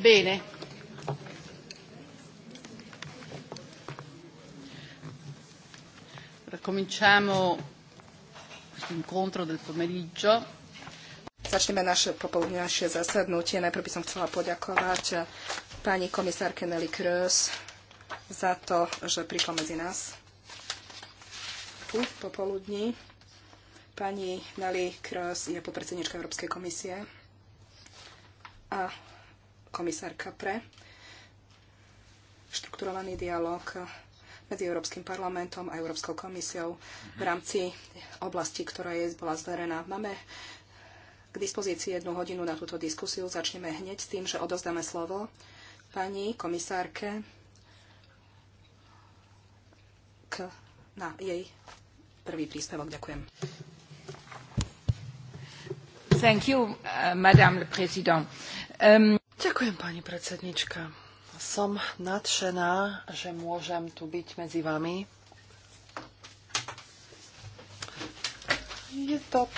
Bene. Cominciamo questo incontro del pomeriggio. Začneme naše popoludňajšie zasadnutie. Najprv by som chcela poďakovať pani komisárke Nelly Kroos za to, že prišla medzi nás tu popoludní. Pani Nelly Kroos je podpredsednička Európskej komisie a komisárka pre štrukturovaný dialog medzi Európskym parlamentom a Európskou komisiou v rámci oblasti, ktorá je, bola zverená. Máme k dispozícii jednu hodinu na túto diskusiu. Začneme hneď s tým, že odozdáme slovo pani komisárke k, na jej prvý príspevok. Ďakujem. Thank you, uh, Madame le Président. Um... Ďakujem, pani predsednička. Som nadšená, že môžem tu byť medzi vami. Je to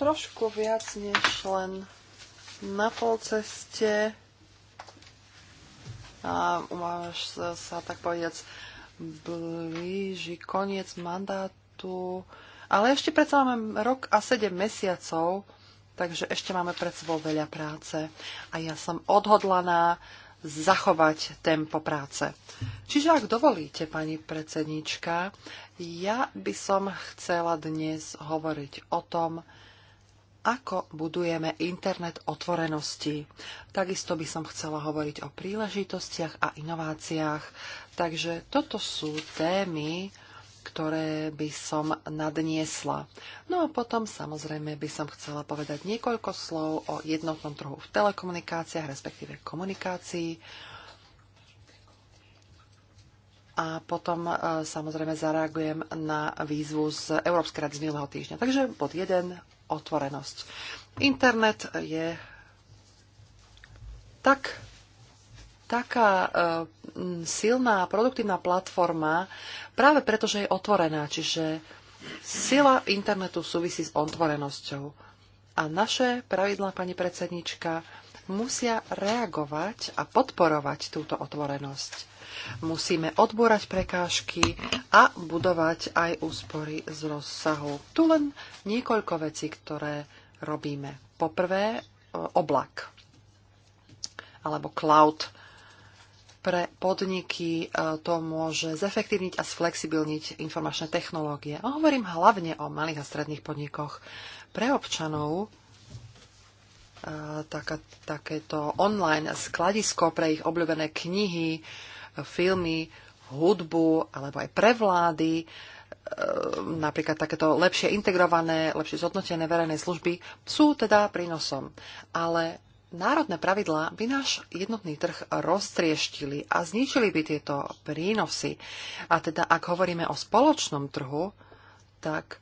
trošku viac než len na polceste. a máš sa tak povedať blíži koniec mandátu, ale ešte predsa máme rok a 7 mesiacov takže ešte máme pred sebou veľa práce a ja som odhodlaná zachovať tempo práce. Čiže ak dovolíte, pani predsednička, ja by som chcela dnes hovoriť o tom, ako budujeme internet otvorenosti. Takisto by som chcela hovoriť o príležitostiach a inováciách. Takže toto sú témy, ktoré by som nadniesla. No a potom samozrejme by som chcela povedať niekoľko slov o jednotnom trhu v telekomunikáciách, respektíve komunikácii. A potom e, samozrejme zareagujem na výzvu z Európskej rady z minulého týždňa. Takže pod jeden, otvorenosť. Internet je tak taká eh, silná a produktívna platforma práve preto, že je otvorená. Čiže sila internetu súvisí s otvorenosťou. A naše pravidlá, pani predsednička, musia reagovať a podporovať túto otvorenosť. Musíme odbúrať prekážky a budovať aj úspory z rozsahu. Tu len niekoľko vecí, ktoré robíme. Poprvé, eh, oblak alebo cloud pre podniky e, to môže zefektívniť a sflexibilniť informačné technológie. A hovorím hlavne o malých a stredných podnikoch. Pre občanov e, taká, takéto online skladisko pre ich obľúbené knihy, e, filmy, hudbu alebo aj pre vlády, napríklad takéto lepšie integrované, lepšie zhodnotené verejné služby sú teda prínosom. Ale národné pravidlá by náš jednotný trh roztrieštili a zničili by tieto prínosy. A teda ak hovoríme o spoločnom trhu, tak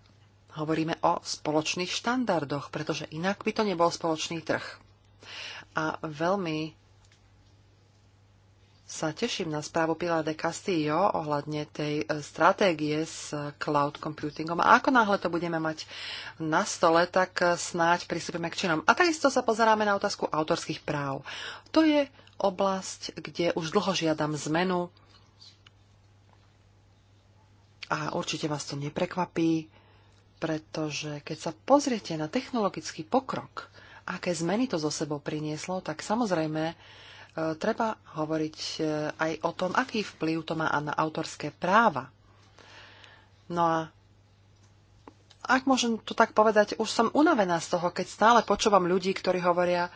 hovoríme o spoločných štandardoch, pretože inak by to nebol spoločný trh. A veľmi sa teším na správu Pilar de Castillo ohľadne tej e, stratégie s cloud computingom. A ako náhle to budeme mať na stole, tak e, snáď pristúpime k činom. A takisto sa pozeráme na otázku autorských práv. To je oblasť, kde už dlho žiadam zmenu. A určite vás to neprekvapí, pretože keď sa pozriete na technologický pokrok, aké zmeny to zo sebou prinieslo, tak samozrejme Eh, treba hovoriť eh, aj o tom, aký vplyv to má na autorské práva. No a ak môžem to tak povedať, už som unavená z toho, keď stále počúvam ľudí, ktorí hovoria,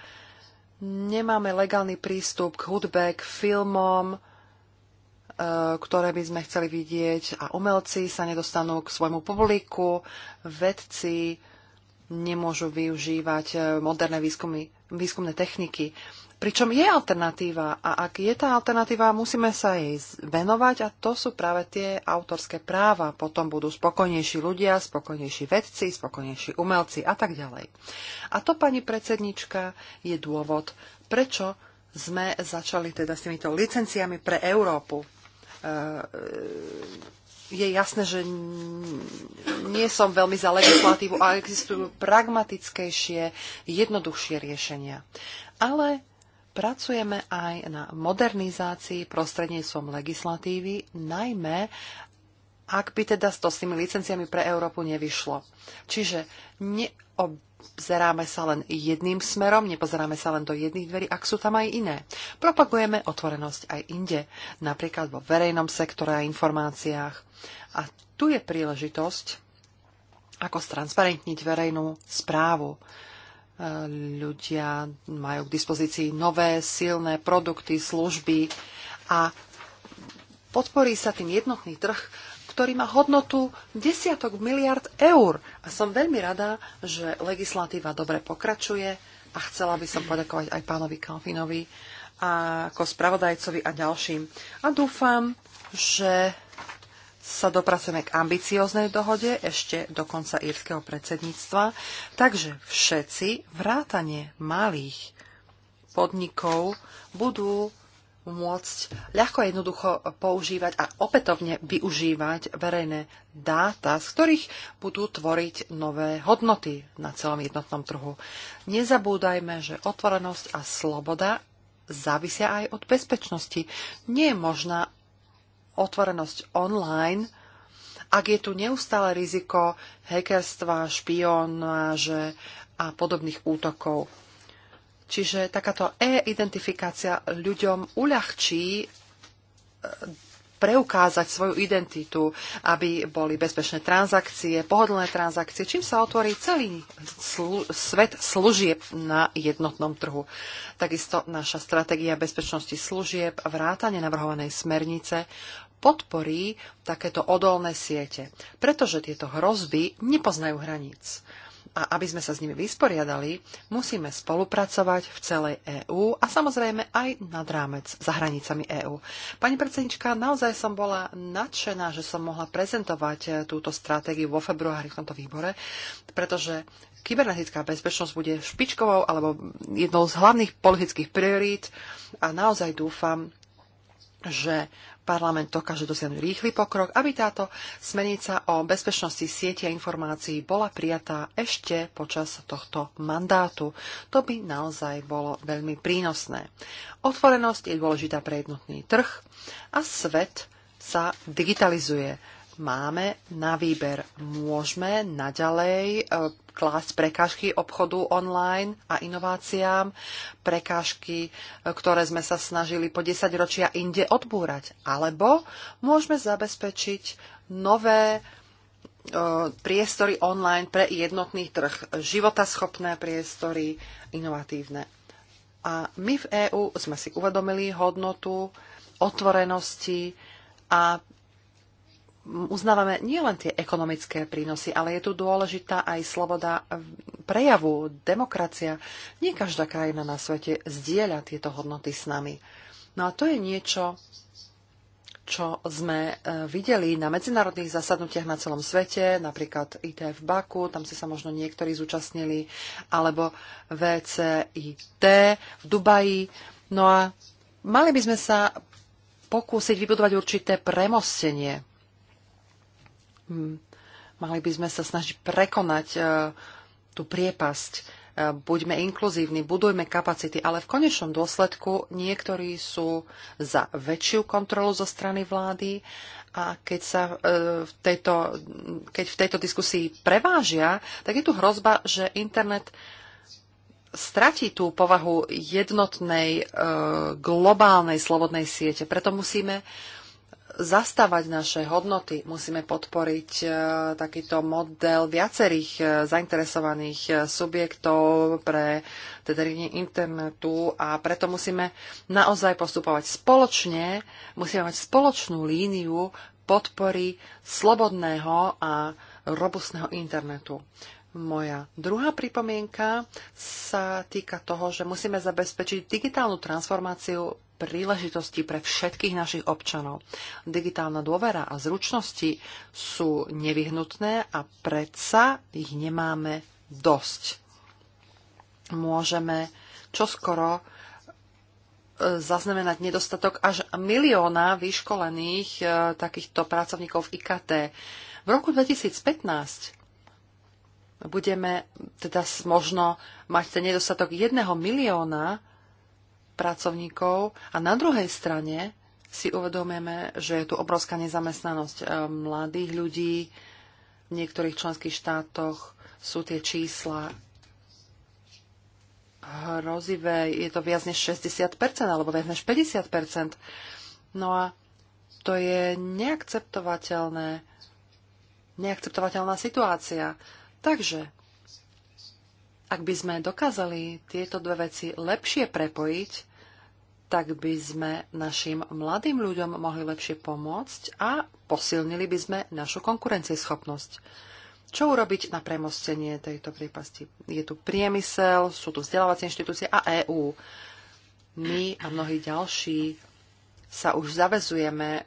nemáme legálny prístup k hudbe, k filmom, eh, ktoré by sme chceli vidieť a umelci sa nedostanú k svojmu publiku, vedci nemôžu využívať moderné výskumy, výskumné techniky. Pričom je alternatíva a ak je tá alternatíva, musíme sa jej venovať a to sú práve tie autorské práva. Potom budú spokojnejší ľudia, spokojnejší vedci, spokojnejší umelci a tak ďalej. A to, pani predsednička, je dôvod, prečo sme začali teda s týmito licenciami pre Európu. E, e, je jasné, že nie som veľmi za legislatívu a existujú pragmatickejšie, jednoduchšie riešenia. Ale Pracujeme aj na modernizácii prostredníctvom legislatívy, najmä ak by teda to s tými licenciami pre Európu nevyšlo. Čiže neobzeráme sa len jedným smerom, nepozeráme sa len do jedných dverí, ak sú tam aj iné. Propagujeme otvorenosť aj inde, napríklad vo verejnom sektore a informáciách. A tu je príležitosť, ako stransparentniť verejnú správu ľudia majú k dispozícii nové, silné produkty, služby a podporí sa tým jednotný trh, ktorý má hodnotu desiatok miliard eur. A som veľmi rada, že legislatíva dobre pokračuje a chcela by som poďakovať aj pánovi Kalfinovi ako spravodajcovi a ďalším. A dúfam, že sa dopracujeme k ambicióznej dohode ešte do konca írskeho predsedníctva. Takže všetci, vrátanie malých podnikov, budú môcť ľahko a jednoducho používať a opätovne využívať verejné dáta, z ktorých budú tvoriť nové hodnoty na celom jednotnom trhu. Nezabúdajme, že otvorenosť a sloboda závisia aj od bezpečnosti. Nie je možná otvorenosť online, ak je tu neustále riziko hackerstva, špionáže a podobných útokov. Čiže takáto e-identifikácia ľuďom uľahčí e, preukázať svoju identitu, aby boli bezpečné transakcie, pohodlné transakcie, čím sa otvorí celý slu- svet služieb na jednotnom trhu. Takisto naša stratégia bezpečnosti služieb, vrátane navrhovanej smernice, podporí takéto odolné siete, pretože tieto hrozby nepoznajú hraníc. A aby sme sa s nimi vysporiadali, musíme spolupracovať v celej EÚ a samozrejme aj nad rámec za hranicami EÚ. Pani predsednička, naozaj som bola nadšená, že som mohla prezentovať e, túto stratégiu vo februári v tomto výbore, pretože kybernetická bezpečnosť bude špičkovou alebo jednou z hlavných politických priorít a naozaj dúfam, že parlament dokáže dosiahnuť rýchly pokrok, aby táto smernica o bezpečnosti siete a informácií bola prijatá ešte počas tohto mandátu. To by naozaj bolo veľmi prínosné. Otvorenosť je dôležitá pre jednotný trh a svet sa digitalizuje máme na výber. Môžeme naďalej e, klásť prekážky obchodu online a inováciám, prekážky, e, ktoré sme sa snažili po 10 ročia inde odbúrať. Alebo môžeme zabezpečiť nové e, priestory online pre jednotný trh, životaschopné priestory, inovatívne. A my v EÚ sme si uvedomili hodnotu otvorenosti a uznávame nielen tie ekonomické prínosy, ale je tu dôležitá aj sloboda prejavu, demokracia. Nie každá krajina na svete zdieľa tieto hodnoty s nami. No a to je niečo, čo sme e, videli na medzinárodných zasadnutiach na celom svete, napríklad IT v Baku, tam si sa možno niektorí zúčastnili, alebo VCIT v Dubaji. No a mali by sme sa pokúsiť vybudovať určité premostenie Hm, mali by sme sa snažiť prekonať e, tú priepasť. E, buďme inkluzívni, budujme kapacity, ale v konečnom dôsledku niektorí sú za väčšiu kontrolu zo strany vlády a keď, sa e, v tejto, keď v tejto diskusii prevážia, tak je tu hrozba, že internet stratí tú povahu jednotnej e, globálnej slobodnej siete. Preto musíme zastávať naše hodnoty. Musíme podporiť e, takýto model viacerých e, zainteresovaných e, subjektov pre teda internetu a preto musíme naozaj postupovať spoločne, musíme mať spoločnú líniu podpory slobodného a robustného internetu. Moja druhá pripomienka sa týka toho, že musíme zabezpečiť digitálnu transformáciu príležitosti pre všetkých našich občanov. Digitálna dôvera a zručnosti sú nevyhnutné a predsa ich nemáme dosť. Môžeme čoskoro e, zaznamenať nedostatok až milióna vyškolených e, takýchto pracovníkov v IKT. V roku 2015 budeme teda možno mať ten nedostatok jedného milióna pracovníkov a na druhej strane si uvedomujeme, že je tu obrovská nezamestnanosť eh, mladých ľudí. V niektorých členských štátoch sú tie čísla hrozivé. Je to viac než 60% alebo viac než 50%. No a to je neakceptovateľné, neakceptovateľná situácia. Takže ak by sme dokázali tieto dve veci lepšie prepojiť, tak by sme našim mladým ľuďom mohli lepšie pomôcť a posilnili by sme našu konkurencieschopnosť. Čo urobiť na premostenie tejto prípasti? Je tu priemysel, sú tu vzdelávacie inštitúcie a EÚ. My a mnohí ďalší sa už zavezujeme e,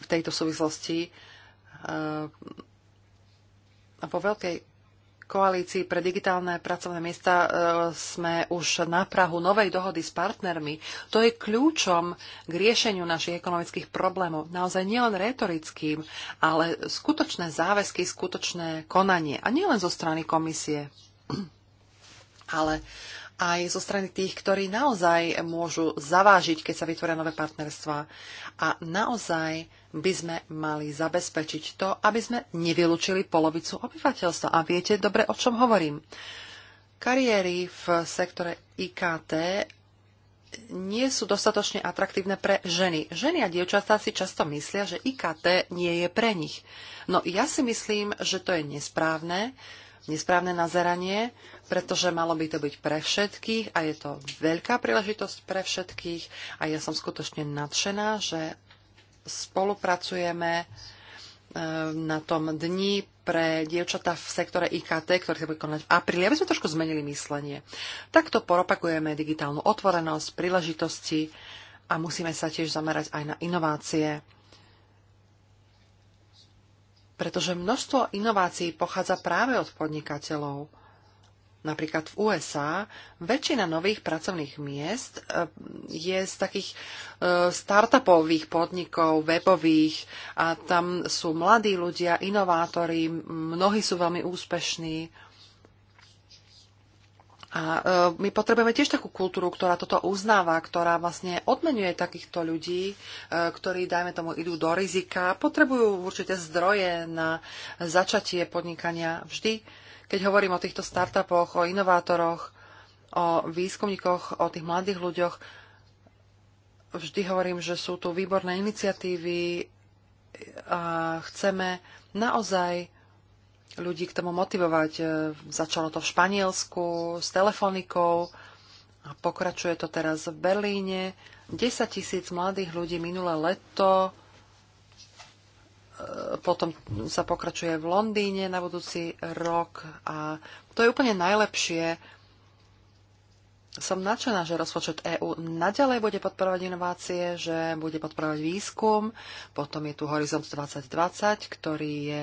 v tejto súvislosti e, vo veľkej koalícii pre digitálne pracovné miesta e, sme už na Prahu novej dohody s partnermi. To je kľúčom k riešeniu našich ekonomických problémov. Naozaj nielen retorickým, ale skutočné záväzky, skutočné konanie. A nielen zo strany komisie, ale aj zo strany tých, ktorí naozaj môžu zavážiť, keď sa vytvoria nové partnerstva. A naozaj by sme mali zabezpečiť to, aby sme nevylúčili polovicu obyvateľstva. A viete dobre, o čom hovorím. Kariéry v sektore IKT nie sú dostatočne atraktívne pre ženy. Ženy a dievčatá si často myslia, že IKT nie je pre nich. No ja si myslím, že to je nesprávne, nesprávne nazeranie, pretože malo by to byť pre všetkých a je to veľká príležitosť pre všetkých a ja som skutočne nadšená, že spolupracujeme ehm, na tom dni pre dievčatá v sektore IKT, ktorý sa bude konať v apríli, aby sme trošku zmenili myslenie. Takto propagujeme digitálnu otvorenosť, príležitosti a musíme sa tiež zamerať aj na inovácie pretože množstvo inovácií pochádza práve od podnikateľov. Napríklad v USA väčšina nových pracovných miest e, je z takých e, startupových podnikov, webových a tam sú mladí ľudia, inovátori, mnohí sú veľmi úspešní. A e, my potrebujeme tiež takú kultúru, ktorá toto uznáva, ktorá vlastne odmenuje takýchto ľudí, e, ktorí, dajme tomu, idú do rizika, potrebujú určite zdroje na začatie podnikania. Vždy, keď hovorím o týchto startupoch, o inovátoroch, o výskumníkoch, o tých mladých ľuďoch, vždy hovorím, že sú tu výborné iniciatívy a chceme naozaj ľudí k tomu motivovať. E, začalo to v Španielsku s telefonikou a pokračuje to teraz v Berlíne. 10 tisíc mladých ľudí minulé leto e, potom sa pokračuje v Londýne na budúci rok a to je úplne najlepšie, som nadšená, že rozpočet EÚ naďalej bude podporovať inovácie, že bude podporovať výskum. Potom je tu Horizont 2020, ktorý je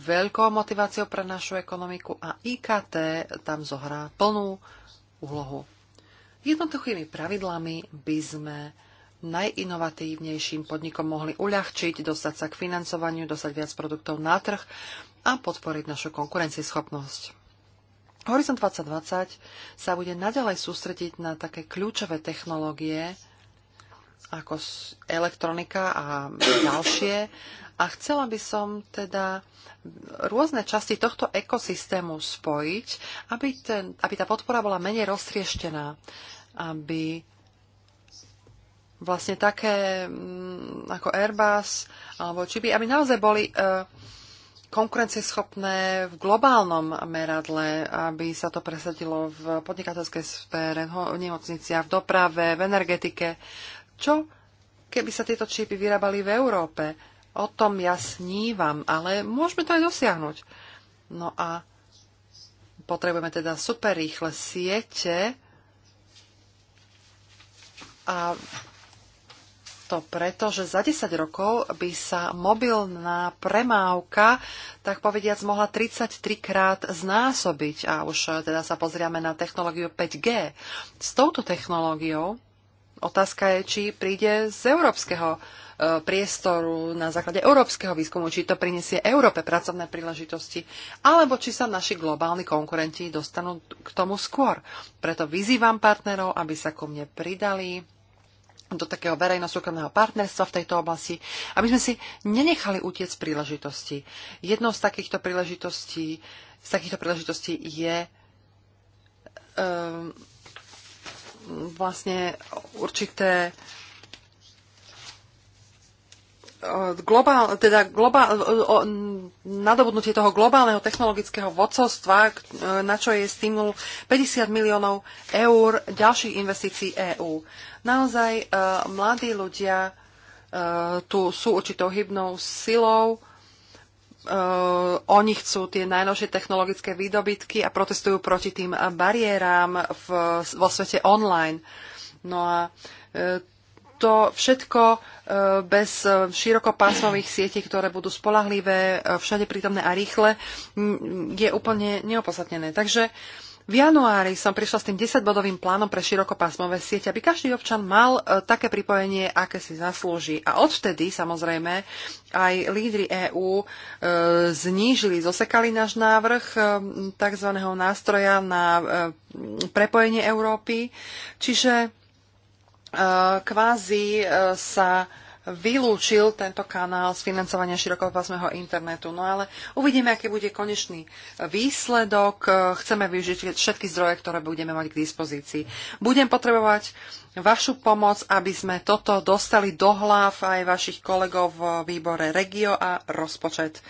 veľkou motiváciou pre našu ekonomiku a IKT tam zohrá plnú úlohu. Jednoduchými pravidlami by sme najinovatívnejším podnikom mohli uľahčiť, dostať sa k financovaniu, dostať viac produktov na trh a podporiť našu konkurencieschopnosť. Horizont 2020 sa bude naďalej sústrediť na také kľúčové technológie, ako elektronika a ďalšie. A chcela by som teda rôzne časti tohto ekosystému spojiť, aby, ten, aby tá podpora bola menej roztrieštená, aby vlastne také mm, ako Airbus alebo Chibi, aby naozaj boli uh, konkurencieschopné v globálnom meradle, aby sa to presadilo v podnikateľskej sfére, v nemocniciach, v doprave, v energetike. Čo keby sa tieto čipy vyrábali v Európe? O tom ja snívam, ale môžeme to aj dosiahnuť. No a potrebujeme teda super rýchle siete a to preto, že za 10 rokov by sa mobilná premávka, tak povediac, mohla 33 krát znásobiť. A už eh, teda sa pozriame na technológiu 5G. S touto technológiou otázka je, či príde z európskeho eh, priestoru na základe európskeho výskumu, či to prinesie Európe pracovné príležitosti, alebo či sa naši globálni konkurenti dostanú k tomu skôr. Preto vyzývam partnerov, aby sa ku mne pridali do takého verejno-súkromného partnerstva v tejto oblasti, aby sme si nenechali utiec príležitosti. Jednou z takýchto príležitostí, z takýchto príležitostí je um, vlastne určité Eh, globál, teda globál, o, nadobudnutie toho globálneho technologického vodcovstva, eh, na čo je stimul 50 miliónov eur ďalších investícií EÚ. Naozaj eh, mladí ľudia tu sú určitou hybnou silou, oni chcú tie najnovšie technologické výdobytky a protestujú proti tým bariéram v, vo svete online. No a to všetko e, bez e, širokopásmových sietí, ktoré budú spolahlivé, e, všade prítomné a rýchle, je úplne neopodstatnené. Takže v januári som prišla s tým 10-bodovým plánom pre širokopásmové siete, aby každý občan mal také pripojenie, aké si zaslúži. A odvtedy, samozrejme, aj lídry EÚ znížili, zosekali náš návrh tzv. nástroja na prepojenie Európy. Čiže Eh, kvázi eh, sa vylúčil tento kanál z financovania širokopásmeho internetu. No ale uvidíme, aký bude konečný výsledok. Eh, chceme využiť všetky zdroje, ktoré budeme mať k dispozícii. Budem potrebovať vašu pomoc, aby sme toto dostali do hlav aj vašich kolegov v výbore Regio a rozpočet.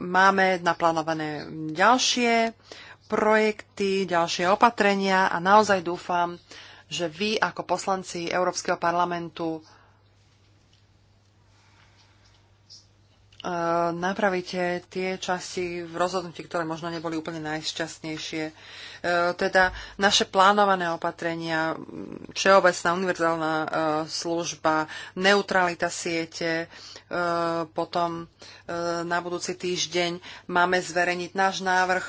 Máme naplánované ďalšie projekty, ďalšie opatrenia a naozaj dúfam, že vy ako poslanci Európskeho parlamentu e, napravíte tie časti v rozhodnutí, ktoré možno neboli úplne najšťastnejšie. E, teda naše plánované opatrenia, všeobecná univerzálna e, služba, neutralita siete, e, potom na budúci týždeň máme zverejniť náš návrh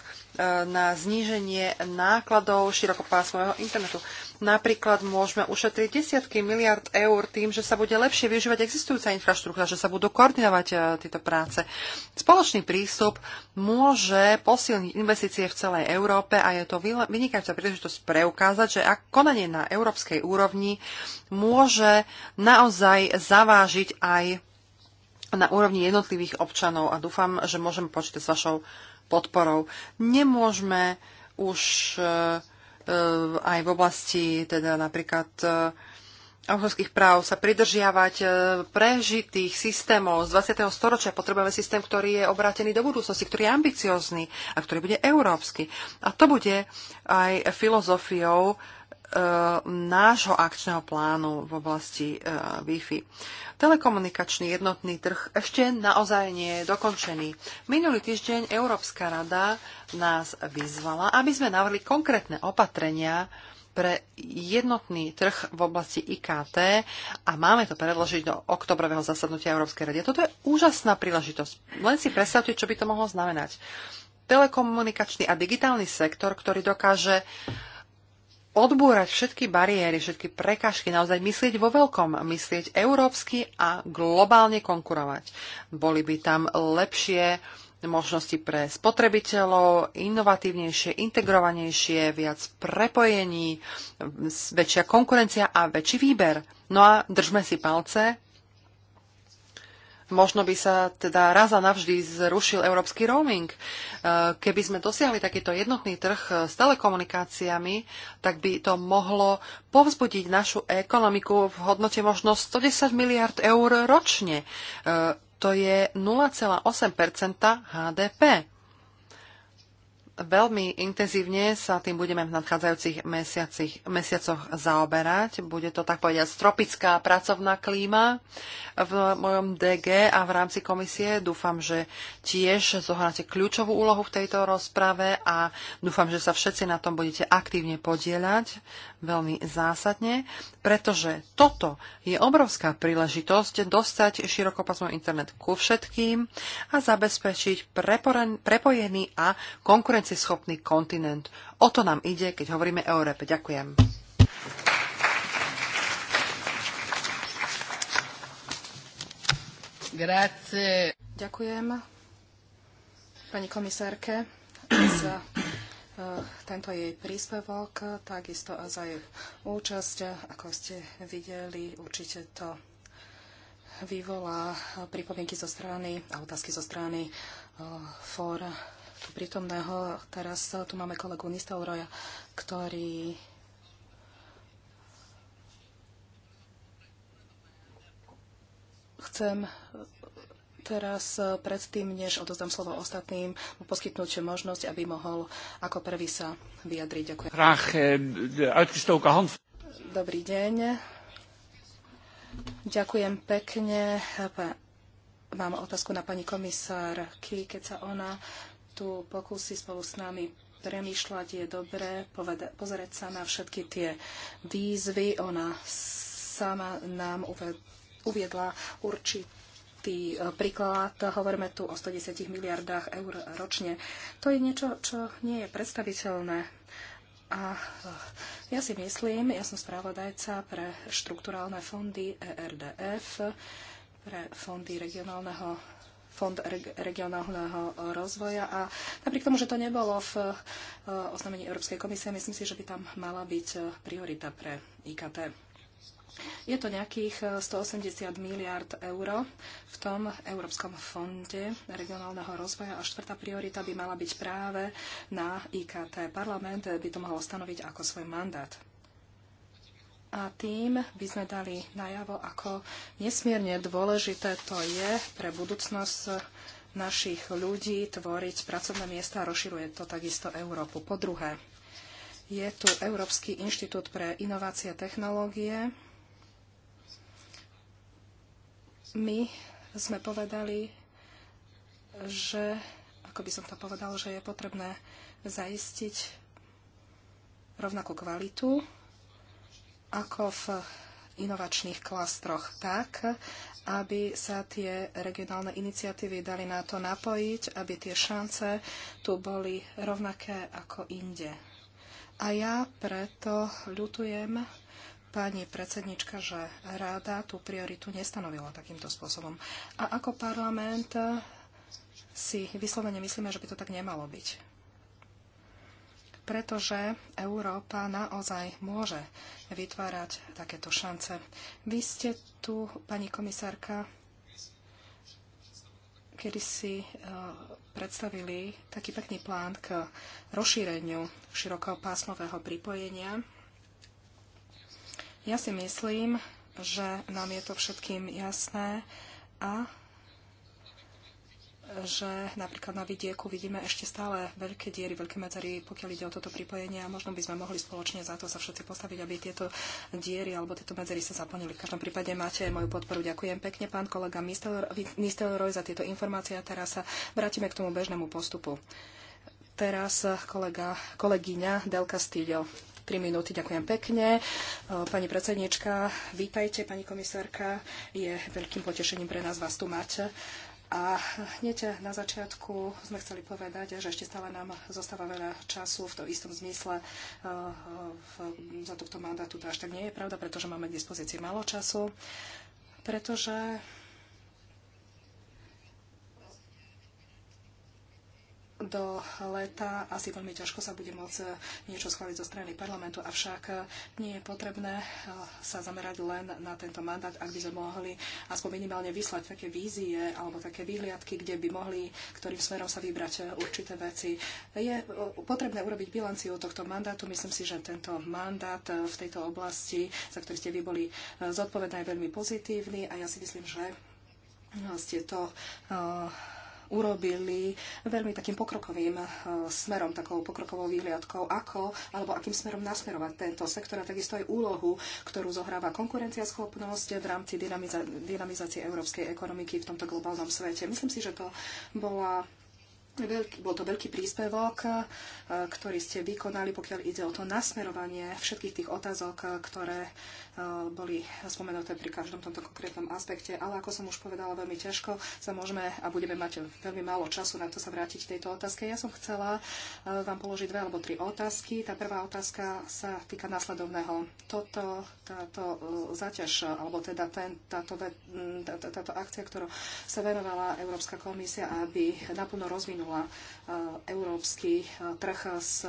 na zníženie nákladov širokopásmového internetu. Napríklad môžeme ušetriť desiatky miliard eur tým, že sa bude lepšie využívať existujúca infraštruktúra, že sa budú koordinovať tieto práce. Spoločný prístup môže posilniť investície v celej Európe a je to vynikajúca príležitosť preukázať, že ak konanie na európskej úrovni môže naozaj zavážiť aj na úrovni jednotlivých občanov a dúfam, že môžeme počítať s vašou podporou. Nemôžeme už e, e, aj v oblasti teda napríklad e, autorských práv sa pridržiavať e, prežitých systémov z 20. storočia. Potrebujeme systém, ktorý je obrátený do budúcnosti, ktorý je ambiciózny a ktorý bude európsky. A to bude aj filozofiou e, nášho akčného plánu v oblasti e, Wi-Fi. Telekomunikačný jednotný trh ešte naozaj nie je dokončený. Minulý týždeň Európska rada nás vyzvala, aby sme navrli konkrétne opatrenia, pre jednotný trh v oblasti IKT a máme to predložiť do oktobrového zasadnutia Európskej rady. Toto je úžasná príležitosť. Len si predstavte, čo by to mohlo znamenať. Telekomunikačný a digitálny sektor, ktorý dokáže odbúrať všetky bariéry, všetky prekážky, naozaj myslieť vo veľkom, myslieť európsky a globálne konkurovať. Boli by tam lepšie uh, možnosti pre spotrebiteľov, inovatívnejšie, integrovanejšie, viac prepojení, väčšia konkurencia a väčší výber. No a držme si palce. Možno by sa teda raz a navždy zrušil európsky roaming. E, keby sme dosiahli takýto jednotný trh e, s telekomunikáciami, tak by to mohlo povzbudiť našu ekonomiku v hodnote možno 110 miliard eur ročne. E, to je 0,8 HDP. Veľmi intenzívne sa tým budeme v nadchádzajúcich mesiacoch zaoberať. Bude to tak povedať tropická pracovná klíma v mojom DG a v rámci komisie. Dúfam, že tiež zohráte kľúčovú úlohu v tejto rozprave a dúfam, že sa všetci na tom budete aktívne podieľať veľmi zásadne, pretože toto je obrovská príležitosť dostať širokopasmový internet ku všetkým a zabezpečiť prepojený a konkurencieschopný kontinent. O to nám ide, keď hovoríme o Európe. Ďakujem. Grazie. Ďakujem pani komisárke za Eh, tento jej príspevok, takisto a za jej účasť. Ako ste videli, určite to vyvolá pripomienky zo strany a otázky zo strany eh, fóra tu prítomného. Teraz eh, tu máme kolegu Nistelroja, ktorý chcem Teraz eh, predtým, než odozdám slovo ostatným, mu poskytnúť možnosť, aby mohol ako prvý sa vyjadriť. Ďakujem. Eh, Dobrý deň. Ďakujem pekne. Eh, mám otázku na pani komisárky, keď sa ona tu pokúsi spolu s nami premýšľať, je dobré pozerať sa na všetky tie výzvy. Ona sama nám uvedla určitú zlatý e, príklad. Hovoríme tu o 110 miliardách eur ročne. To je niečo, čo nie je predstaviteľné. A e, ja si myslím, ja som správodajca pre štrukturálne fondy ERDF, pre fondy regionálneho fond regionálneho rozvoja a napriek tomu, že to nebolo v e, oznámení Európskej komisie, myslím si, že by tam mala byť priorita pre IKT. Je to nejakých 180 eh, miliard eur v tom Európskom fonde regionálneho rozvoja a štvrtá priorita by mala byť práve na IKT. Parlament by to mohol stanoviť ako svoj mandát. A tým by sme dali najavo, ako nesmierne dôležité to je pre budúcnosť našich ľudí tvoriť pracovné miesta a rozširuje to takisto Európu. Po druhé, je tu Európsky inštitút pre inovácie a technológie, my sme povedali, že, ako by som to povedal, že je potrebné zaistiť rovnakú kvalitu ako v inovačných klastroch tak, aby sa tie regionálne iniciatívy dali na to napojiť, aby tie šance tu boli rovnaké ako inde. A ja preto ľutujem, pani predsednička, že ráda tú prioritu nestanovila takýmto spôsobom. A ako parlament si vyslovene myslíme, že by to tak nemalo byť. Pretože Európa naozaj môže vytvárať takéto šance. Vy ste tu, pani komisárka, kedy si e, predstavili taký pekný plán k rozšíreniu širokopásmového pripojenia ja si myslím, že nám je to všetkým jasné a že napríklad na vidieku vidíme ešte stále veľké diery, veľké medzery, pokiaľ ide o toto pripojenie a možno by sme mohli spoločne za to sa všetci postaviť, aby tieto diery alebo tieto medzery sa zaplnili. V každom prípade máte moju podporu. Ďakujem pekne, pán kolega Nistelroj, za tieto informácie a teraz sa vrátime k tomu bežnému postupu. Teraz kolega, kolegyňa Delka Stýdel. 3 minúty. Ďakujem pekne. Pani predsednička, vítajte, pani komisárka. Je veľkým potešením pre nás vás tu mať. A hneď na začiatku sme chceli povedať, že ešte stále nám zostáva veľa času v tom istom zmysle v, za tohto mandátu. To až tak nie je pravda, pretože máme k dispozícii málo času, pretože do leta asi veľmi ťažko sa bude môcť eh, niečo schváliť zo strany parlamentu, avšak eh, nie je potrebné eh, sa zamerať len na tento mandát, ak by sme mohli aspoň minimálne vyslať také vízie alebo také výhliadky, kde by mohli, ktorým smerom sa vybrať určité veci. Je potrebné urobiť bilanciu tohto mandátu. Myslím si, že tento mandát v tejto oblasti, za ktorý ste vy boli zodpovedná, je veľmi pozitívny a ja si myslím, že ste to urobili veľmi takým pokrokovým eh, smerom, takou pokrokovou výhliadkou, ako alebo akým smerom nasmerovať tento sektor a takisto aj úlohu, ktorú zohráva konkurenciaschopnosť v rámci dynamiza- dynamizácie európskej ekonomiky v tomto globálnom svete. Myslím si, že to bola Veľký, bol to veľký príspevok, eh, ktorý ste vykonali, pokiaľ ide o to nasmerovanie všetkých tých otázok, eh, ktoré Eh, boli spomenuté pri každom tomto konkrétnom aspekte, ale ako som už povedala, veľmi ťažko sa môžeme a budeme mať veľmi málo času na to sa vrátiť k tejto otázke. Ja som chcela eh, vám položiť dve alebo tri otázky. Tá prvá otázka sa týka následovného. Toto, táto eh, záťaž, alebo teda ten, táto, táto, táto akcia, ktorú sa venovala Európska komisia, aby naplno rozvinula európsky trh s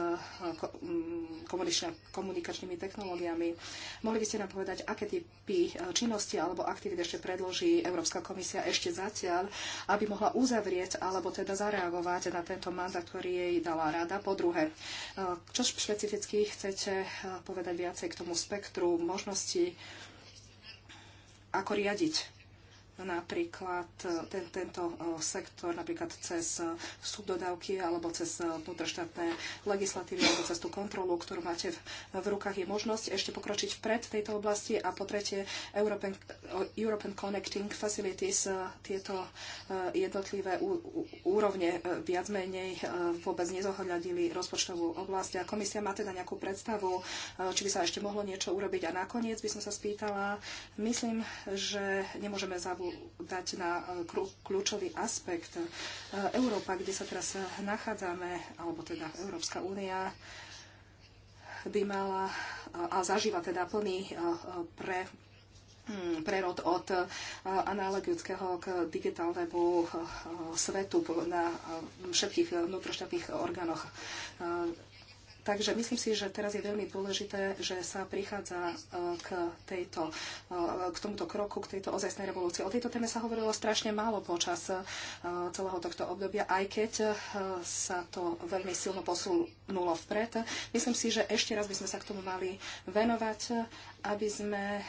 komunikačnými technológiami. Mohli by ste nám povedať, aké typy eh, činnosti alebo aktivity ešte predloží Európska komisia ešte zatiaľ, aby mohla uzavrieť alebo teda zareagovať na tento mandát, ktorý jej dala rada. Po druhé, eh, čo špecificky chcete eh, povedať viacej k tomu spektru možností, ako riadiť napríklad e, ten, tento e, sektor napríklad cez e, subdodávky alebo cez podržtátne legislatívy alebo cez tú kontrolu, ktorú máte v, v rukách, je možnosť ešte pokročiť vpred v tejto oblasti a po tretie European, European Connecting Facilities tieto jednotlivé ú, úrovne viac menej vôbec nezohľadili rozpočtovú oblasť a komisia má teda nejakú predstavu, či by sa ešte mohlo niečo urobiť a nakoniec by som sa spýtala, myslím, že nemôžeme zabúdať dať na e, kľúčový aspekt. E, Európa, kde sa teraz nachádzame, alebo teda Európska únia, by mala a zažíva teda plný e, pre, mm, prerod od analogického k digitálnemu svetu na všetkých vnútroštátnych orgánoch Takže myslím si, že teraz je veľmi dôležité, že sa prichádza e, k, tejto, e, k tomuto kroku, k tejto ozajstnej revolúcii. O tejto téme sa hovorilo strašne málo počas e, celého tohto obdobia, aj keď sa to veľmi silno posunulo vpred. Myslím si, že ešte raz by sme sa k tomu mali venovať, aby sme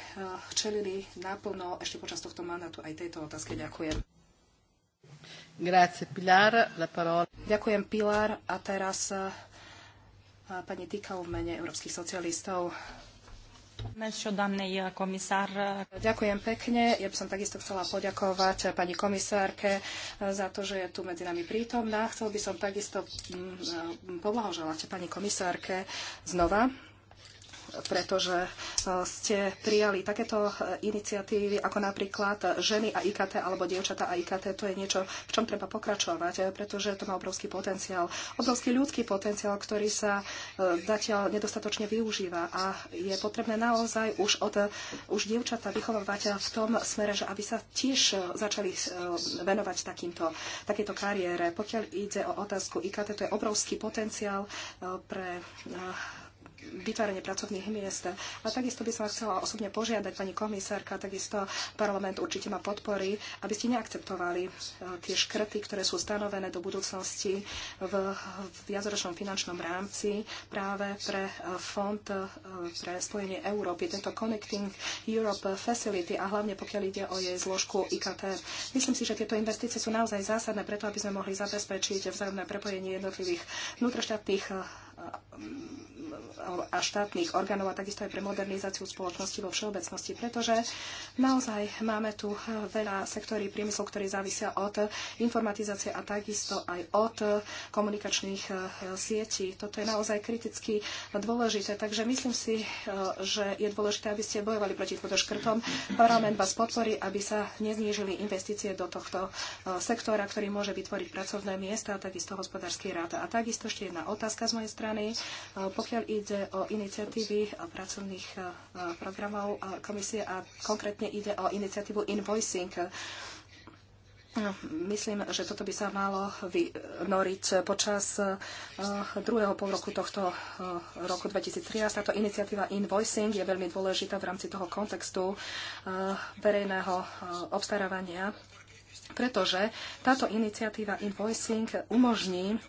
čelili naplno ešte počas tohto mandátu aj tejto otázke. Ďakujem. Grazie, Pilar. La parola. Ďakujem, Pilar. A teraz Pani Tikal v mene európskych socialistov. Ďakujem pekne. Ja by som takisto chcela poďakovať pani komisárke za to, že je tu medzi nami prítomná. Chcel by som takisto mm, e, poblahoželať pani komisárke znova pretože e, ste prijali takéto e, iniciatívy ako napríklad ženy a IKT alebo dievčatá a IKT. To je niečo, v čom treba pokračovať, e, pretože to má obrovský potenciál. Obrovský ľudský potenciál, ktorý sa zatiaľ nedostatočne využíva a je potrebné naozaj už, od, už dievčatá vychovávať v tom smere, že aby sa tiež začali venovať takýmto, takéto kariére. Pokiaľ ide o otázku IKT, to je obrovský potenciál pre vytváranie pracovných miest. A takisto by som vás chcela osobne požiadať, pani komisárka, takisto parlament určite ma podporí, aby ste neakceptovali e, tie škrty, ktoré sú stanovené do budúcnosti v viacročnom finančnom rámci práve pre e, fond e, pre spojenie Európy, tento Connecting Europe Facility a hlavne pokiaľ ide o jej zložku IKT. Myslím si, že tieto investície sú naozaj zásadné preto, aby sme mohli zabezpečiť vzájomné prepojenie jednotlivých vnútroštátnych a štátnych orgánov a takisto aj pre modernizáciu spoločnosti vo všeobecnosti, pretože naozaj máme tu veľa sektorí priemyslu, ktorí závisia od informatizácie a takisto aj od komunikačných eh, sietí. Toto je naozaj kriticky dôležité, takže myslím si, eh, že je dôležité, aby ste bojovali proti týmto škrtom. Parlament vás podporí, aby sa neznížili investície do tohto eh, sektora, ktorý môže vytvoriť pracovné miesta a takisto hospodársky rád. A takisto ešte jedna otázka z mojej strany strany, e, pokiaľ ide o iniciatívy pracovných e, programov komisie a konkrétne ide o iniciatívu invoicing. No, myslím, že toto by sa malo vynoriť počas uh, druhého roku tohto uh, roku 2013. Táto iniciatíva Invoicing je veľmi dôležitá v rámci toho kontextu uh, verejného obstarávania, pretože táto iniciatíva Invoicing umožní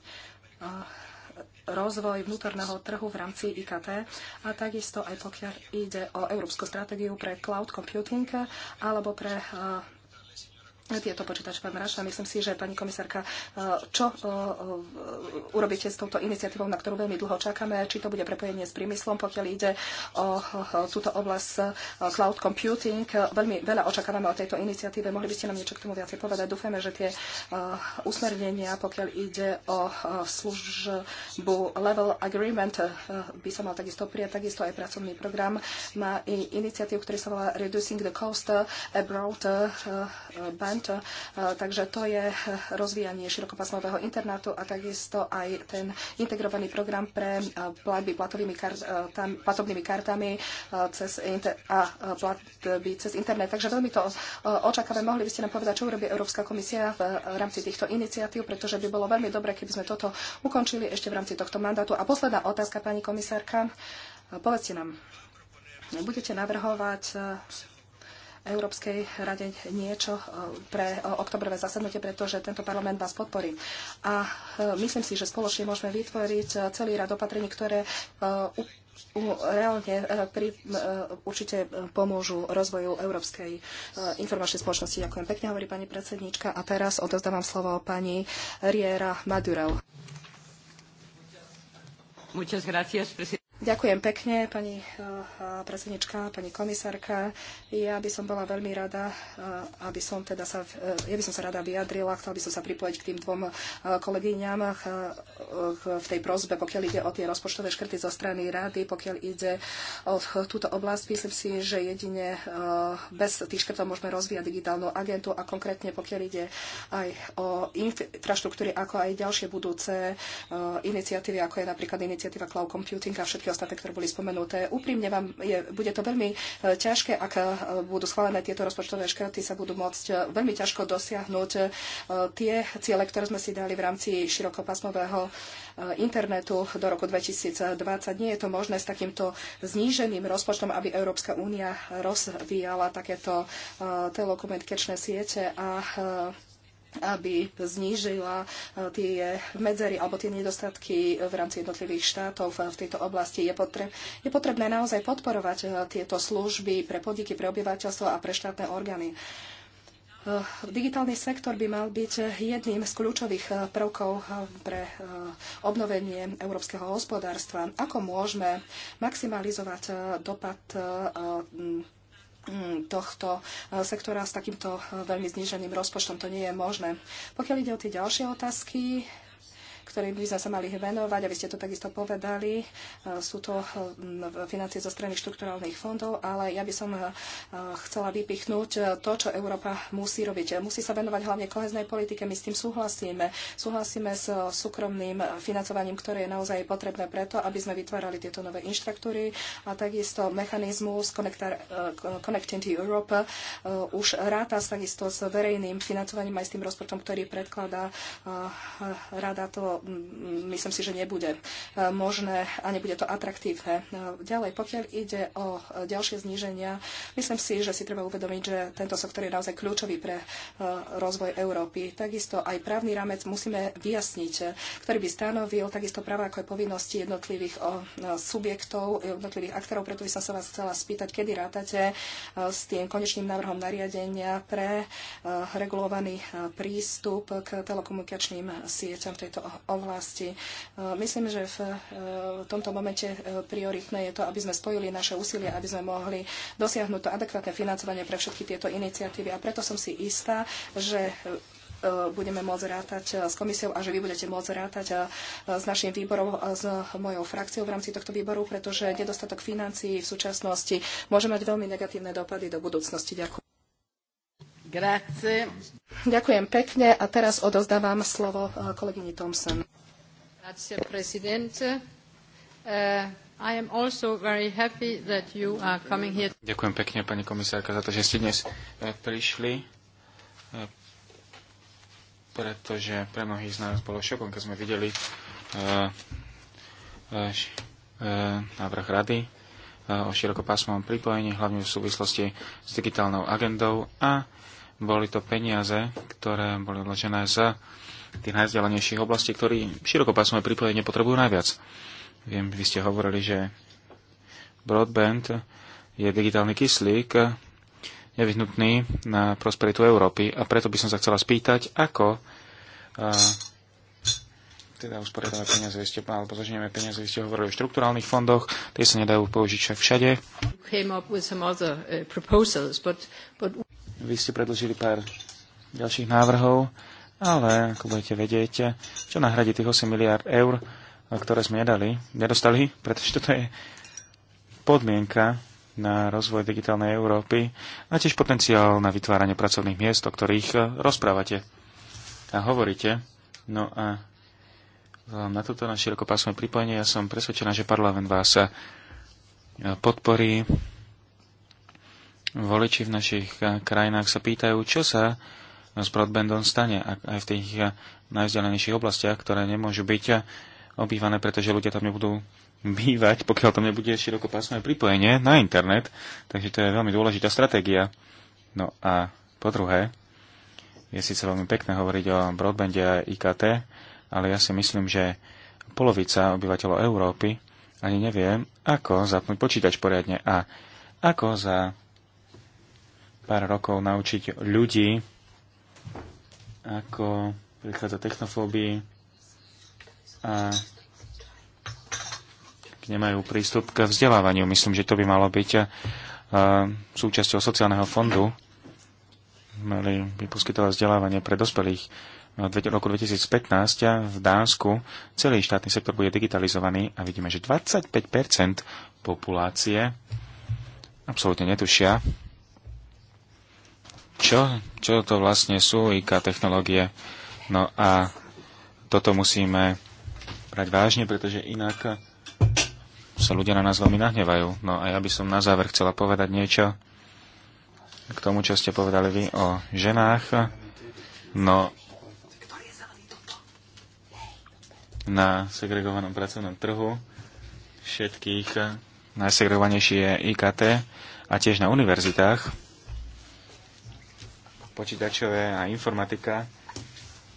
rozvoj vnútorného trhu v rámci IKT a takisto aj pokiaľ ide o európsku stratégiu pre cloud computing alebo pre eh, tieto počítače, pán Raša. Myslím si, že pani komisárka, eh, čo eh, eh, urobíte s touto iniciatívou, na ktorú veľmi dlho čakáme, či to bude prepojenie s prímyslom, pokiaľ ide o túto oblasť cloud computing. Veľmi veľa očakávame o tejto iniciatíve. Mohli by ste nám niečo k tomu viacej povedať? Dúfame, že tie usmernenia, pokiaľ ide o službu level agreement, by sa mal takisto prijať, takisto aj pracovný program má i iniciatívu, ktorý sa volá Reducing the Cost Abroad Bank Center, Takže to je rozvíjanie širokopasmového internátu a takisto aj ten integrovaný program pre platby platovými kartami, platobnými kartami cez inter- a platby cez internet. Takže veľmi to očakávame. Mohli by ste nám povedať, čo urobí Európska komisia v rámci týchto iniciatív, pretože by bolo veľmi dobre, keby sme toto ukončili ešte v rámci tohto mandátu. A posledná otázka, pani komisárka. Povedzte nám, budete navrhovať Európskej rade niečo e, pre e, oktobrové zasadnutie, pretože tento parlament vás podporí. A e, myslím si, že spoločne môžeme vytvoriť celý rad opatrení, ktoré reálne pri, určite pomôžu rozvoju Európskej informačnej spoločnosti. Ďakujem pekne, hovorí pani predsednička. A teraz odozdávam slovo pani Riera Madurel. Muchas gracias, presidente. Ďakujem pekne, pani eh, predsednička, pani komisárka. Ja by som bola veľmi rada, eh, aby som teda sa, eh, ja by som sa rada vyjadrila, chcela by som sa pripojiť k tým dvom kolegyňam v tej prozbe, pokiaľ ide o tie rozpočtové škrty zo strany rady, pokiaľ ide o túto oblasť. Myslím si, že jedine bez tých škrtov môžeme rozvíjať digitálnu agentu a konkrétne pokiaľ ide aj o infraštruktúry, ako aj ďalšie budúce iniciatívy, ako je napríklad iniciatíva Cloud Computing a všetky ostatné, ktoré boli spomenuté. Úprimne vám je, bude to veľmi e, ťažké, ak e, budú schválené tieto rozpočtové škrty, sa budú môcť e, veľmi ťažko dosiahnuť tie ciele, ktoré sme si dali v rámci širokopasmového internetu do roku 2020. Nie je to možné s takýmto zníženým rozpočtom, aby Európska únia rozvíjala takéto telekomunikačné siete a aby znížila eh, tie medzery alebo tie nedostatky v rámci jednotlivých štátov eh, v tejto oblasti. Je, potreb, je potrebné naozaj podporovať eh, tieto služby pre podniky, pre obyvateľstvo a pre štátne orgány. Digitálny sektor by mal byť jedným z kľúčových prvkov pre obnovenie európskeho hospodárstva. Ako môžeme maximalizovať dopad Mm, tohto e, sektora s takýmto e, veľmi zníženým rozpočtom. To nie je možné. Pokiaľ ide o tie ďalšie otázky, ktorým by sme sa mali venovať, aby ste to takisto povedali. E, sú to e, financie zo strany štrukturálnych fondov, ale ja by som e, chcela vypichnúť to, čo Európa musí robiť. Musí sa venovať hlavne koheznej politike, my s tým súhlasíme. Súhlasíme s súkromným financovaním, ktoré je naozaj potrebné preto, aby sme vytvárali tieto nové inštruktúry a takisto mechanizmus Connecting Europe už ráta takisto s verejným financovaním aj s tým rozpočtom, ktorý predkladá rada to myslím si, že nebude e, možné a nebude to atraktívne. E, ďalej, pokiaľ ide o ďalšie zníženia, myslím si, že si treba uvedomiť, že tento sektor je naozaj kľúčový pre e, rozvoj Európy. Takisto aj právny rámec musíme vyjasniť, ktorý by stanovil takisto práva ako aj povinnosti jednotlivých subjektov, jednotlivých aktorov, Preto by som sa vás chcela spýtať, kedy rátate s tým konečným návrhom nariadenia pre regulovaný prístup k telekomunikačným sieťam v tejto oblasti oblasti. E, myslím, že v e, tomto momente e, prioritné je to, aby sme spojili naše úsilie, aby sme mohli dosiahnuť to adekvátne financovanie pre všetky tieto iniciatívy. A preto som si istá, že budeme môcť rátať s komisiou a že vy budete môcť rátať s našim výborom, s mojou frakciou v rámci tohto výboru, pretože nedostatok financií v súčasnosti môže mať veľmi negatívne dopady do budúcnosti. Ďakujem. Grazie. Ďakujem pekne a teraz odozdávam slovo e, kolegyni Thompson. Grazie, presidente. Uh, Ďakujem pekne, pani komisárka, za to, že ste dnes e, prišli, e, pretože pre mnohých z nás bolo šokom, keď sme videli návrh rady o širokopásmovom pripojení, hlavne v súvislosti s digitálnou agendou a boli to peniaze, ktoré boli odložené z tých najzdelenejších oblastí, ktorí širokopásmové pripojenie potrebujú najviac. Viem, vy ste hovorili, že broadband je digitálny kyslík nevyhnutný na prosperitu Európy a preto by som sa chcela spýtať, ako a, teda usporiadame peniaze, vy ste, alebo začneme peniaze, vy ste hovorili o štruktúrálnych fondoch, tie sa nedajú použiť však všade. Uh, but, but... Vy ste predložili pár ďalších návrhov, ale ako budete vedieť, čo nahradí tých 8 miliard eur, ktoré sme nedali, nedostali, pretože toto je podmienka na rozvoj digitálnej Európy a tiež potenciál na vytváranie pracovných miest, o ktorých rozprávate a hovoríte. No a na toto na širokopásme pripojenie ja som presvedčená, že parlament vás podporí voliči v našich eh, krajinách sa pýtajú, čo sa s broadbandom stane aj v tých eh, najvzdialenejších oblastiach, ktoré nemôžu byť eh, obývané, pretože ľudia tam nebudú bývať, pokiaľ tam nebude širokopásmové pripojenie na internet. Takže to je veľmi dôležitá stratégia. No a po druhé, je síce veľmi pekné hovoriť o broadbande a IKT, ale ja si myslím, že polovica obyvateľov Európy ani nevie, ako zapnúť počítač poriadne a ako za pár rokov naučiť ľudí, ako prichádza technofóbii a nemajú prístup k vzdelávaniu. Myslím, že to by malo byť uh, súčasťou sociálneho fondu. Mali by poskytovať vzdelávanie pre dospelých. No, v roku 2015 v Dánsku celý štátny sektor bude digitalizovaný a vidíme, že 25 populácie absolútne netušia, čo, čo to vlastne sú IK technológie. No a toto musíme brať vážne, pretože inak sa ľudia na nás veľmi nahnevajú. No a ja by som na záver chcela povedať niečo k tomu, čo ste povedali vy o ženách. No, na segregovanom pracovnom trhu všetkých najsegregovanejší je IKT a tiež na univerzitách počítačové a informatika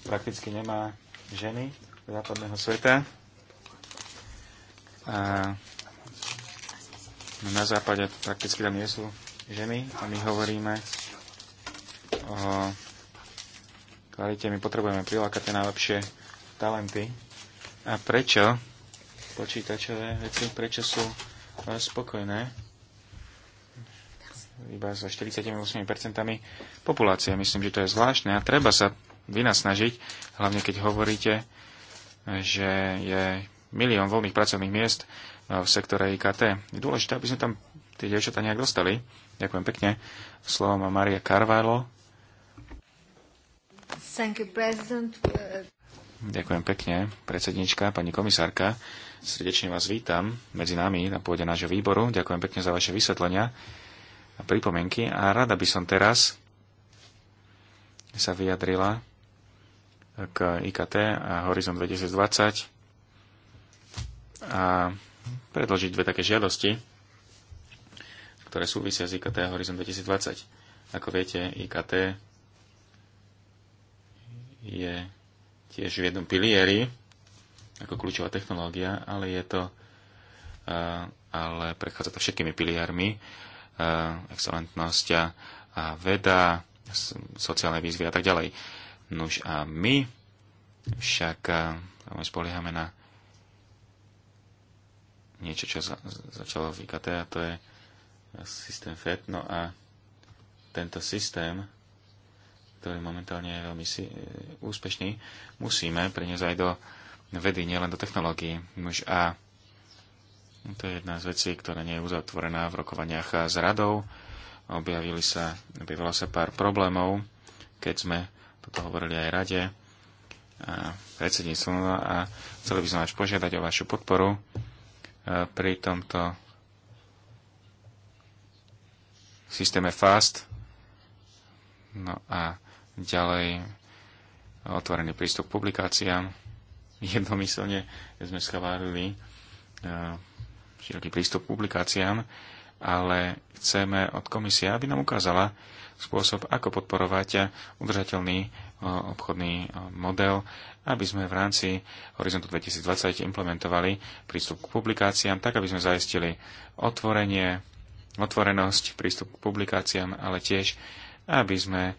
prakticky nemá ženy západného sveta. A na západe prakticky tam nie sú ženy a my hovoríme o kvalite, my potrebujeme prilákať tie najlepšie talenty. A prečo počítačové veci, prečo sú e, spokojné? iba so 48% populácie. Myslím, že to je zvláštne a treba sa vynasnažiť, hlavne keď hovoríte, že je milión voľných pracovných miest v sektore IKT. Je dôležité, aby sme tam tie devčatá nejak dostali. Ďakujem pekne. Slovo má Maria Carvalho. You, Ďakujem pekne, predsednička, pani komisárka. Srdečne vás vítam medzi nami na pôde nášho výboru. Ďakujem pekne za vaše vysvetlenia a pripomienky a rada by som teraz sa vyjadrila k IKT a Horizon 2020 a predložiť dve také žiadosti, ktoré súvisia s IKT a Horizon 2020. Ako viete, IKT je tiež v jednom pilieri ako kľúčová technológia, ale je to eh, ale prechádza to všetkými piliármi E, excelentnosť a veda, sociálne výzvy a tak ďalej. Nuž a my však e, spoliehame na niečo, čo za, začalo v IKT a to je systém FED. No a tento systém, ktorý momentálne je veľmi si, e, úspešný, musíme preniesť aj do vedy, nielen do technológií. Nuž a to je jedna z vecí, ktorá nie je uzatvorená v rokovaniach s radou. Objavili sa, objavilo sa pár problémov, keď sme toto hovorili aj rade a predsedníctvom no a chceli by sme vás požiadať o vašu podporu e, pri tomto systéme FAST. No a ďalej otvorený prístup k publikáciám. Jednomyselne sme schválili e, široký prístup k publikáciám, ale chceme od komisie, aby nám ukázala spôsob, ako podporovať udržateľný obchodný model, aby sme v rámci Horizontu 2020 implementovali prístup k publikáciám, tak aby sme zaistili otvorenie, otvorenosť, prístup k publikáciám, ale tiež, aby sme e,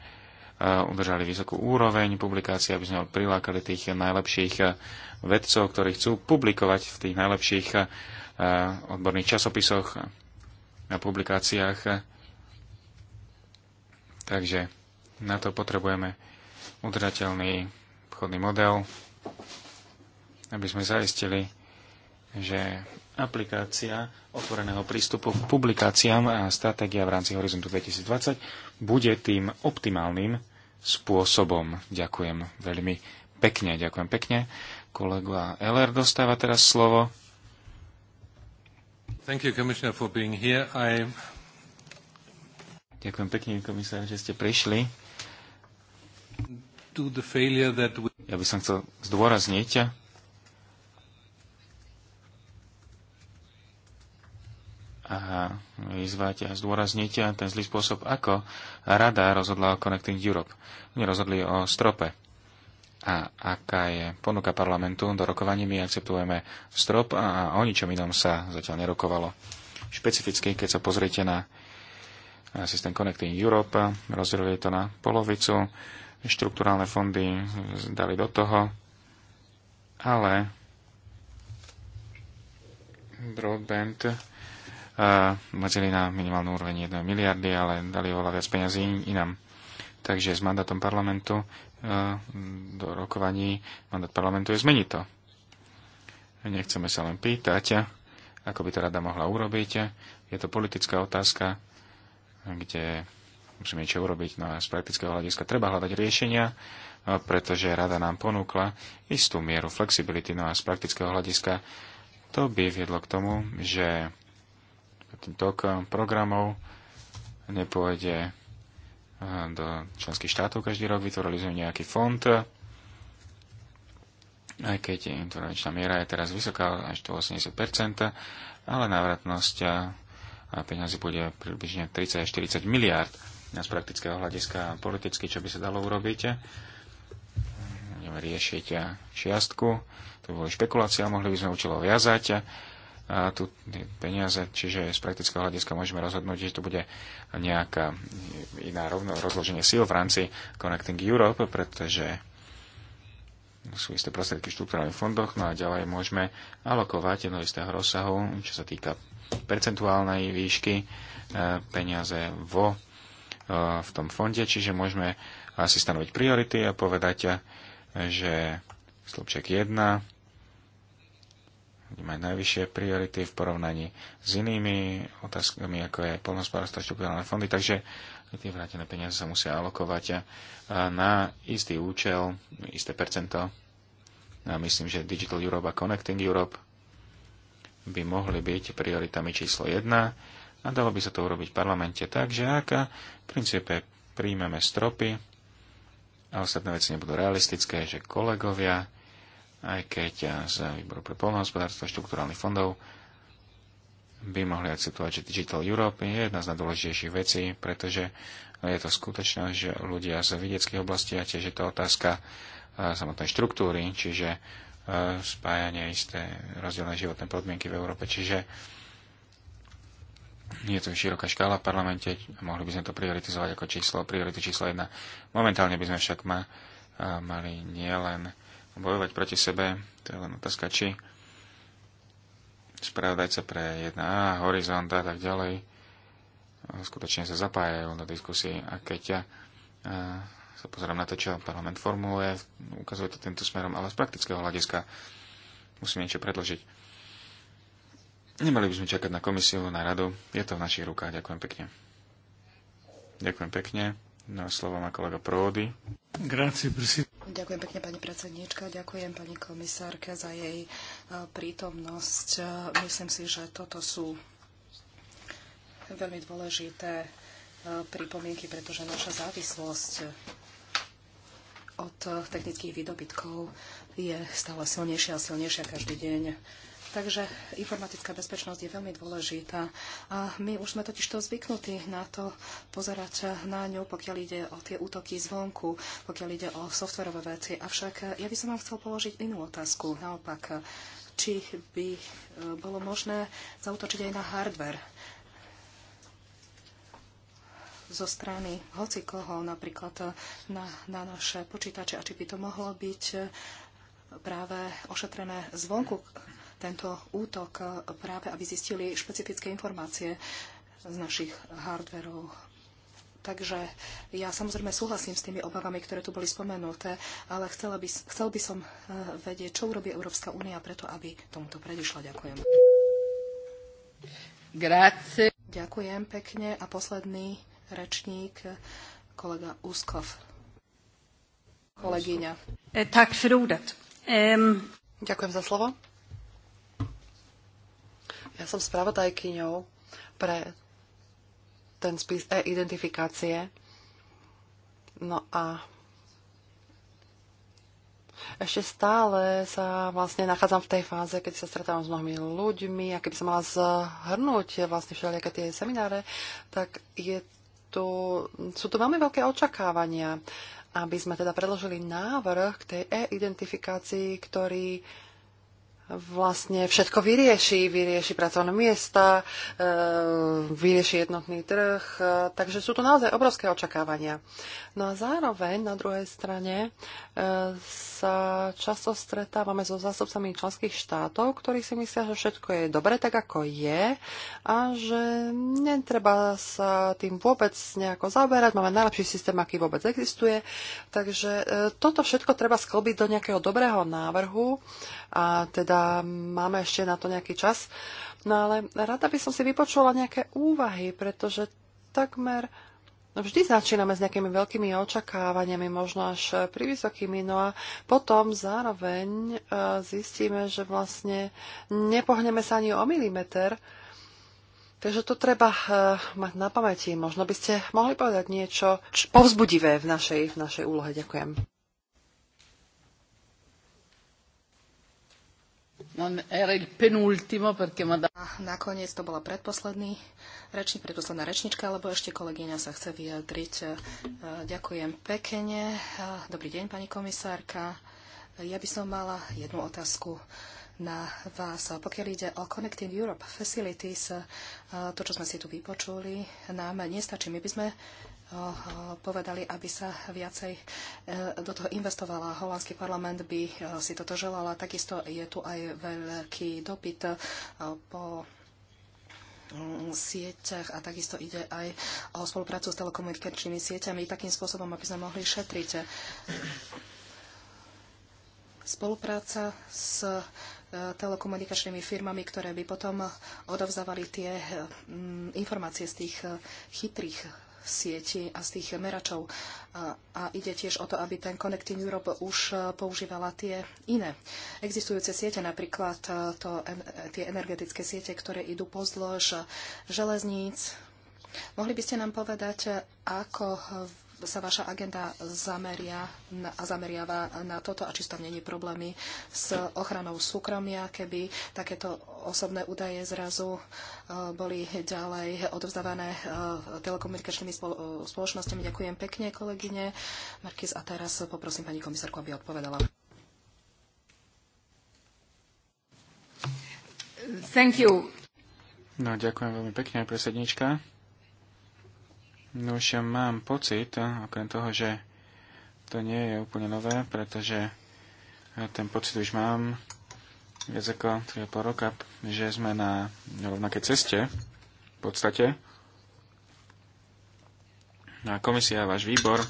udržali vysokú úroveň publikácií, aby sme prilákali tých najlepších e, vedcov, ktorí chcú publikovať v tých najlepších e, odborných časopisoch a publikáciách. Takže na to potrebujeme udržateľný obchodný model, aby sme zaistili, že aplikácia otvoreného prístupu k publikáciám a stratégia v rámci Horizontu 2020 bude tým optimálnym spôsobom. Ďakujem veľmi pekne, ďakujem pekne. Kolega Eller dostáva teraz slovo. Thank you, Commissioner, for being here. I... Ďakujem pekne, komisár, že ste prišli. We... Ja by som chcel zdôrazniť, a vyzvať a zdôrazniť ten zlý spôsob, ako rada rozhodla o Connecting Europe. Nerozhodli o strope a aká je ponuka parlamentu do rokovaní. My akceptujeme strop a o ničom inom sa zatiaľ nerokovalo. Špecificky, keď sa pozriete na systém Connecting Europe, rozdelili to na polovicu, štruktúrálne fondy dali do toho, ale broadband e, medzili na minimálnu úroveň 1 miliardy, ale dali oveľa viac peniazí inám. Takže s mandátom parlamentu Mm, do rokovaní mandát parlamentu je zmeniť to. Nechceme sa len pýtať, ako by to rada mohla urobiť. Je to politická otázka, kde musíme niečo urobiť. No a z praktického hľadiska treba hľadať riešenia, pretože rada nám ponúkla istú mieru flexibility. No a z praktického hľadiska to by viedlo k tomu, že tok programov nepôjde do členských štátov každý rok, vytvorili sme nejaký fond, aj keď intervenčná miera je teraz vysoká, až to 80%, ale návratnosť a peniazy bude približne 30-40 miliárd z praktického hľadiska politicky, čo by sa dalo urobiť. Budeme riešiť čiastku, to by boli špekulácia, mohli by sme účelo viazať tu peniaze, čiže z praktického hľadiska môžeme rozhodnúť, že to bude nejaká e, iná rovno rozloženie síl v rámci Connecting Europe, pretože sú isté prostriedky v štruktúrnych fondoch, no a ďalej môžeme alokovať jedno istého rozsahu, čo sa týka percentuálnej výšky e, peniaze vo e, v tom fonde, čiže môžeme asi stanoviť priority a povedať, že slupček 1 kde majú najvyššie priority v porovnaní s inými otázkami, ako je polnospodárstvo, štruktúrálne fondy. Takže tie vrátené peniaze sa musia alokovať na istý účel, isté percento. A myslím, že Digital Europe a Connecting Europe by mohli byť prioritami číslo 1 a dalo by sa to urobiť v parlamente tak, že ak v princípe príjmeme stropy a ostatné veci nebudú realistické, že kolegovia aj keď z výboru pre polnohospodárstvo a štruktúrálnych fondov by mohli akceptovať, že Digital Europe je jedna z najdôležitejších vecí, pretože je to skutočnosť, že ľudia z vidieckých oblasti a tiež je to otázka e, samotnej štruktúry, čiže e, spájanie isté rozdielne životné podmienky v Európe. Čiže je to široká škála v parlamente, mohli by sme to prioritizovať ako číslo, prioritu číslo jedna. Momentálne by sme však ma, e, mali nielen bojovať proti sebe. To je len otázka, či sa pre jedna a Horizont a tak ďalej skutočne sa zapájajú do diskusie. A keď ja a, sa pozerám na to, čo parlament formuluje, ukazuje to týmto smerom, ale z praktického hľadiska musíme niečo predložiť. Nemali by sme čakať na komisiu, na radu. Je to v našich rukách. Ďakujem pekne. Ďakujem pekne. No, slovo má kolega Provody. Ďakujem pekne, pani predsedníčka, ďakujem pani komisárke za jej e, prítomnosť. Myslím si, že toto sú veľmi dôležité e, pripomienky, pretože naša závislosť od technických výdobytkov je stále silnejšia a silnejšia každý deň Takže informatická bezpečnosť je veľmi dôležitá. A my už sme totiž to zvyknutí na to pozerať na ňu, pokiaľ ide o tie útoky zvonku, pokiaľ ide o softverové veci. Avšak ja by som vám chcel položiť inú otázku. Naopak, či by e, bolo možné zautočiť aj na hardware zo strany hoci koho, napríklad na, na naše počítače a či by to mohlo byť e, práve ošetrené zvonku tento útok e, práve, aby zistili špecifické informácie z našich hardverov. Takže ja samozrejme súhlasím s tými obavami, ktoré tu boli spomenuté, ale chcela by, chcel by som e, vedieť, čo urobí Európska únia preto, aby tomuto predišla. Ďakujem. Grazie. Ďakujem pekne a posledný rečník, kolega Úskov. Kolegyňa. E, tak Ďakujem za slovo. Ja som spravodajkyňou pre ten spis e-identifikácie. No a ešte stále sa vlastne nachádzam v tej fáze, keď sa stretávam s mnohými ľuďmi a keby som mala zhrnúť vlastne všelijaké tie semináre, tak je tu, sú tu veľmi veľké očakávania, aby sme teda predložili návrh k tej e-identifikácii, ktorý uh, vlastne všetko vyrieši. Vyrieši pracovné miesta, e, vyrieši jednotný trh, e, takže sú to naozaj obrovské očakávania. No a zároveň na druhej strane e, sa často stretávame so zástupcami členských štátov, ktorí si myslia, že všetko je dobre tak, ako je a že netreba sa tým vôbec nejako zaoberať. Máme najlepší systém, aký vôbec existuje. Takže toto všetko treba sklbiť do nejakého dobrého návrhu a teda máme ešte na to nejaký čas. No ale rada by som si vypočula nejaké úvahy, pretože takmer vždy začíname s nejakými veľkými očakávaniami, možno až pri vysokými, no a potom zároveň e, zistíme, že vlastne nepohneme sa ani o milimeter, Takže to treba uh, mať na pamäti. Možno by ste mohli povedať niečo povzbudivé v našej, v našej úlohe. Ďakujem. A nakoniec to bola predposledný rečník, predposledná rečnička, alebo ešte kolegyňa sa chce vyjadriť. E, ďakujem pekne. E, dobrý deň, pani komisárka. Ja by som mala jednu otázku na vás. Pokiaľ ide o Connecting Europe Facilities, e, to, čo sme si tu vypočuli, nám nestačí. My by sme povedali, aby sa viacej e, do toho investovala. Holandský parlament by e, si toto želala. Takisto je tu aj veľký dopyt e, po mm, sieťach a takisto ide aj o spoluprácu s telekomunikačnými sieťami takým spôsobom, aby sme mohli šetriť. Spolupráca s telekomunikačnými firmami, ktoré by potom odovzdávali tie mm, informácie z tých chytrých sieti a z tých meračov. A, a ide tiež o to, aby ten Connecting Europe už e, používala tie iné existujúce siete, napríklad e, to, tie energetické siete, ktoré idú po zlož železníc. Mohli by ste nám povedať, e, ako sa vaša agenda zameria a zameriava na toto a či tam není problémy s ochranou súkromia, keby takéto osobné údaje zrazu e, boli ďalej odovzdávané e, telekomunikačnými spoločnosťami. Ďakujem pekne, kolegyne Markiz. A teraz poprosím pani komisárku, aby odpovedala. Thank you. No, ďakujem veľmi pekne, predsednička. No už mám pocit, okrem toho, že to nie je úplne nové, pretože ten pocit už mám viac ako 3,5 roka, že sme na rovnakej ceste v podstate. No a komisia, váš výbor,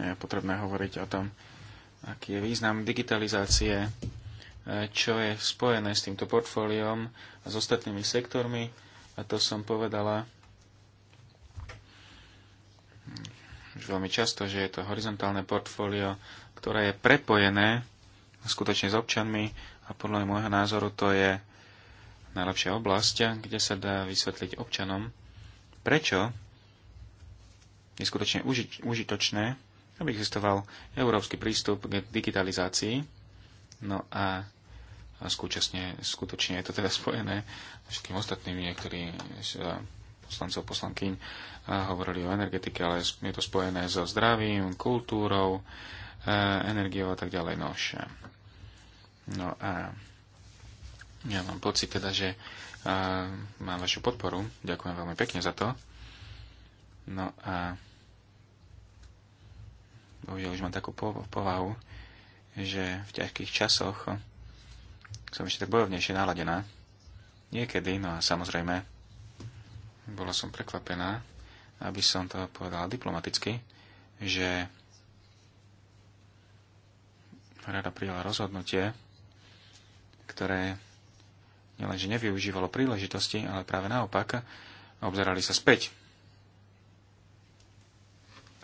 je potrebné hovoriť o tom, aký je význam digitalizácie, čo je spojené s týmto portfóliom a s ostatnými sektormi. A to som povedala už veľmi často, že je to horizontálne portfólio, ktoré je prepojené skutočne s občanmi a podľa môjho názoru to je najlepšia oblasť, kde sa dá vysvetliť občanom, prečo je skutočne uži- užitočné, aby existoval európsky prístup k digitalizácii. No a, skutočne, skutočne je to teda spojené s všetkým ostatným, ktorí poslancov, poslankyň hovorili o energetike, ale je to spojené so zdravím, kultúrou, e, energiou a tak ďalej. No, No a ja mám pocit teda, že e, mám vašu podporu. Ďakujem veľmi pekne za to. No a bohužiaľ už mám takú povahu, že v ťažkých časoch som ešte tak bojovnejšie naladená. Niekedy, no a samozrejme, bola som prekvapená, aby som to povedala diplomaticky, že rada prijala rozhodnutie, ktoré nielenže nevyužívalo príležitosti, ale práve naopak obzerali sa späť.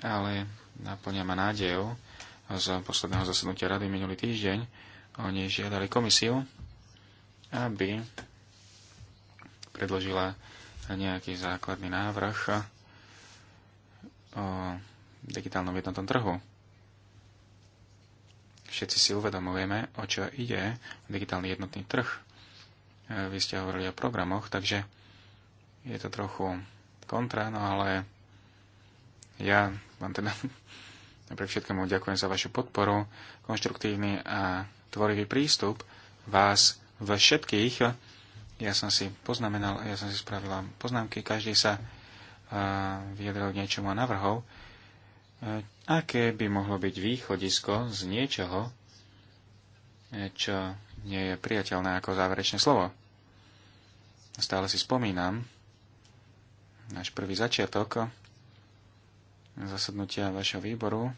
Ale naplňa ma nádejou z posledného zasadnutia rady minulý týždeň. Oni žiadali komisiu, aby predložila sa nejaký základný návrh o digitálnom jednotnom trhu. Všetci si uvedomujeme, o čo ide digitálny jednotný trh. E, vy ste hovorili o programoch, takže je to trochu kontra, no ale ja vám teda napriek všetkému ďakujem za vašu podporu, konštruktívny a tvorivý prístup vás v všetkých ja som si poznamenal, ja som si spravila poznámky, každý sa e, vyjadril k niečomu a navrhol, e, aké by mohlo byť východisko z niečoho, e, čo nie je priateľné ako záverečné slovo. Stále si spomínam náš prvý začiatok zasadnutia vašeho výboru,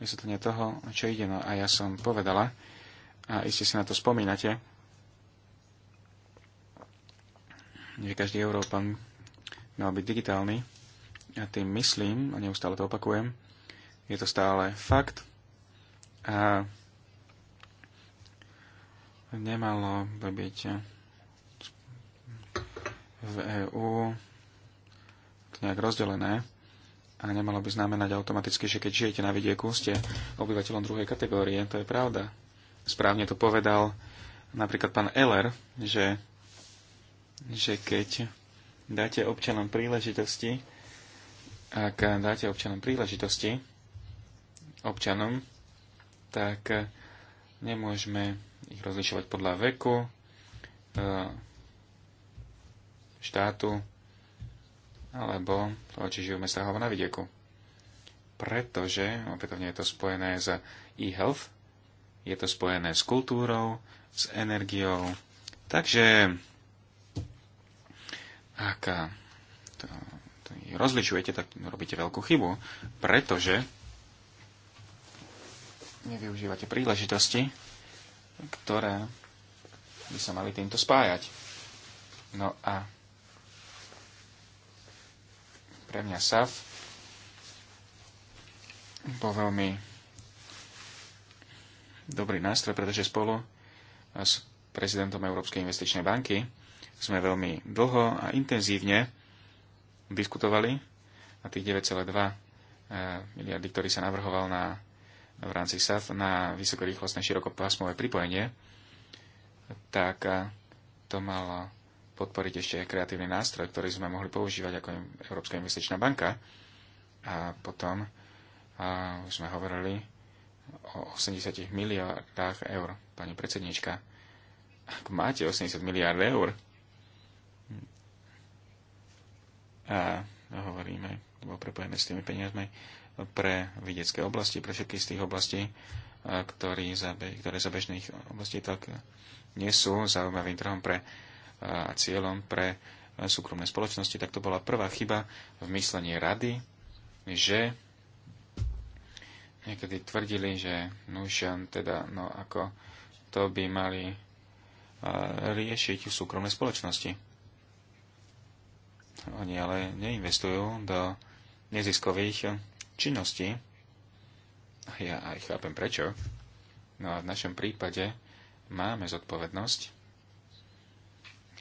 vysvetlenie toho, čo ide. No a ja som povedala, a iste si na to spomínate, že každý Európan mal byť digitálny. A tým myslím, a neustále to opakujem, je to stále fakt a nemalo by byť v EÚ nejak rozdelené a nemalo by znamenať automaticky, že keď žijete na vidieku, ste obyvateľom druhej kategórie. To je pravda. Správne to povedal napríklad pán Eller, že že keď dáte občanom príležitosti, ak dáte občanom príležitosti, občanom, tak eh, nemôžeme ich rozlišovať podľa veku, eh, štátu alebo toho, či žijú v alebo na vidieku. Pretože, opätovne je to spojené s e-health, je to spojené s kultúrou, s energiou. Takže ak eh, to, to rozličujete, tak robíte veľkú chybu, pretože nevyužívate príležitosti, ktoré by sa mali týmto spájať. No a pre mňa SAF bol veľmi dobrý nástroj, pretože spolu s prezidentom Európskej investičnej banky sme veľmi dlho a intenzívne diskutovali a tých 9,2 eh, miliardy, ktorý sa navrhoval na, v rámci SAF na vysokorýchlostné širokopásmové pripojenie, tak eh, to malo podporiť ešte kreatívny nástroj, ktorý sme mohli používať ako Európska investičná banka. A potom a eh, už sme hovorili o 80 miliardách eur, pani predsednička. Ak máte 80 miliard eur, a hovoríme, lebo prepojeme s tými peniazmi, pre vidiecké oblasti, pre všetky z tých oblastí, ktorý za, ktoré za bežných oblastí tak nie sú zaujímavým trhom pre, a cieľom pre súkromné spoločnosti, tak to bola prvá chyba v myslení rady, že niekedy tvrdili, že nušan, teda, no ako to by mali riešiť súkromné spoločnosti. Oni ale neinvestujú do neziskových činností. ja aj chápem prečo. No a v našom prípade máme zodpovednosť.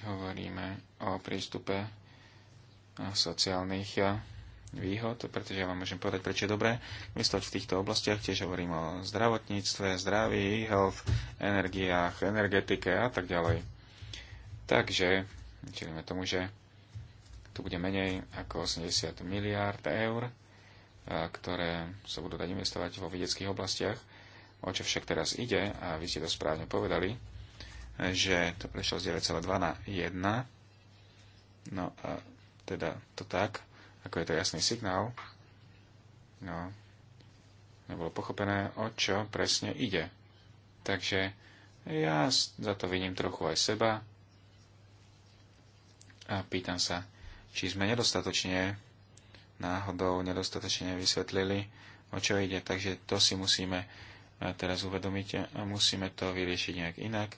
Hovoríme o prístupe sociálnych výhod, pretože ja vám môžem povedať, prečo je dobré investovať v týchto oblastiach. Tiež hovorím o zdravotníctve, zdraví, health energiách, energetike a tak ďalej. Takže čelíme tomu, že to bude menej ako 80 miliárd eur, ktoré sa budú dať investovať vo vedeckých oblastiach. O čo však teraz ide, a vy ste to správne povedali, že to prešlo z 9,2 na 1, no a teda to tak, ako je to jasný signál, no, nebolo pochopené, o čo presne ide. Takže ja za to viním trochu aj seba a pýtam sa, či sme nedostatočne náhodou nedostatočne vysvetlili, o čo ide. Takže to si musíme e, teraz uvedomiť a musíme to vyriešiť nejak inak.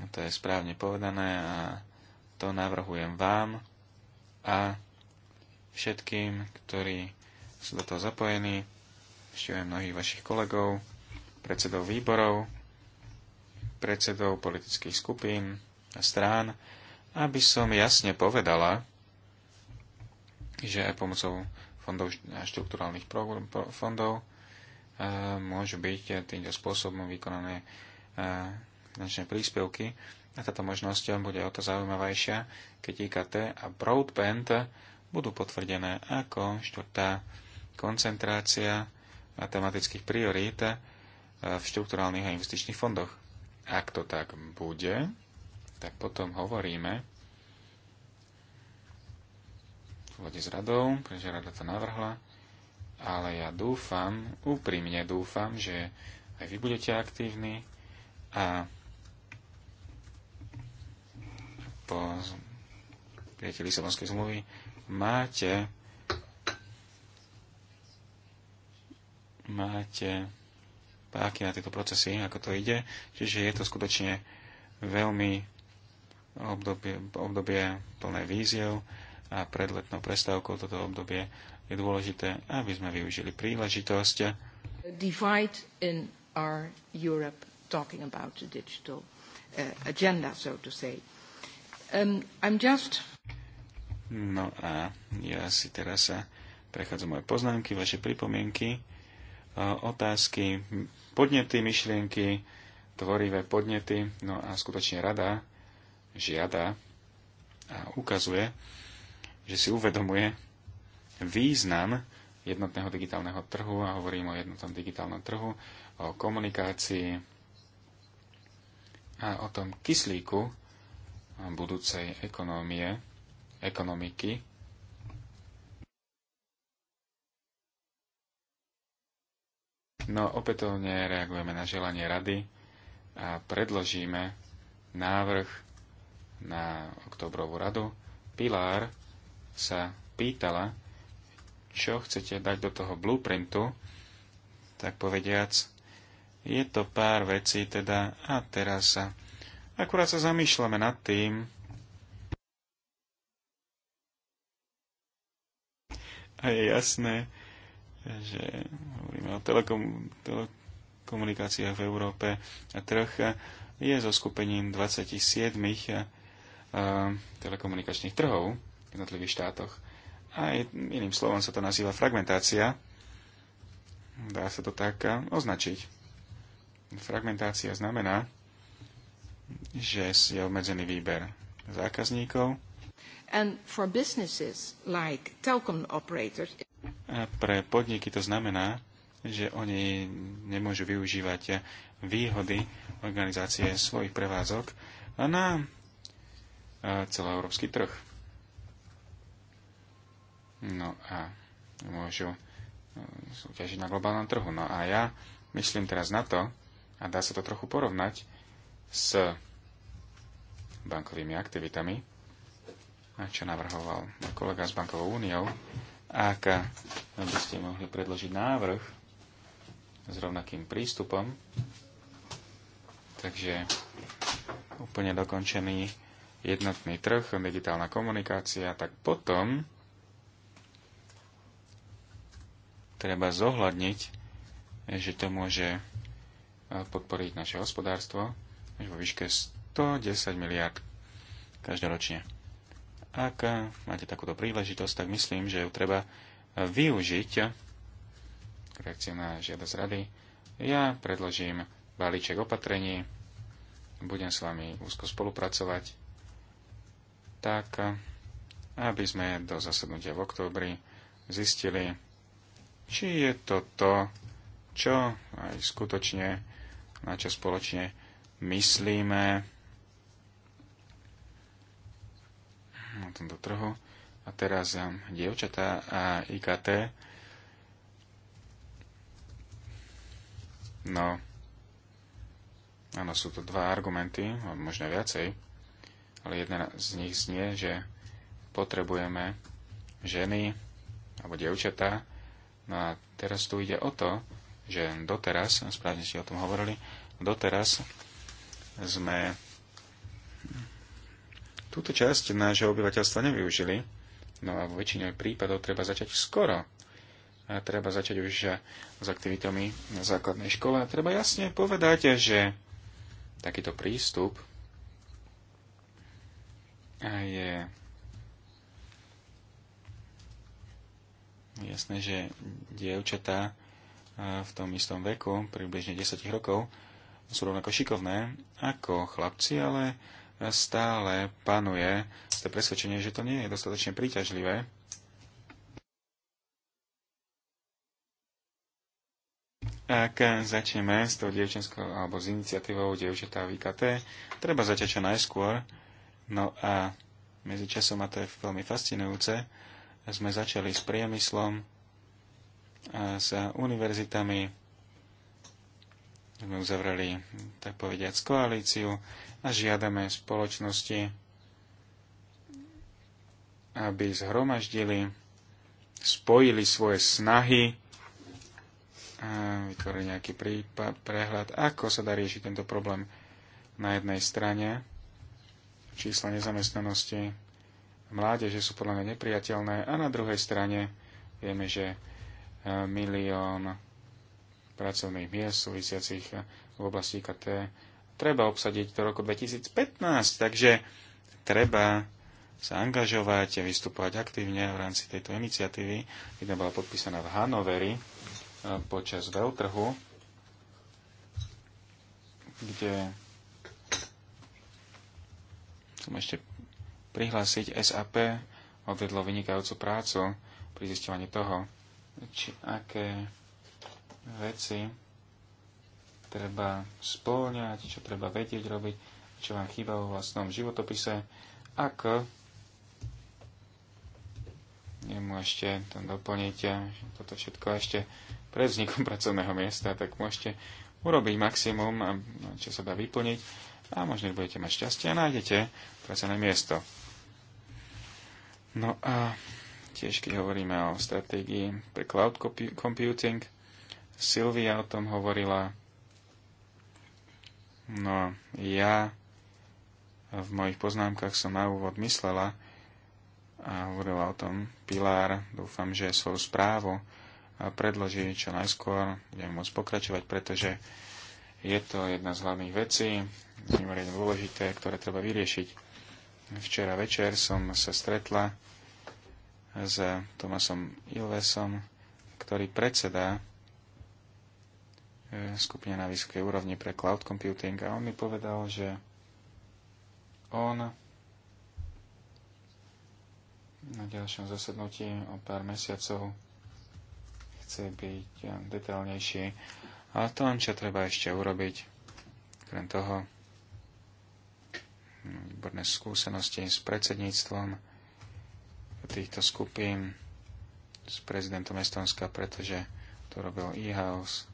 No, to je správne povedané a to navrhujem vám a všetkým, ktorí sú do toho zapojení, ešte aj mnohých vašich kolegov, predsedov výborov, predsedov politických skupín a strán, aby som jasne povedala, že aj pomocou fondov a štruktúrálnych fondov e, môžu byť e, týmto spôsobom vykonané e, finančné príspevky. A táto možnosť bude o to zaujímavejšia, keď IKT a broadband budú potvrdené ako štvrtá koncentrácia tematických priorít v štruktúrálnych a investičných fondoch. Ak to tak bude, tak potom hovoríme súlade s radou, pretože rada to navrhla, ale ja dúfam, úprimne dúfam, že aj vy budete aktívni a po prijatí Lisabonskej zmluvy máte máte páky na tieto procesy, ako to ide. Čiže je to skutočne veľmi obdobie, obdobie plné víziev a pred letnou prestávkou toto obdobie je dôležité, aby sme využili príležitosť. Divide in our Europe talking about the digital uh, agenda, so to say. Um, I'm just... No a ja si teraz sa uh, prechádzam moje poznámky, vaše pripomienky, uh, otázky, podnety, myšlienky, tvorivé podnety. No a skutočne rada žiada a ukazuje, že si uvedomuje význam jednotného digitálneho trhu a hovorím o jednotnom digitálnom trhu, o komunikácii a o tom kyslíku budúcej ekonomie, ekonomiky. No opätovne reagujeme na želanie rady a predložíme návrh na oktobrovú radu. Pilár sa pýtala, čo chcete dať do toho blueprintu, tak povediac, je to pár vecí teda a teraz sa akurát sa zamýšľame nad tým, a je jasné, že hovoríme o telekom, telekomunikáciách v Európe a trh je zo skupením 27 eh, telekomunikačných trhov v jednotlivých štátoch. Aj iným slovom sa to nazýva fragmentácia. Dá sa to tak eh, označiť. Fragmentácia znamená, že je obmedzený výber zákazníkov. And for businesses like telecom operators... A pre podniky to znamená, že oni nemôžu využívať výhody organizácie svojich prevádzok na eh, celoeurópsky trh. No a môžu e, súťažiť na globálnom trhu. No a ja myslím teraz na to, a dá sa to trochu porovnať s bankovými aktivitami, čo navrhoval môj kolega s Bankovou úniou, ak by ste mohli predložiť návrh s rovnakým prístupom, takže úplne dokončený jednotný trh, digitálna komunikácia, tak potom treba zohľadniť, že to môže e, podporiť naše hospodárstvo až vo výške 110 miliard každoročne. Ak e, máte takúto príležitosť, tak myslím, že ju treba využiť. Reakcia na žiadosť rady. Ja predložím balíček opatrení, budem s vami úzko spolupracovať, tak e, aby sme do zasadnutia v októbri zistili, či je to to, čo aj skutočne, na čo spoločne myslíme na tomto trhu. A teraz um, dievčatá a IKT. No, áno, sú to dva argumenty, možno viacej, ale jedna z nich znie, že potrebujeme ženy alebo dievčatá, No a teraz tu ide o to, že doteraz, správne ste o tom hovorili, doteraz sme túto časť nášho obyvateľstva nevyužili. No a vo väčšine prípadov treba začať skoro. A treba začať už s aktivitami na základnej škole. A treba jasne povedať, že takýto prístup je jasné, že dievčatá e, v tom istom veku, približne 10 rokov, sú rovnako šikovné ako chlapci, ale stále panuje ste presvedčenie, že to nie je dostatočne príťažlivé. Ak začneme s tou dievčenskou alebo s iniciatívou dievčatá v IKT, treba začať čo najskôr. No a medzičasom, a to je veľmi fascinujúce, sme začali s priemyslom, a s univerzitami, sme uzavreli, tak povediať, koalíciu a žiadame spoločnosti, aby zhromaždili, spojili svoje snahy, a vytvorili nejaký prípad, prehľad, ako sa dá riešiť tento problém na jednej strane, čísla nezamestnanosti, mládeže sú podľa mňa nepriateľné a na druhej strane vieme, že e, milión pracovných miest súvisiacich e, v oblasti IKT treba obsadiť do roku 2015, takže treba sa angažovať a vystupovať aktívne v rámci tejto iniciatívy. Jedna bola podpísaná v Hanoveri e, počas veľtrhu, kde som ešte prihlásiť SAP odvedlo vynikajúcu prácu pri zisťovaní toho, či aké veci treba spĺňať, čo treba vedieť robiť, čo vám chýba vo vlastnom životopise, ako nemu ešte tam doplníte toto všetko ešte pred vznikom pracovného miesta, tak môžete urobiť maximum, čo sa dá vyplniť a možno budete mať šťastie a nájdete pracovné miesto. No a tiež, keď hovoríme o stratégii pre cloud computing, Silvia o tom hovorila. No ja v mojich poznámkach som na úvod myslela a hovorila o tom Pilár. Dúfam, že svoju správu predloží čo najskôr. Budem môcť pokračovať, pretože je to jedna z hlavných vecí, mimoriadne dôležité, ktoré treba vyriešiť. Včera večer som sa stretla s Tomasom Ilvesom, ktorý predseda e, skupine na vysokej úrovni pre cloud computing a on mi povedal, že on na ďalšom zasadnutí o pár mesiacov chce byť detailnejší. Ale to len čo treba ešte urobiť. Krem toho výborné skúsenosti s predsedníctvom týchto skupín, s prezidentom Estonska, pretože to robil e-house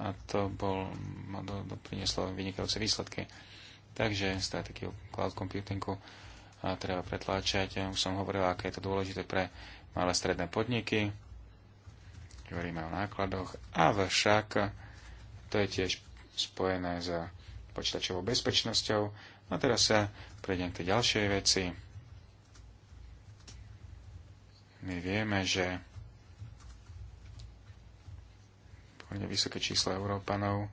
a to bol, do, do, prinieslo vynikajúce výsledky. Takže stratégiu cloud computingu a treba pretláčať. Ja už som hovoril, aké je to dôležité pre malé stredné podniky. Hovoríme o nákladoch. Avšak to je tiež spojené s počítačovou bezpečnosťou a teraz sa prejdem k tej ďalšej veci. My vieme, že pomerne vysoké číslo Európanov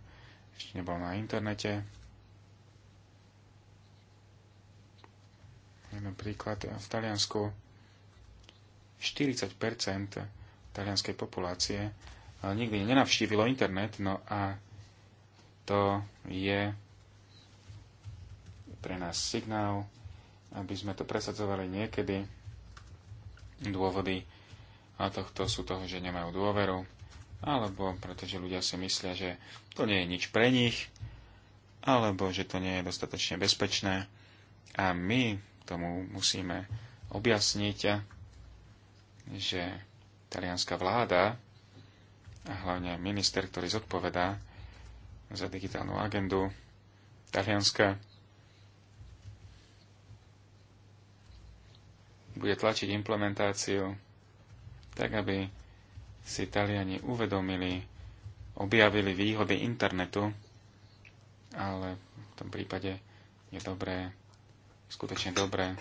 ešte nebol na internete. Jeden príklad v Taliansku 40 talianskej populácie nikdy nenavštívilo internet, no a to je pre nás signál, aby sme to presadzovali niekedy. Dôvody a tohto sú toho, že nemajú dôveru, alebo pretože ľudia si myslia, že to nie je nič pre nich, alebo že to nie je dostatočne bezpečné. A my tomu musíme objasniť, že talianská vláda a hlavne minister, ktorý zodpovedá za digitálnu agendu Talianska, bude tlačiť implementáciu tak, aby si Taliani uvedomili, objavili výhody internetu, ale v tom prípade je dobré, skutočne dobré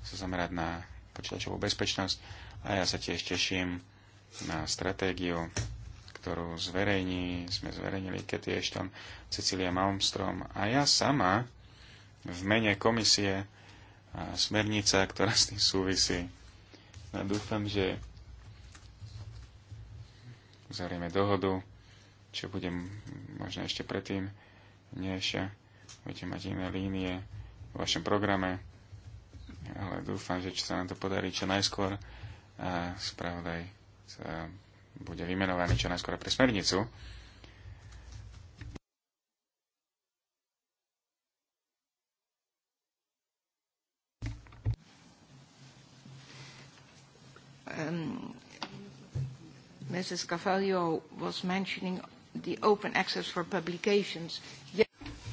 sa zamerať na počítačovú bezpečnosť a ja sa tiež teším na stratégiu, ktorú zverejní, sme zverejnili Katie Ashton, Cecilia Malmstrom a ja sama v mene komisie smernica, ktorá s tým súvisí. A no, dúfam, že uzavrieme dohodu, čo bude možno ešte predtým, než budete mať iné línie v vašom programe, ale dúfam, že čo sa nám to podarí čo najskôr a spravodaj sa bude vymenovaný čo najskôr pre smernicu. Mrs. Um, Carvalho was mentioning the open access for publications.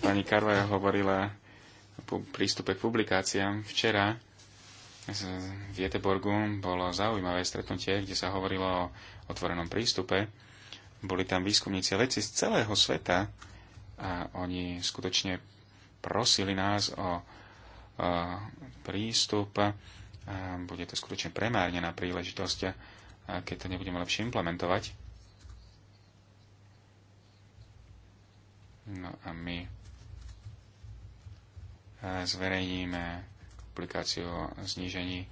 Pani Carvalho hovorila o prístupe k publikáciám. Včera v Jeteborgu bolo zaujímavé stretnutie, kde sa hovorilo o otvorenom prístupe. Boli tam výskumníci veci z celého sveta a oni skutočne prosili nás o, o prístup bude to skutočne premárnená príležitosť, keď to nebudeme lepšie implementovať. No a my e, zverejníme publikáciu o znížení e,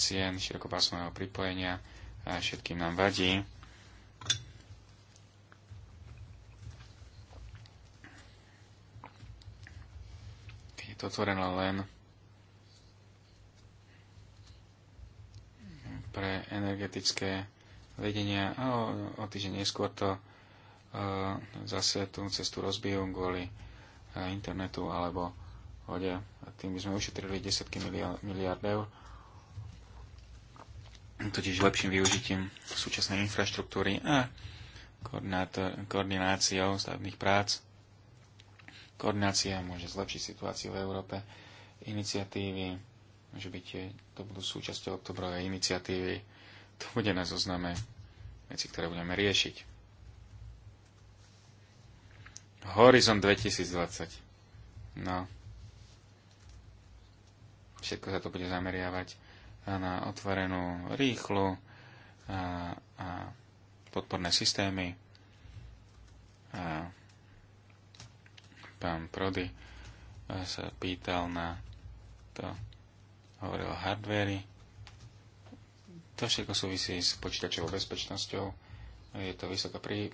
cien širokopásmového pripojenia. všetkým nám vadí. Je to otvorené len pre energetické vedenia a o, o týždeň neskôr to e, zase tú cestu rozbijú kvôli e, internetu alebo vode. A tým by sme ušetrili desiatky miliard, miliard eur, totiž lepším využitím súčasnej infraštruktúry a koordináciou stavebných prác. Koordinácia môže zlepšiť situáciu v Európe, iniciatívy, že by tie, to budú súčasťou oktobrovej iniciatívy. To bude na zozname veci, ktoré budeme riešiť. Horizon 2020. No. Všetko sa to bude zameriavať na otvorenú, rýchlu a, a podporné systémy. A pán Prody sa pýtal na to, hovorí o hardvéri. To všetko súvisí s počítačovou bezpečnosťou. Je to vysoká pri...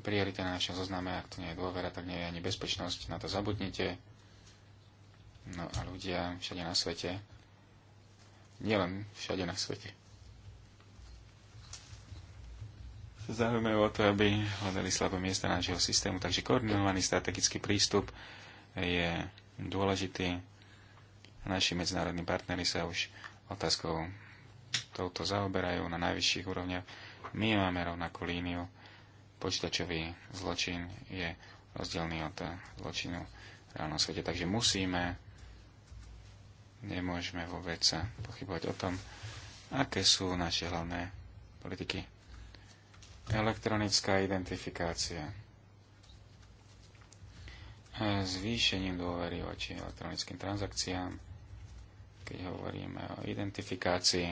priorita na našom zozname. Ak to nie je dôvera, tak nie je ani bezpečnosť. Na to zabudnite. No a ľudia všade na svete, nielen všade na svete, sa zaujímajú o to, aby hľadali slabé miesta nášho systému. Takže koordinovaný strategický prístup je dôležitý Naši medzinárodní partnery sa už otázkou touto zaoberajú na najvyšších úrovniach. My máme rovnakú líniu. Počítačový zločin je rozdielný od zločinu v reálnom svete. Takže musíme, nemôžeme vôbec pochybovať o tom, aké sú naše hlavné politiky. Elektronická identifikácia. Zvýšením dôvery voči elektronickým transakciám keď hovoríme o identifikácii,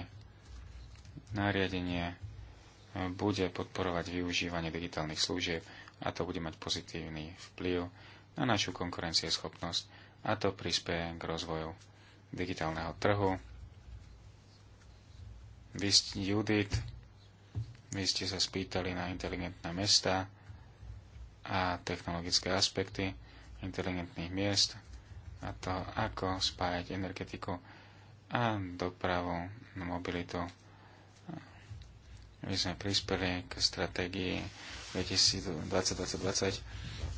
nariadenie e, bude podporovať využívanie digitálnych služieb a to bude mať pozitívny vplyv na našu konkurencieschopnosť a to prispieje k rozvoju digitálneho trhu. Vy, Judith, vy ste sa spýtali na inteligentné mesta a technologické aspekty inteligentných miest a to, ako spájať energetiku a dopravu, mobilitu. My sme prispeli k stratégii 2020-2020.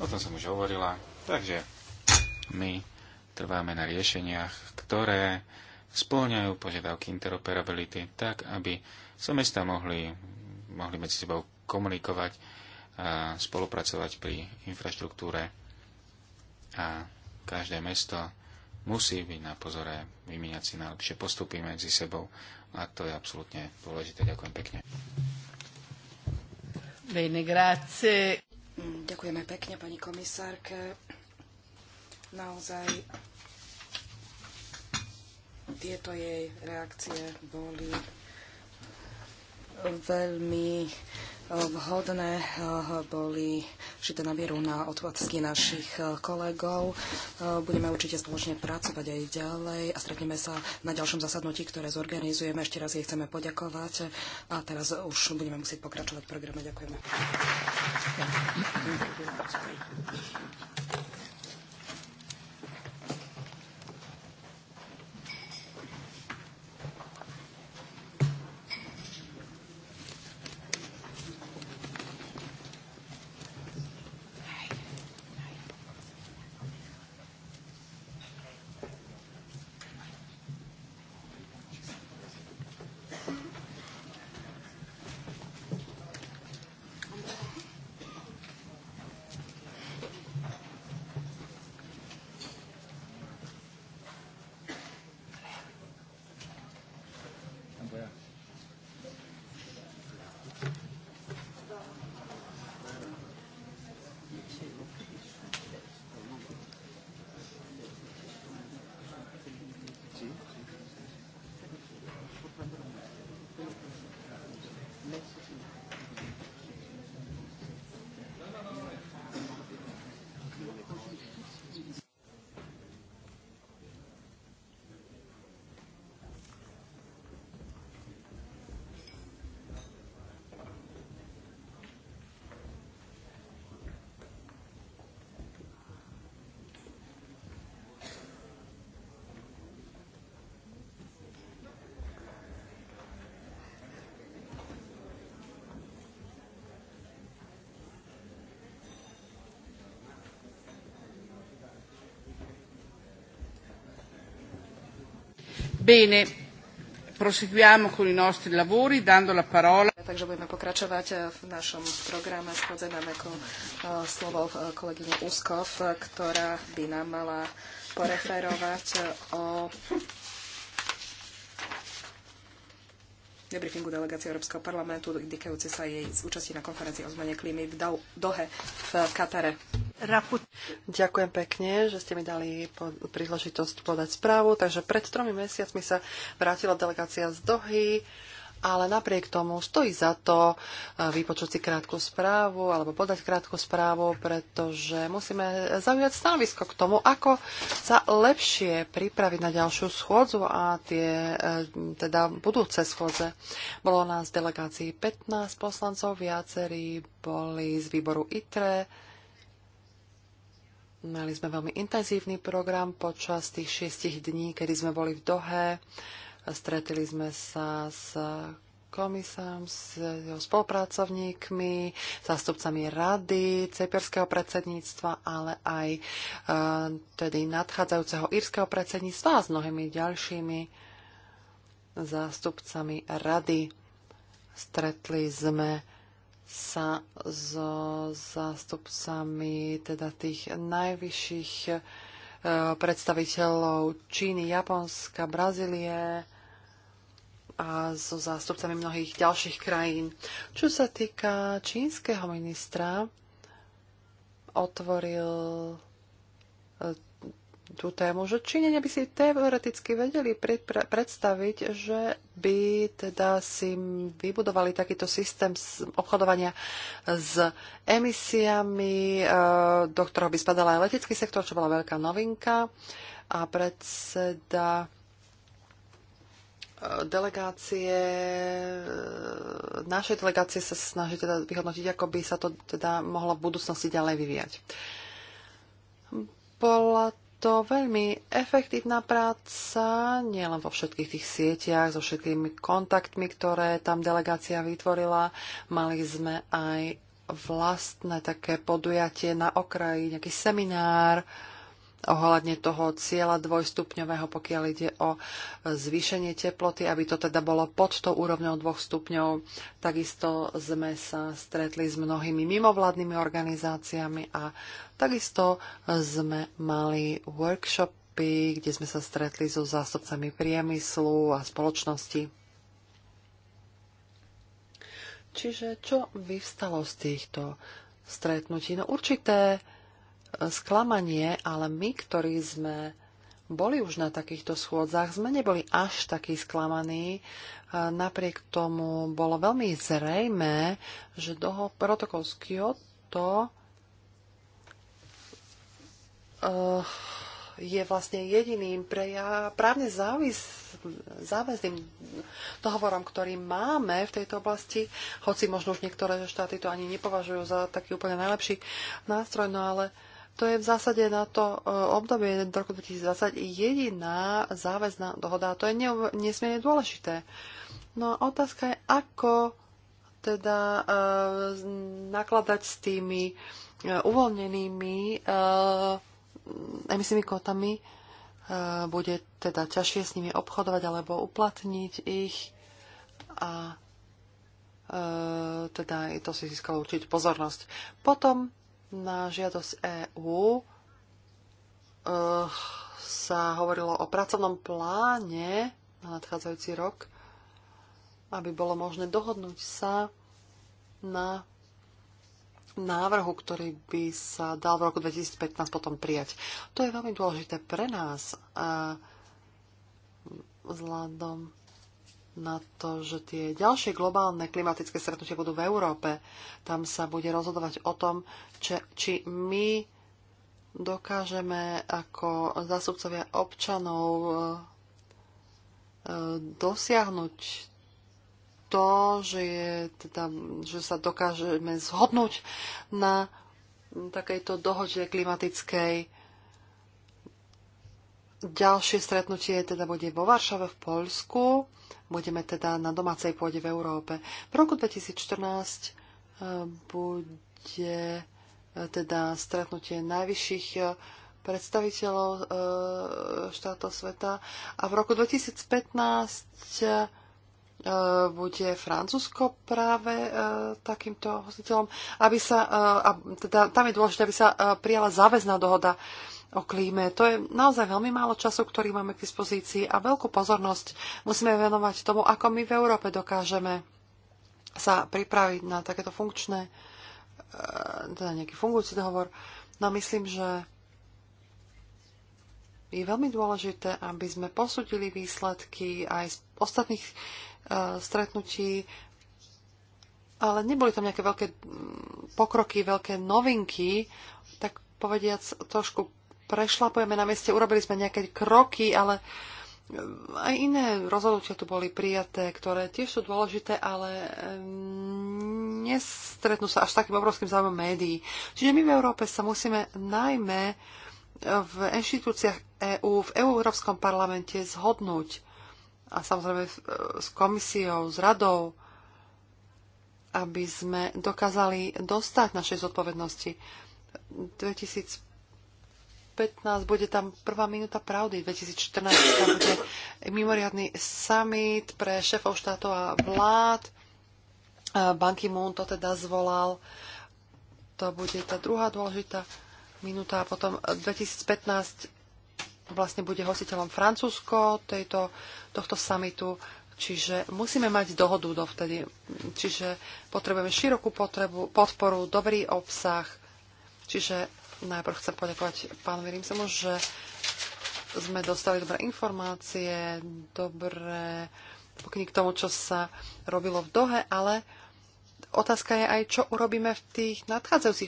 O tom som už hovorila. Takže my trváme na riešeniach, ktoré spĺňajú požiadavky interoperability tak, aby sa mesta mohli, mohli medzi sebou komunikovať, a spolupracovať pri infraštruktúre a každé mesto musí byť na pozore, vymieňať si najlepšie postupy medzi sebou a to je absolútne dôležité. Ďakujem pekne. Bene, grazie. Ďakujeme pekne pani komisárke. Naozaj tieto jej reakcie boli veľmi vhodné eh, boli šité na na otvádzky našich eh, kolegov. Eh, budeme určite spoločne pracovať aj ďalej a stretneme sa na ďalšom zasadnutí, ktoré zorganizujeme. Ešte raz jej chceme poďakovať a teraz už budeme musieť pokračovať v programe. Ďakujeme. Bene, proseguiamo con i nostri lavori dando la parola. Takže budeme pokračovať eh, v našom programe. Schôdze nám ako eh, slovo eh, kolegyne Uskov, ktorá by nám mala poreferovať o debriefingu delegácie Európskeho parlamentu, indikajúce sa jej účasti na konferencii o zmene klímy v Dohe v Katare. Raput. Ďakujem pekne, že ste mi dali po, príležitosť podať správu. Takže pred tromi mesiacmi sa vrátila delegácia z Dohy, ale napriek tomu stojí za to eh, vypočuť si krátku správu alebo podať krátku správu, pretože musíme zaujať stanovisko k tomu, ako sa lepšie pripraviť na ďalšiu schôdzu a tie eh, teda budúce schôdze. Bolo nás v delegácií 15 poslancov, viacerí boli z výboru ITRE, Mali sme veľmi intenzívny program počas tých šiestich dní, kedy sme boli v Dohe. Stretili sme sa s komisám, s jeho spolupracovníkmi, zástupcami rady, ceperského predsedníctva, ale aj e, tedy nadchádzajúceho írskeho predsedníctva a s mnohými ďalšími zástupcami rady. Stretli sme sa so zástupcami teda tých najvyšších e, predstaviteľov Číny, Japonska, Brazílie a so zástupcami mnohých ďalších krajín. Čo sa týka čínskeho ministra, otvoril e, tú tému, že Číňania by si teoreticky vedeli predstaviť, že by teda si vybudovali takýto systém obchodovania s emisiami, e, do ktorého by spadal aj letecký sektor, čo bola veľká novinka. A predseda e, delegácie, e, našej delegácie sa snaží teda vyhodnotiť, ako by sa to teda mohlo v budúcnosti ďalej vyvíjať. Bola to veľmi efektívna práca, nielen vo všetkých tých sieťach, so všetkými kontaktmi, ktoré tam delegácia vytvorila. Mali sme aj vlastné také podujatie na okraji, nejaký seminár, ohľadne toho cieľa dvojstupňového, pokiaľ ide o zvýšenie teploty, aby to teda bolo pod tou úrovňou dvoch stupňov. Takisto sme sa stretli s mnohými mimovládnymi organizáciami a takisto sme mali workshopy, kde sme sa stretli so zástupcami priemyslu a spoločnosti. Čiže čo vyvstalo z týchto stretnutí? No určité sklamanie, ale my, ktorí sme boli už na takýchto schôdzach, sme neboli až takí sklamaní. E, napriek tomu bolo veľmi zrejmé, že doho- protokol z Kyoto e, je vlastne jediným ja právne závis- záväzným dohovorom, ktorý máme v tejto oblasti, hoci možno už niektoré štáty to ani nepovažujú za taký úplne najlepší nástroj, no ale uh, to je v zásade na to e, obdobie do roku 2020 jediná záväzná dohoda. A to je nesmierne dôležité. No a otázka je, ako teda e, nakladať s tými e, uvoľnenými e, emisnými kvotami. E, bude teda ťažšie s nimi obchodovať alebo uplatniť ich. A e, teda to si získalo určite pozornosť. Potom na žiadosť EÚ eh, sa hovorilo o pracovnom pláne na nadchádzajúci rok, aby bolo možné dohodnúť sa na návrhu, ktorý by sa dal v roku 2015 potom prijať. To je veľmi dôležité pre nás a vzhľadom na to, že tie ďalšie globálne klimatické stretnutia budú v Európe. Tam sa bude rozhodovať o tom, či, či my dokážeme ako zásupcovia občanov e, e, dosiahnuť to, že, je, teda, že sa dokážeme zhodnúť na takejto dohode klimatickej. Ďalšie stretnutie teda bude vo Varšave v Poľsku budeme teda na domácej pôde v Európe. V roku 2014 e, bude e, teda stretnutie najvyšších e, predstaviteľov štátov sveta a v roku 2015 bude Francúzsko práve takýmto hostiteľom, aby sa, a teda tam je dôležité, aby sa prijala záväzná dohoda o klíme. To je naozaj veľmi málo času, ktorý máme k dispozícii a veľkú pozornosť musíme venovať tomu, ako my v Európe dokážeme sa pripraviť na takéto funkčné, e, teda nejaký fungujúci dohovor. No myslím, že je veľmi dôležité, aby sme posudili výsledky aj z ostatných e, stretnutí, ale neboli tam nejaké veľké pokroky, veľké novinky, tak povediac trošku prešlapujeme na mieste, urobili sme nejaké kroky, ale eh, aj iné rozhodnutia tu boli prijaté, ktoré tiež sú dôležité, ale eh, nestretnú sa až takým obrovským záujmom médií. Čiže my v Európe sa musíme najmä eh, v inštitúciách EÚ, v Európskom parlamente zhodnúť a samozrejme s komisiou, s radou, aby sme dokázali dostať našej zodpovednosti. 2015 15 bude tam prvá minúta pravdy. 2014 tam bude mimoriadný summit pre šéfov štátov a vlád. Ban Ki-moon to teda zvolal. To bude tá druhá dôležitá minúta a potom 2015 vlastne bude hostiteľom Francúzsko tejto, tohto summitu. Čiže musíme mať dohodu dovtedy. Čiže potrebujeme širokú potrebu, podporu, dobrý obsah. Čiže Najprv chcem poďakovať pánovi Rimsemu, že sme dostali dobré informácie, dobré pokyny k tomu, čo sa robilo v Dohe, ale otázka je aj, čo urobíme v tých nadchádzajúcich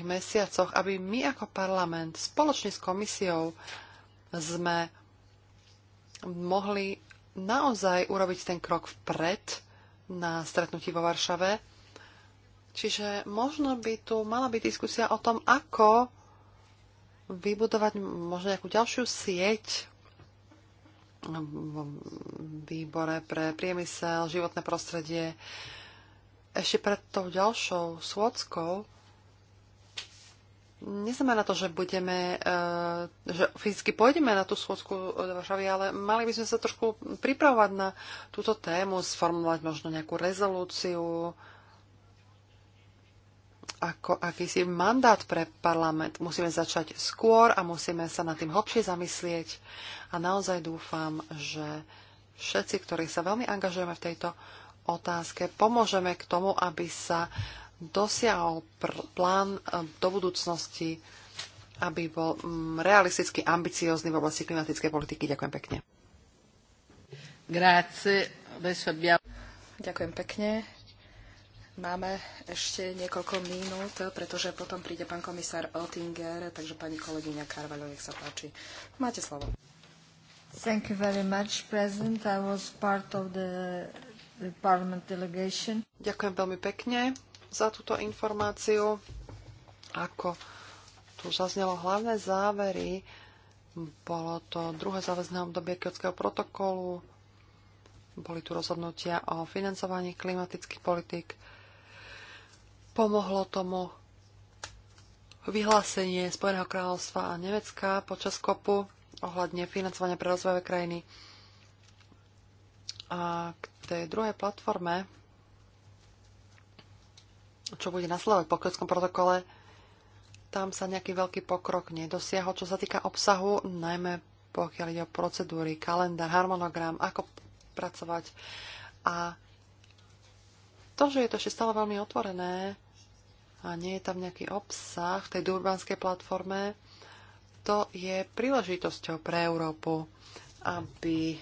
8-9 mesiacoch, aby my ako parlament spoločne s komisiou sme mohli naozaj urobiť ten krok vpred na stretnutí vo Varšave Čiže možno by tu mala byť diskusia o tom, ako vybudovať možno nejakú ďalšiu sieť v výbore pre priemysel, životné prostredie. Ešte pred tou ďalšou svodskou. neznamená to, že budeme, eh, že fyzicky pôjdeme na tú schôdzku do Varšavy, ale mali by sme sa trošku pripravovať na túto tému, sformulovať možno nejakú rezolúciu, ako akýsi mandát pre parlament. Musíme začať skôr a musíme sa nad tým hlbšie zamyslieť. A naozaj dúfam, že všetci, ktorí sa veľmi angažujeme v tejto otázke, pomôžeme k tomu, aby sa dosiahol plán e, do budúcnosti, aby bol mm, realisticky ambiciózny v oblasti klimatickej politiky. Ďakujem pekne. Grazie. Ďakujem pekne. Máme ešte niekoľko minút, pretože potom príde pán komisár Oettinger, takže pani kolegyňa Karvaľo, nech sa páči. Máte slovo. Thank you very much, President. I was part of the, the Parliament delegation. Ďakujem veľmi pekne za túto informáciu. Ako tu zaznelo hlavné závery, bolo to druhé záväzné obdobie Kyotského protokolu, boli tu rozhodnutia o financovaní klimatických politik, Pomohlo tomu vyhlásenie Spojeného kráľovstva a Nemecka počas kopu ohľadne financovania pre rozvojové krajiny. A k tej druhej platforme, čo bude nasledovať po kľudskom protokole, tam sa nejaký veľký pokrok nedosiahol, čo sa týka obsahu, najmä pokiaľ ide o procedúry, kalendár, harmonogram, ako pracovať. A to, že je to ešte stále veľmi otvorené a nie je tam nejaký obsah v tej durbanskej platforme, to je príležitosťou pre Európu, aby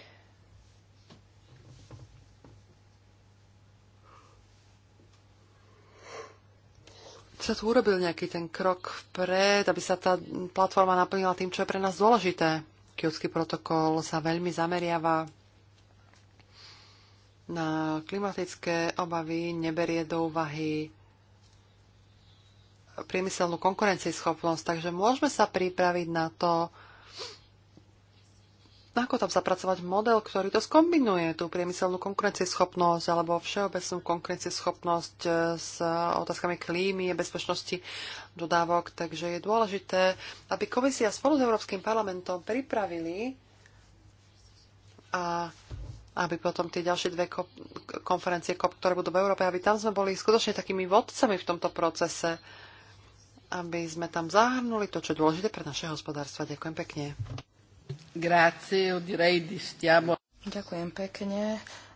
sa tu urobil nejaký ten krok vpred, aby sa tá platforma naplnila tým, čo je pre nás dôležité. Kyotský protokol sa veľmi zameriava na klimatické obavy, neberie do úvahy priemyselnú konkurencieschopnosť. Takže môžeme sa pripraviť na to, ako tam zapracovať model, ktorý to skombinuje, tú priemyselnú konkurencieschopnosť alebo všeobecnú konkurencieschopnosť eh, s otázkami klímy a bezpečnosti dodávok. Takže je dôležité, aby komisia spolu s Európskym parlamentom pripravili a aby potom tie ďalšie dve konferencie, ktoré budú v Európe, aby tam sme boli skutočne takými vodcami v tomto procese, aby sme tam zahrnuli to, čo je dôležité pre naše hospodárstva. Ďakujem pekne. Ďakujem pekne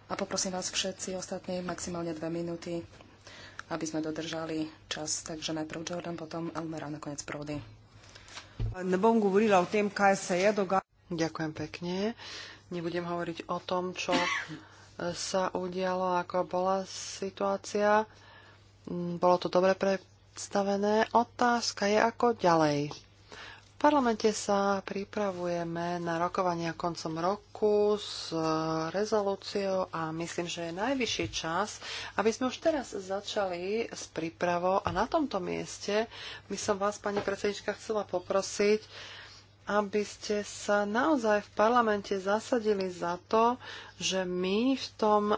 a poprosím vás všetci ostatní maximálne dve minúty, aby sme dodržali čas. Takže najprv Jordan, potom a nakoniec Prody. Ďakujem pekne. Nebudem hovoriť o tom, čo sa udialo, ako bola situácia. Bolo to dobre predstavené. Otázka je, ako ďalej. V parlamente sa pripravujeme na rokovania koncom roku s rezolúciou a myslím, že je najvyšší čas, aby sme už teraz začali s prípravou a na tomto mieste by som vás, pani predsednička, chcela poprosiť, aby ste sa naozaj v parlamente zasadili za to, že my v tom e,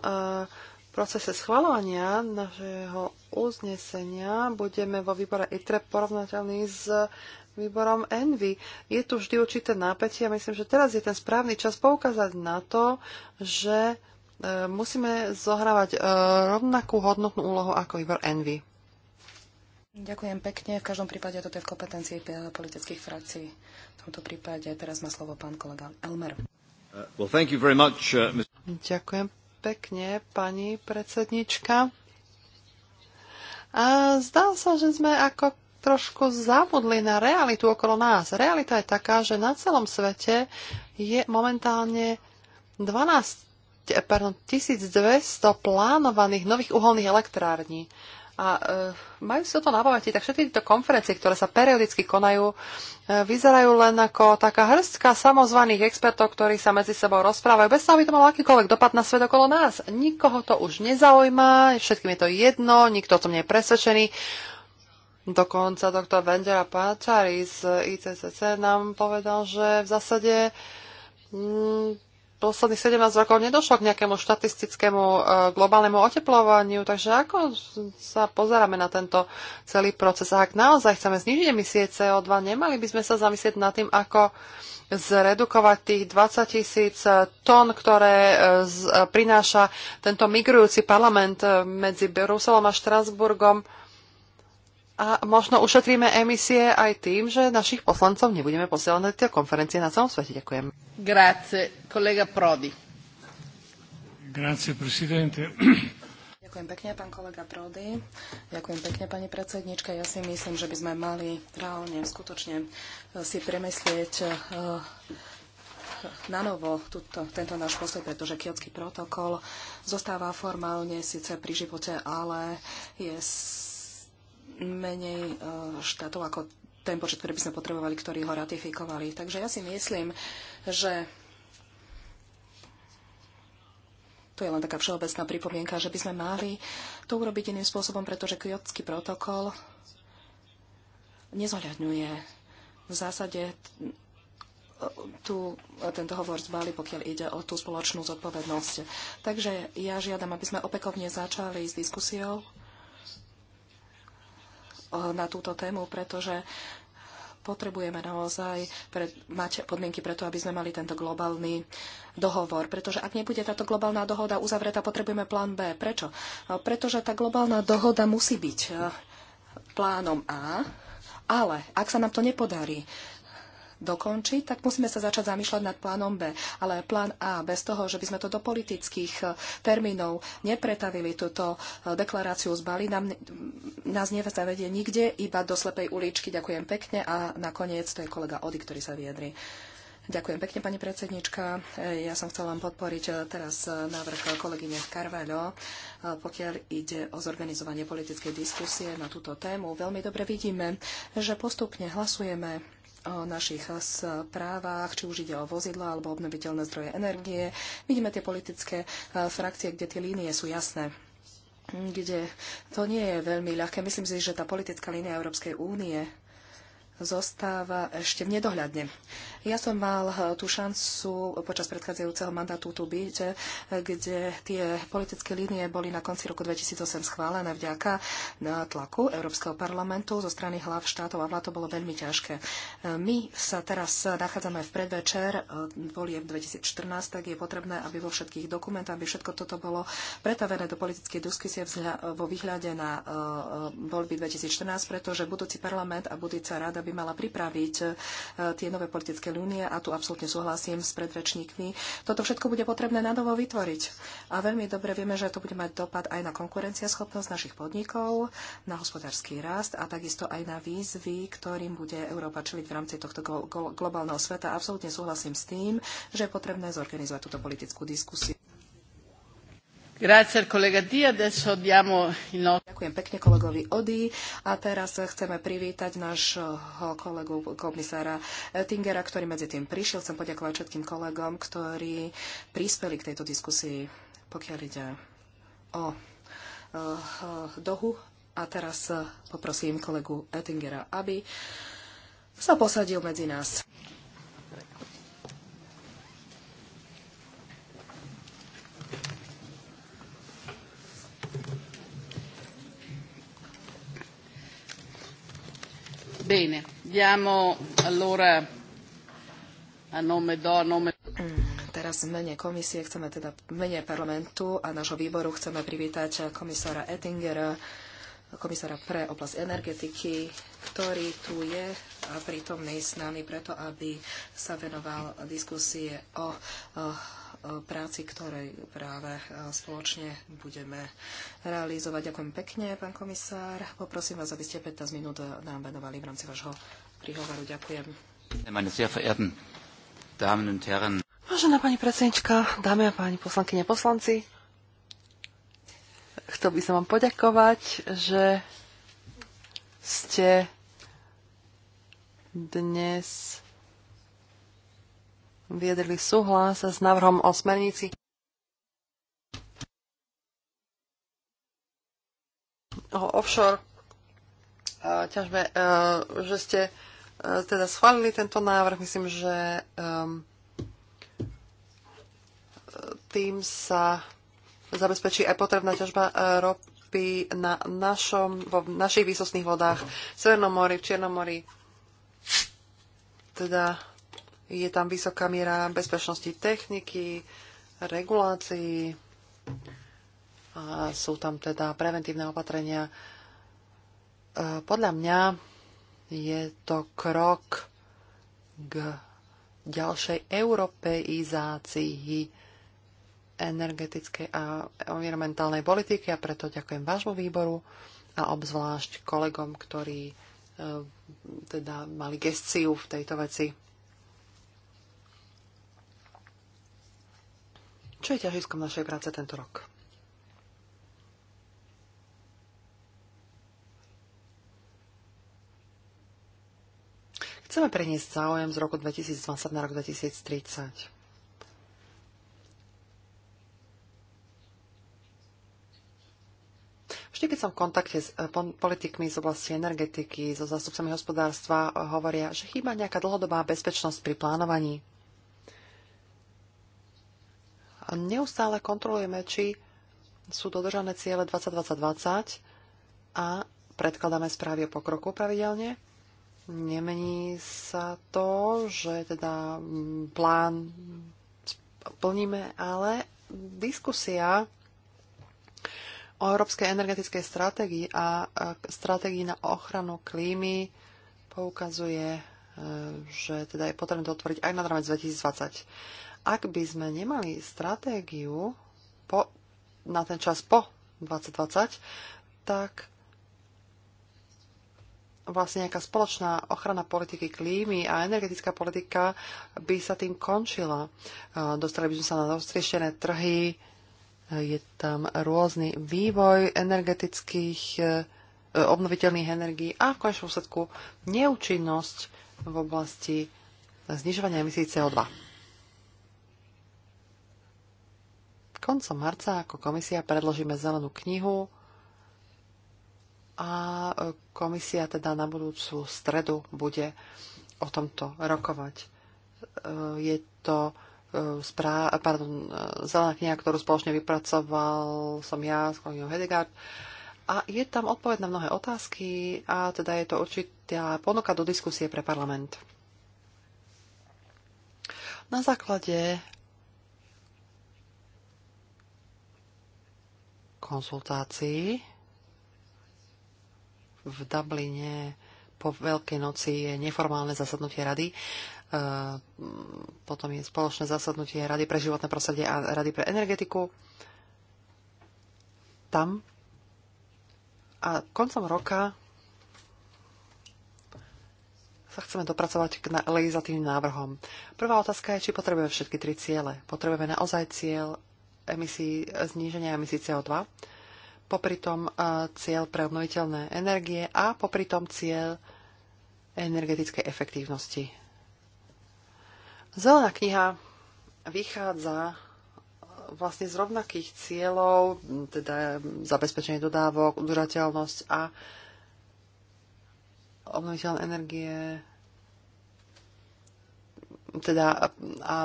procese schvalovania našeho uznesenia budeme vo výbore ITRE porovnateľní s výborom Envy. Je tu vždy určité nápetie a myslím, že teraz je ten správny čas poukázať na to, že e, musíme zohrávať e, rovnakú hodnotnú úlohu ako výbor Envy. Ďakujem pekne. V každom prípade toto je v kompetencii politických frakcií. V tomto prípade teraz má slovo pán kolega Elmer. Uh, well, thank you very much, uh, Ms. Ďakujem pekne, pani predsednička. A zdá sa, že sme ako trošku zabudli na realitu okolo nás. Realita je taká, že na celom svete je momentálne 12, eh, pardon, 1200 plánovaných nových uholných elektrární. A e, majú sa to na pamäti, tak všetky tieto konferencie, ktoré sa periodicky konajú, e, vyzerajú len ako taká hrstka samozvaných expertov, ktorí sa medzi sebou rozprávajú, bez toho, aby to malo akýkoľvek dopad na svet okolo nás. Nikoho to už nezaujíma, všetkým je to jedno, nikto o tom nie je presvedčený. Dokonca doktor Vendera Páčari z ICCC nám povedal, že v zásade mm, posledných 17 rokov nedošlo k nejakému štatistickému e, globálnemu oteplovaniu, takže ako sa pozeráme na tento celý proces? A ak naozaj chceme znižiť emisie CO2, nemali by sme sa zamyslieť nad tým, ako zredukovať tých 20 tisíc tón, ktoré e, e, prináša tento migrujúci parlament medzi Bruselom a Štrasburgom a možno ušetríme emisie aj tým, že našich poslancov nebudeme posielať na tie konferencie na celom svete. Ďakujem. Grazie, kolega Prodi. Grazie, presidente. Ďakujem pekne, pán kolega Prody. Ďakujem pekne, pani predsednička. Ja si myslím, že by sme mali reálne, skutočne eh, si premyslieť eh, na novo tuto, tento náš postoj, pretože kiotský protokol zostáva formálne síce pri živote, ale je menej e, štátov ako ten počet, ktorý by sme potrebovali, ktorí ho ratifikovali. Takže ja si myslím, že to je len taká všeobecná pripomienka, že by sme mali to urobiť iným spôsobom, pretože kyotský protokol nezohľadňuje v zásade tu, tento hovor z Bali, pokiaľ ide o tú spoločnú zodpovednosť. Takže ja žiadam, aby sme opekovne začali s diskusiou Eh, na túto tému, pretože potrebujeme naozaj pre, mať podmienky preto, aby sme mali tento globálny dohovor. Pretože ak nebude táto globálna dohoda uzavretá, potrebujeme plán B. Prečo? Eh, pretože tá globálna dohoda musí byť eh, plánom A, ale ak sa nám to nepodarí, dokončiť, tak musíme sa začať zamýšľať nad plánom B. Ale plán A, bez toho, že by sme to do politických eh, termínov nepretavili, túto eh, deklaráciu z Bali, nám, mm, nás nezavedie nikde, iba do slepej uličky. Ďakujem pekne a nakoniec to je kolega Ody, ktorý sa vyjadri. Ďakujem pekne, pani predsednička. Eh, ja som chcela vám podporiť teraz návrh kolegyne Carvalho, pokiaľ ide o zorganizovanie politickej diskusie na túto tému. Veľmi dobre vidíme, že postupne hlasujeme o našich správach, či už ide o vozidla alebo obnoviteľné zdroje energie. Vidíme tie politické e, frakcie, kde tie línie sú jasné kde to nie je veľmi ľahké. Myslím si, že tá politická línia Európskej únie zostáva ešte v nedohľadne. Ja som mal eh, tú šancu počas predchádzajúceho mandátu tu byť, eh, kde tie politické línie boli na konci roku 2008 schválené vďaka eh, tlaku Európskeho parlamentu zo strany hlav štátov a vlád to bolo veľmi ťažké. My sa teraz nachádzame v predvečer volieb 2014, tak je potrebné, aby vo všetkých dokumentoch, aby všetko toto bolo pretavené do politickej diskusie vo výhľade na voľby 2014, pretože budúci parlament a budúca rada by mala pripraviť tie nové politické Európskej únie a tu absolútne súhlasím s predrečníkmi. Toto všetko bude potrebné na novo vytvoriť. A veľmi dobre vieme, že to bude mať dopad aj na konkurencieschopnosť našich podnikov, na hospodársky rast a takisto aj na výzvy, ktorým bude Európa čeliť v rámci tohto globálneho sveta. Absolútne súhlasím s tým, že je potrebné zorganizovať túto politickú diskusiu. Ďakujem pekne kolegovi Odi a teraz chceme privítať nášho kolegu komisára Tingera, ktorý medzi tým prišiel. Chcem poďakovať všetkým kolegom, ktorí prispeli k tejto diskusii, pokiaľ ide o eh, dohu. A teraz poprosím kolegu Ettingera, aby sa posadil medzi nás. Bene, diamo allora a nome do, a nome... Mm, teraz v mene komisie, chceme teda v mene parlamentu a nášho výboru chceme privítať komisára Ettingera, komisára pre oblasť energetiky, ktorý tu je a prítomný s nami preto, aby sa venoval diskusie o, o práci, ktorej práve e, spoločne budeme realizovať. Ďakujem pekne, pán komisár. Poprosím vás, aby ste 15 minút nám venovali v rámci vášho príhovoru. Ďakujem. Vážená pani predsednička, dámy a páni poslankyne poslanci, chcel by som vám poďakovať, že ste dnes vyjadrili súhlas s návrhom o smernici. o offshore ťažme, že ste teda schválili tento návrh. Myslím, že um, tým sa zabezpečí aj potrebná ťažba ropy na našom, vo našich výsostných vodách v Severnom mori, v Čiernom mori. Teda je tam vysoká miera bezpečnosti techniky, regulácií a sú tam teda preventívne opatrenia. E, podľa mňa je to krok k ďalšej europeizácii energetickej a environmentálnej politiky a preto ďakujem vášmu výboru a obzvlášť kolegom, ktorí e, teda mali gestiu v tejto veci. Čo je ťažiskom našej práce tento rok? Chceme preniesť záujem z roku 2020 na rok 2030. Vždy, keď som v kontakte s eh, politikmi z oblasti energetiky, so zástupcami hospodárstva, eh, hovoria, že chýba nejaká dlhodobá bezpečnosť pri plánovaní. Neustále kontrolujeme, či sú dodržané ciele 2020 a predkladáme správy o pokroku pravidelne. Nemení sa to, že teda mm, plán plníme, ale diskusia o európskej energetickej stratégii a stratégii na ochranu klímy poukazuje, e, že teda je potrebné to otvoriť aj na rámec 2020 ak by sme nemali stratégiu po, na ten čas po 2020, tak vlastne nejaká spoločná ochrana politiky klímy a energetická politika by sa tým končila. E, dostali by sme sa na roztrieštené trhy, e, je tam rôzny vývoj energetických e, obnoviteľných energií a v konečnom úsledku neúčinnosť v oblasti znižovania emisí CO2. Koncom marca ako komisia predložíme zelenú knihu a e, komisia teda na budúcu stredu bude o tomto rokovať. E, je to e, sprá- pardon, zelená kniha, ktorú spoločne vypracoval som ja s kolegou Hedegard. A je tam odpoveď na mnohé otázky a teda je to určitá ponuka do diskusie pre parlament. Na základe konzultácií. V Dubline po Veľkej noci je neformálne zasadnutie rady, e, potom je spoločné zasadnutie Rady pre životné prostredie a Rady pre energetiku. Tam a koncom roka sa chceme dopracovať k legislatívnym návrhom. Prvá otázka je, či potrebujeme všetky tri ciele. Potrebujeme naozaj cieľ emisí, zníženia emisí CO2, popri tom e, cieľ pre obnoviteľné energie a popri tom cieľ energetickej efektívnosti. Zelená kniha vychádza e, vlastne z rovnakých cieľov, teda zabezpečenie dodávok, udržateľnosť a obnoviteľné energie, teda a, a,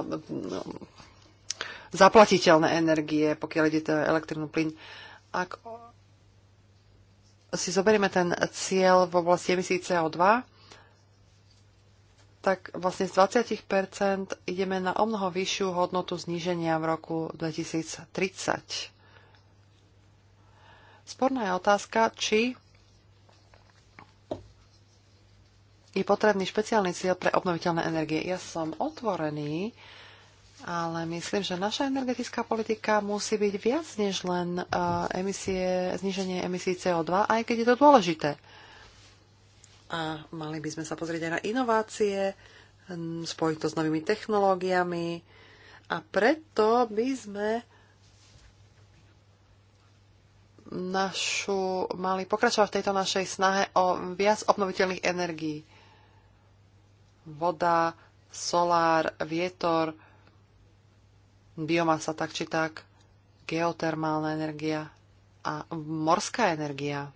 zaplatiteľné energie, pokiaľ ide to elektrinu, plyn. Ak si zoberieme ten cieľ v oblasti emisí CO2, tak vlastne z 20% ideme na o mnoho vyššiu hodnotu zníženia v roku 2030. Sporná je otázka, či je potrebný špeciálny cieľ pre obnoviteľné energie. Ja som otvorený ale myslím, že naša energetická politika musí byť viac než len eh, emisie, zniženie emisí CO2, aj keď je to dôležité. A mali by sme sa pozrieť aj na inovácie, hm, spojiť to s novými technológiami a preto by sme našu, mali pokračovať v tejto našej snahe o viac obnoviteľných energií. Voda, solár, vietor, biomasa tak či tak, geotermálna energia a morská energia.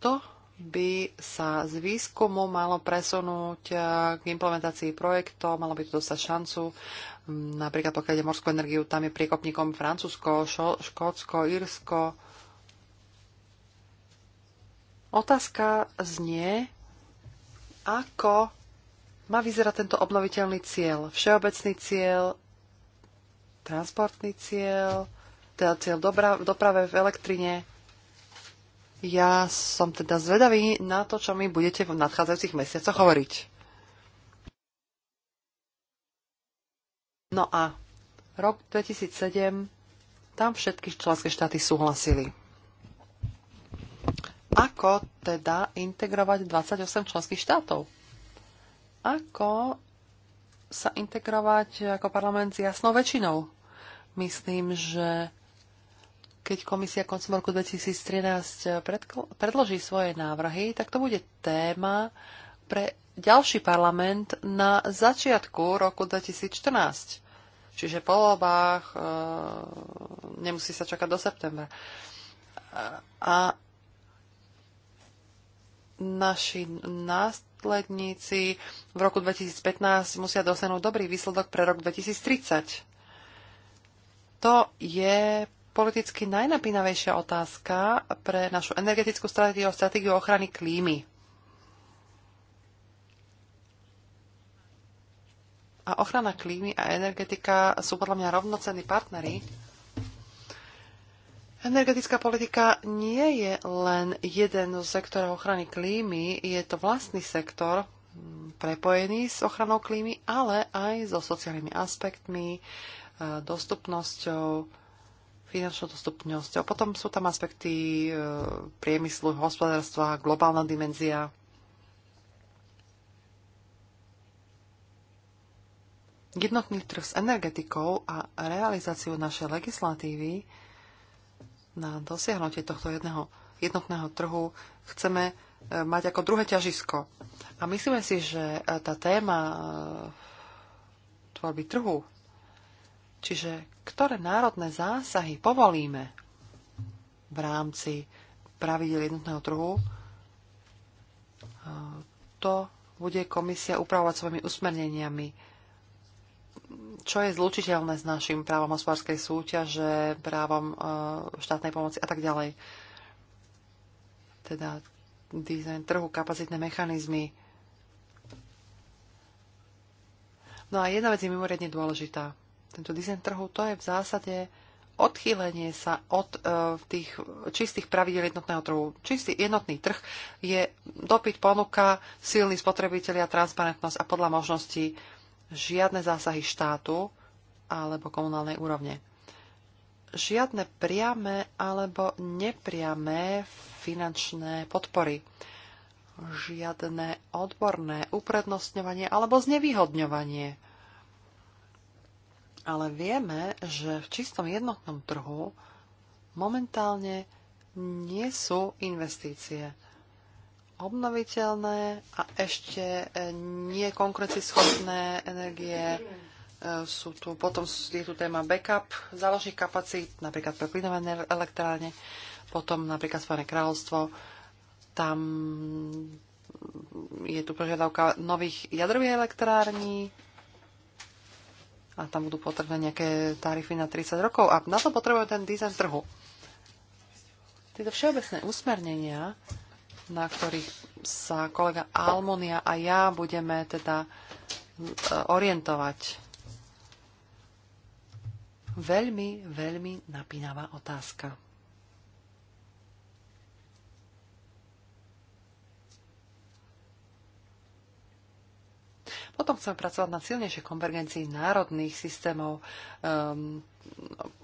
To by sa z výskumu malo presunúť eh, k implementácii projektov, malo by to dostať šancu. Mm, napríklad pokiaľ ide morskú energiu, tam je priekopníkom Francúzsko, Škótsko, Írsko. Otázka znie, ako má vyzerať tento obnoviteľný cieľ? Všeobecný cieľ, transportný cieľ, teda cieľ dobra, doprave, v elektrine. Ja som teda zvedavý na to, čo mi budete v nadchádzajúcich mesiacoch hovoriť. No a rok 2007, tam všetky členské štáty súhlasili. Ako teda integrovať 28 členských štátov? Ako sa integrovať ako parlament s jasnou väčšinou? Myslím, že keď komisia koncom roku 2013 predloží svoje návrhy, tak to bude téma pre ďalší parlament na začiatku roku 2014. Čiže po voľbách e, nemusí sa čakať do septembra. A naši nástroj výsledníci v roku 2015 musia dosiahnuť dobrý výsledok pre rok 2030? To je politicky najnapínavejšia otázka pre našu energetickú stratégiu a stratégiu ochrany klímy. A ochrana klímy a energetika sú podľa mňa rovnocenní partnery Energetická politika nie je len jeden z sektorov ochrany klímy, je to vlastný sektor mm, prepojený s ochranou klímy, ale aj so sociálnymi aspektmi, e, dostupnosťou, finančnou dostupnosťou. Potom sú tam aspekty e, priemyslu, hospodárstva, globálna dimenzia. Jednotný trh s energetikou a realizáciu našej legislatívy na dosiahnutie tohto jedného, jednotného trhu chceme e, mať ako druhé ťažisko. A myslíme si, že e, tá téma e, tvorby trhu, čiže ktoré národné zásahy povolíme v rámci pravidel jednotného trhu, to bude komisia upravovať svojimi usmerneniami čo je zlučiteľné s našim právom hospodárskej súťaže, právom e, štátnej pomoci a tak ďalej. Teda dizajn trhu, kapacitné mechanizmy. No a jedna vec je mimoriadne dôležitá. Tento dizajn trhu to je v zásade odchýlenie sa od uh, tých čistých pravidel jednotného trhu. Čistý jednotný trh je dopyt, ponuka, silní spotrebitelia, transparentnosť a podľa možností uh, žiadne zásahy štátu alebo komunálnej úrovne. Žiadne priame alebo nepriame finančné podpory. Žiadne odborné uprednostňovanie alebo znevýhodňovanie. Ale vieme, že v čistom jednotnom trhu momentálne nie sú investície obnoviteľné a ešte e, nie konkurencieschopné energie. E, sú tu, potom je tu téma backup záložných kapacít, napríklad pre plynové elektrárne, potom napríklad Spojené kráľovstvo. Tam je tu požiadavka nových jadrových elektrární a tam budú potrebné nejaké tarify na 30 rokov a na to potrebujú ten dizajn trhu. Tieto všeobecné usmernenia na ktorých sa kolega Almonia a ja budeme teda e, orientovať. Veľmi, veľmi napínavá otázka. Potom chceme pracovať na silnejšej konvergencii národných systémov um,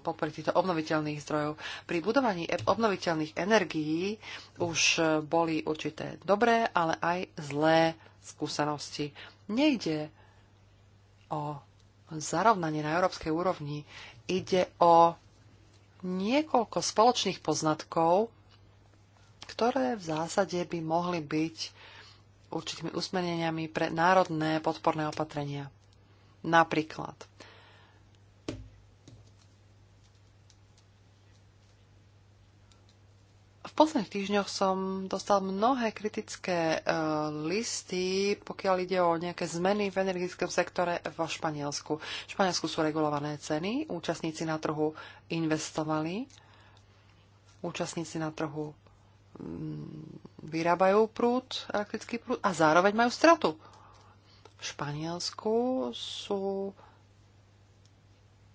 popri týchto obnoviteľných zdrojov. Pri budovaní e- obnoviteľných energií už e, boli určité dobré, ale aj zlé skúsenosti. Nejde o zarovnanie na európskej úrovni, ide o niekoľko spoločných poznatkov, ktoré v zásade by mohli byť určitými usmerneniami pre národné podporné opatrenia. Napríklad V posledných týždňoch som dostal mnohé kritické uh, listy, pokiaľ ide o nejaké zmeny v energetickom sektore vo Španielsku. V Španielsku sú regulované ceny, účastníci na trhu investovali, účastníci na trhu mm, vyrábajú prúd, elektrický prúd a zároveň majú stratu. V Španielsku sú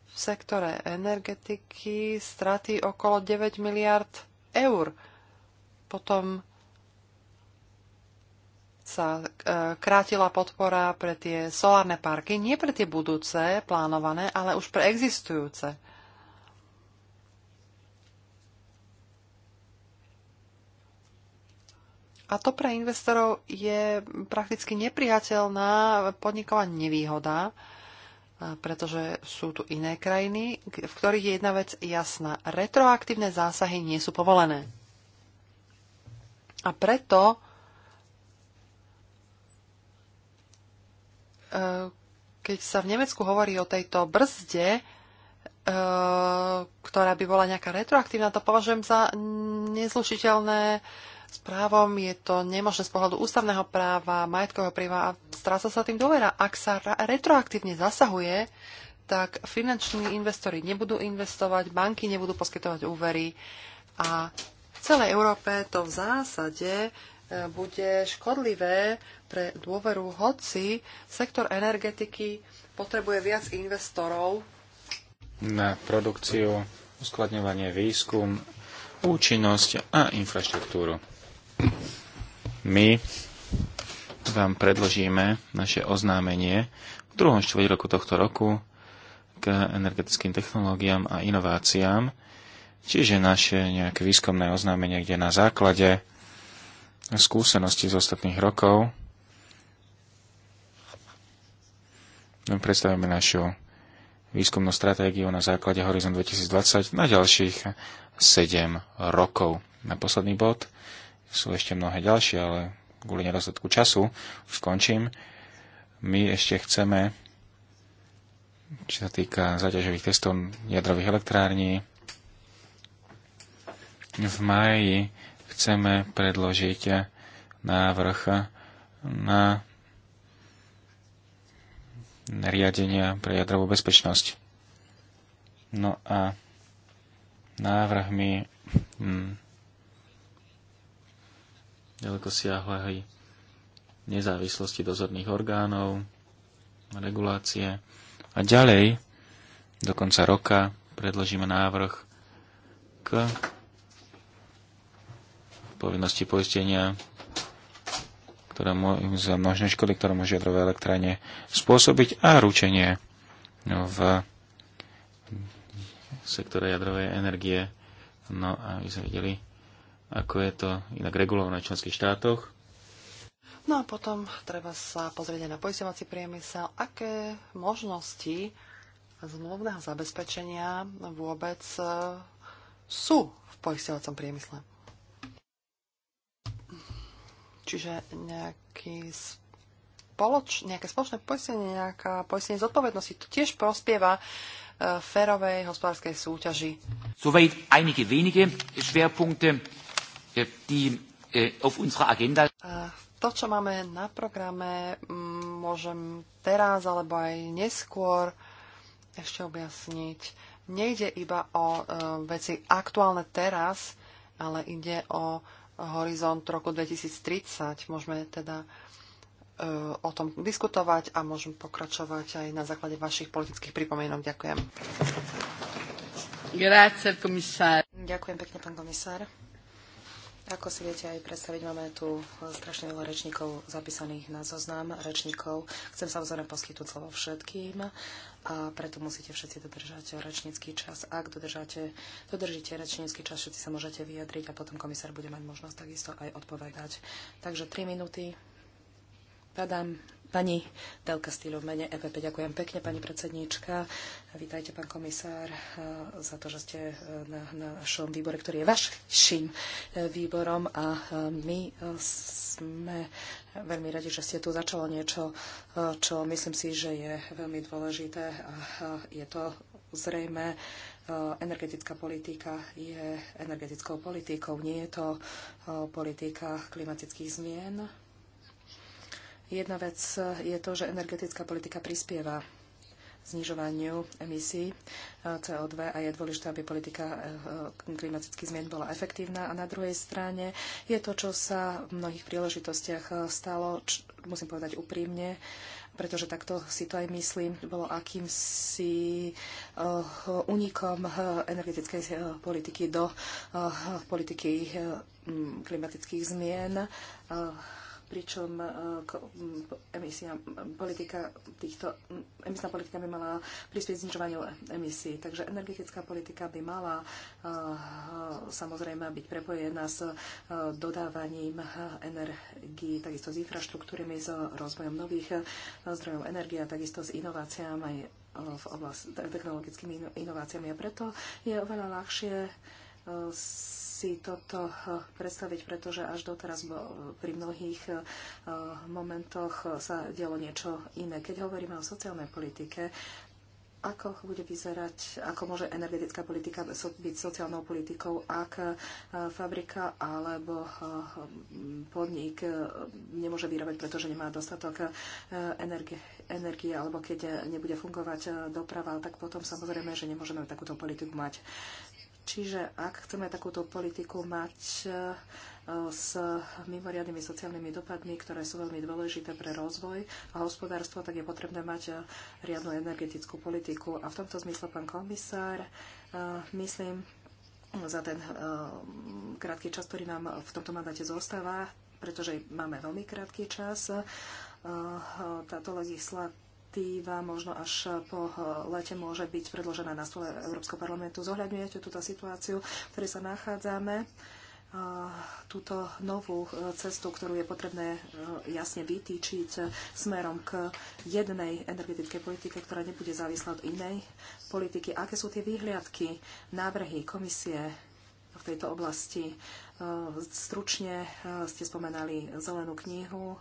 v sektore energetiky straty okolo 9 miliard eur. Potom sa e, krátila podpora pre tie solárne parky, nie pre tie budúce plánované, ale už pre existujúce. A to pre investorov je prakticky nepriateľná podniková nevýhoda, e, pretože sú tu iné krajiny, v ktorých je jedna vec jasná. Retroaktívne zásahy nie sú povolené. A preto e, keď sa v Nemecku hovorí o tejto brzde, e, ktorá by bola nejaká retroaktívna, to považujem za nezlučiteľné s právom. Je to nemožné z pohľadu ústavného práva, majetkového práva a stráca sa tým dôvera. Ak sa retroaktívne zasahuje, tak finanční investori nebudú investovať, banky nebudú poskytovať úvery a celej Európe to v zásade e, bude škodlivé pre dôveru, hoci sektor energetiky potrebuje viac investorov na produkciu, uskladňovanie, výskum, účinnosť a infraštruktúru. My vám predložíme naše oznámenie v druhom štvrť roku tohto roku k energetickým technológiám a inováciám Čiže naše nejaké výskumné oznámenie, kde na základe skúsenosti z ostatných rokov no, predstavíme našu výskumnú stratégiu na základe Horizon 2020 na ďalších 7 rokov. Na posledný bod sú ešte mnohé ďalšie, ale kvôli nedostatku času už skončím. My ešte chceme, čo sa týka zaťažových testov jadrových elektrární, v máji chceme predložiť návrh na riadenia pre jadrovú bezpečnosť. No a návrhmi hm, ďaleko siahlej nezávislosti dozorných orgánov, regulácie. A ďalej do konca roka predložíme návrh k povinnosti poistenia, ktoré za množné škody, ktoré môže jadrové elektráne spôsobiť a ručenie v sektore jadrovej energie. No a my sme videli, ako je to inak regulované v členských štátoch. No a potom treba sa pozrieť aj na poistovací priemysel, aké možnosti zmluvného zabezpečenia vôbec eh, sú v poistovacom priemysle. Čiže nejaký spoloč, nejaké spoločné poistenie, nejaká poistenie zodpovednosti, to tiež prospieva uh, férovej hospodárskej súťaži. Soweit einige wenige Schwerpunkte, äh, die äh, auf unserer Agenda. E, to, čo máme na programe, môžem teraz alebo aj neskôr ešte objasniť. Nejde iba o uh, veci aktuálne teraz, ale ide o horizont roku 2030. Môžeme teda e, o tom diskutovať a môžem pokračovať aj na základe vašich politických pripomienok. Ďakujem. Grazie, komisár. Ďakujem pekne, pán komisár. Ako si viete aj predstaviť, máme tu strašne veľa rečníkov zapísaných na zoznam rečníkov. Chcem samozrejme poskytnúť slovo všetkým a preto musíte všetci dodržať rečnícky čas. Ak dodržate, dodržíte rečnícky čas, všetci sa môžete vyjadriť a potom komisár bude mať možnosť takisto aj odpovedať. Takže 3 minúty. Padám Pani Delka Castillo mene EPP, ďakujem pekne, pani predsedníčka. Vítajte, pán komisár, eh, za to, že ste na, eh, na našom výbore, ktorý je vašim eh, výborom a my sme veľmi radi, že ste tu začalo niečo, čo myslím si, že je veľmi dôležité a je to zrejme energetická politika je energetickou politikou, nie je to politika klimatických zmien Jedna vec je to, že energetická politika prispieva znižovaniu emisí eh, CO2 a je dôležité, aby politika eh, klimatických zmien bola efektívna. A na druhej strane je to, čo sa v mnohých príležitostiach eh, stalo, č, musím povedať úprimne, pretože takto si to aj myslím, bolo akýmsi unikom energetickej politiky do politiky klimatických zmien pričom e, emisia, politika týchto, emisná politika by mala prispieť znižovaniu emisí. Takže energetická politika by mala e, samozrejme byť prepojená s e, dodávaním energii, takisto s infraštruktúrami, s rozvojom nových zdrojov energie a takisto s inováciami aj v oblasti technologickými inováciami. A preto je oveľa ľahšie si toto eh, predstaviť, pretože až doteraz eh, pri mnohých eh, momentoch sa dialo niečo iné. Keď hovoríme o sociálnej politike, ako bude vyzerať, ako môže energetická politika byť sociálnou politikou, ak fabrika alebo podnik nemôže vyrobiť, pretože nemá dostatok energie, energie alebo keď nebude fungovať doprava, tak potom samozrejme, že nemôžeme takúto politiku mať. Čiže ak chceme takúto politiku mať e, s mimoriadnými sociálnymi dopadmi, ktoré sú veľmi dôležité pre rozvoj a hospodárstvo, tak je potrebné mať e, riadnu energetickú politiku. A v tomto zmysle, pán komisár, e, myslím, za ten krátky čas, ktorý nám v tomto mandáte zostáva, pretože máme veľmi krátky čas, táto legislatíva legislatíva možno až po eh, lete môže byť predložená na stole Európskeho parlamentu. Zohľadňujete túto situáciu, v ktorej sa nachádzame, eh, túto novú eh, cestu, ktorú je potrebné jasne vytýčiť smerom k jednej energetickej politike, ktorá nebude závislá od inej politiky. Aké sú tie výhľadky, návrhy komisie v tejto oblasti. E, Stručne e, ste spomenali zelenú knihu,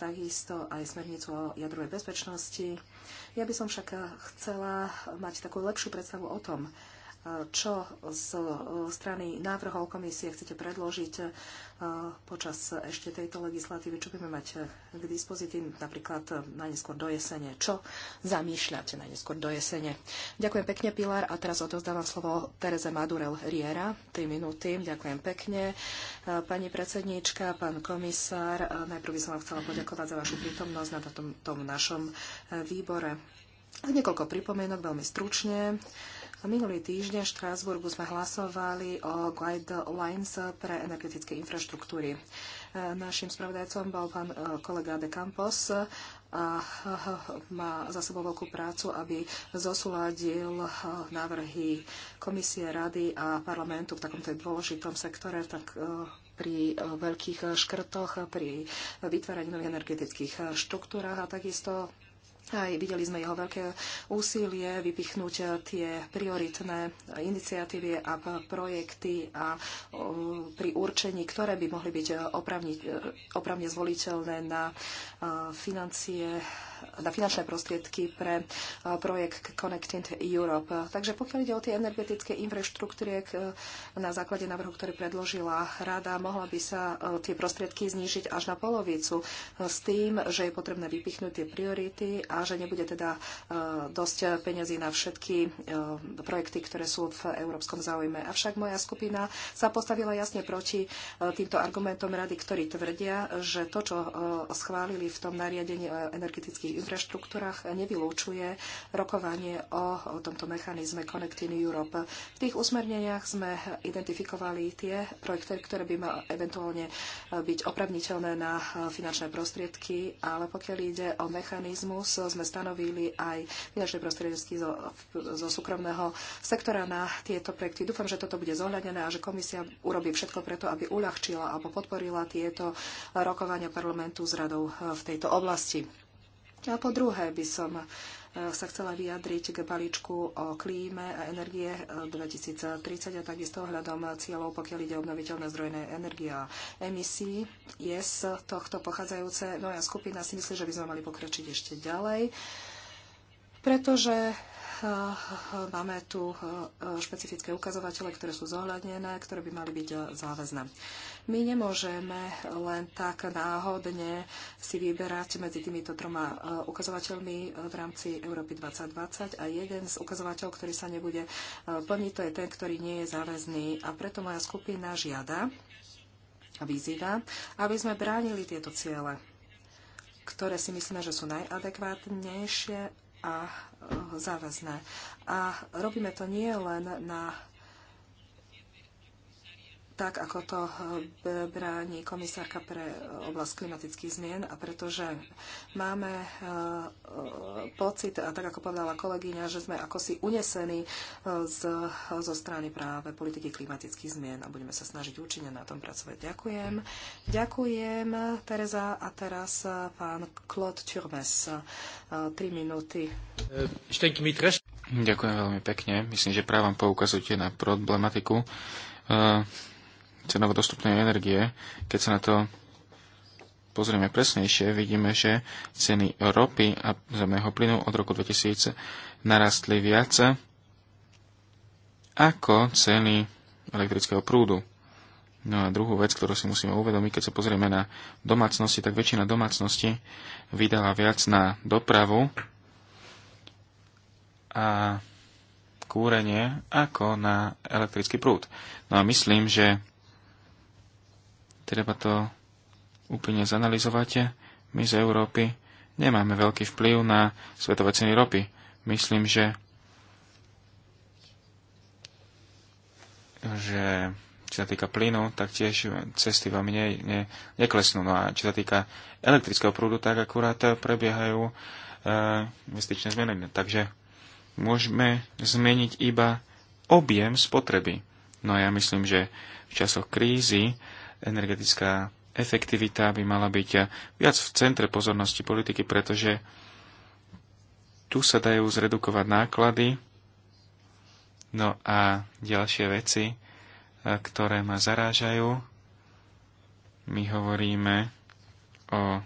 takisto aj smernicu o jadrovej bezpečnosti. Ja by som však chcela mať takú lepšiu predstavu o tom, čo z e, strany návrhov komisie chcete predložiť e, počas ešte tejto legislatívy, čo budeme mať e, k dispozícii napríklad najneskôr do jesene. Čo zamýšľate najneskôr do jesene? Ďakujem pekne, Pilar. A teraz odozdávam slovo Tereze Madurel Riera. 3 minúty. Ďakujem pekne. Pani predsedníčka, pán komisár, najprv by som vám chcela poďakovať za vašu prítomnosť na tom, tom našom výbore. Niekoľko pripomienok veľmi stručne. Minulý týždeň v Štrásburgu sme hlasovali o guidelines pre energetické infraštruktúry. E, našim spravodajcom bol pán e, kolega De Campos a e, má za sebou veľkú prácu, aby zosúladil návrhy komisie, rady a parlamentu v takomto dôležitom sektore, tak pri veľkých škrtoch, pri vytváraní nových energetických štruktúrach a takisto aj videli sme jeho veľké úsilie vypichnúť eh, tie prioritné iniciatívy a projekty a pri určení, ktoré by mohli byť eh, opravne, eh, opravne zvoliteľné na financie na finančné prostriedky pre eh, projekt Connecting Europe. Takže pokiaľ ide o tie energetické infraštruktúry, eh, na základe návrhu, ktorý predložila rada, mohla by sa eh, tie prostriedky znížiť až na polovicu s tým, že je potrebné vypichnúť tie priority a že nebude teda dosť peniazy na všetky projekty, ktoré sú v európskom záujme. Avšak moja skupina sa postavila jasne proti týmto argumentom rady, ktorí tvrdia, že to, čo schválili v tom nariadení o energetických energetických infraštruktúrach nevylúčuje rokovanie o, o tomto mechanizme Connecting Europe. V tých usmerneniach sme identifikovali tie projekty, ktoré by mali eventuálne byť opravniteľné na finančné prostriedky, ale pokiaľ ide o mechanizmus, sme stanovili aj finančné prostriedky zo, zo súkromného sektora na tieto projekty. Dúfam, že toto bude zohľadené a že komisia urobí všetko preto, aby uľahčila alebo podporila tieto rokovania parlamentu s radou v tejto oblasti. A po druhé by som e, sa chcela vyjadriť k balíčku o klíme a energie 2030 e, a takisto ohľadom cieľov, pokiaľ ide o obnoviteľné zdrojné energie a emisí. Je z tohto pochádzajúce moja no skupina si myslí, že by sme mali pokračiť ešte ďalej pretože eh, máme tu eh, špecifické ukazovatele, ktoré sú zohľadnené, ktoré by mali byť eh, záväzné. My nemôžeme len tak náhodne si vyberať medzi týmito troma ukazovateľmi v rámci Európy 2020 a jeden z ukazovateľov, ktorý sa nebude plniť, to je ten, ktorý nie je záväzný. A preto moja skupina žiada a vyzýva, aby sme bránili tieto ciele ktoré si myslíme, že sú najadekvátnejšie a e, záväzné. A robíme to nie len na tak ako to eh, bráni komisárka pre eh, oblasť klimatických zmien a pretože máme eh, pocit, a tak ako povedala kolegyňa, že sme ako si unesení z, zo strany práve politiky klimatických zmien a budeme sa snažiť účinne na tom pracovať. Ďakujem. Ďakujem, Tereza. A teraz pán Claude Turmes. Tri minúty. Ďakujem veľmi pekne. Myslím, že právam poukazujete na problematiku cenovo dostupnej energie. Keď sa na to pozrieme presnejšie, vidíme, že ceny ropy a zemného plynu od roku 2000 narastli viac ako ceny elektrického prúdu. No a druhú vec, ktorú si musíme uvedomiť, keď sa pozrieme na domácnosti, tak väčšina domácnosti vydala viac na dopravu a kúrenie ako na elektrický prúd. No a myslím, že Treba to úplne zanalizovať. My z Európy nemáme veľký vplyv na svetové ceny ropy. Myslím, že že čo sa týka plynu, tak tiež cesty vám ne, ne, neklesnú. No a čo sa týka elektrického prúdu, tak akurát prebiehajú e, investičné zmeny. Takže môžeme zmeniť iba objem spotreby. No a ja myslím, že v časoch krízy energetická efektivita by mala byť viac v centre pozornosti politiky, pretože tu sa dajú zredukovať náklady. No a ďalšie veci, e, ktoré ma zarážajú, my hovoríme o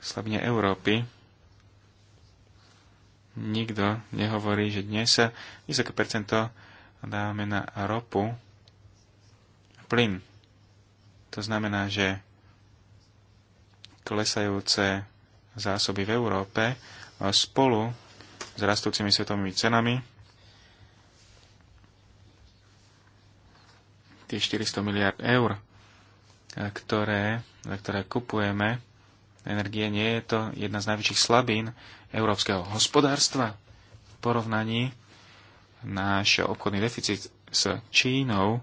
slabne Európy. Nikto nehovorí, že dnes vysoké percento dávame na ropu, plyn. To znamená, že klesajúce zásoby v Európe spolu s rastúcimi svetovými cenami tých 400 miliard eur, ktoré, za ktoré kupujeme energie, nie je to jedna z najväčších slabín európskeho hospodárstva v porovnaní náš obchodný deficit s Čínou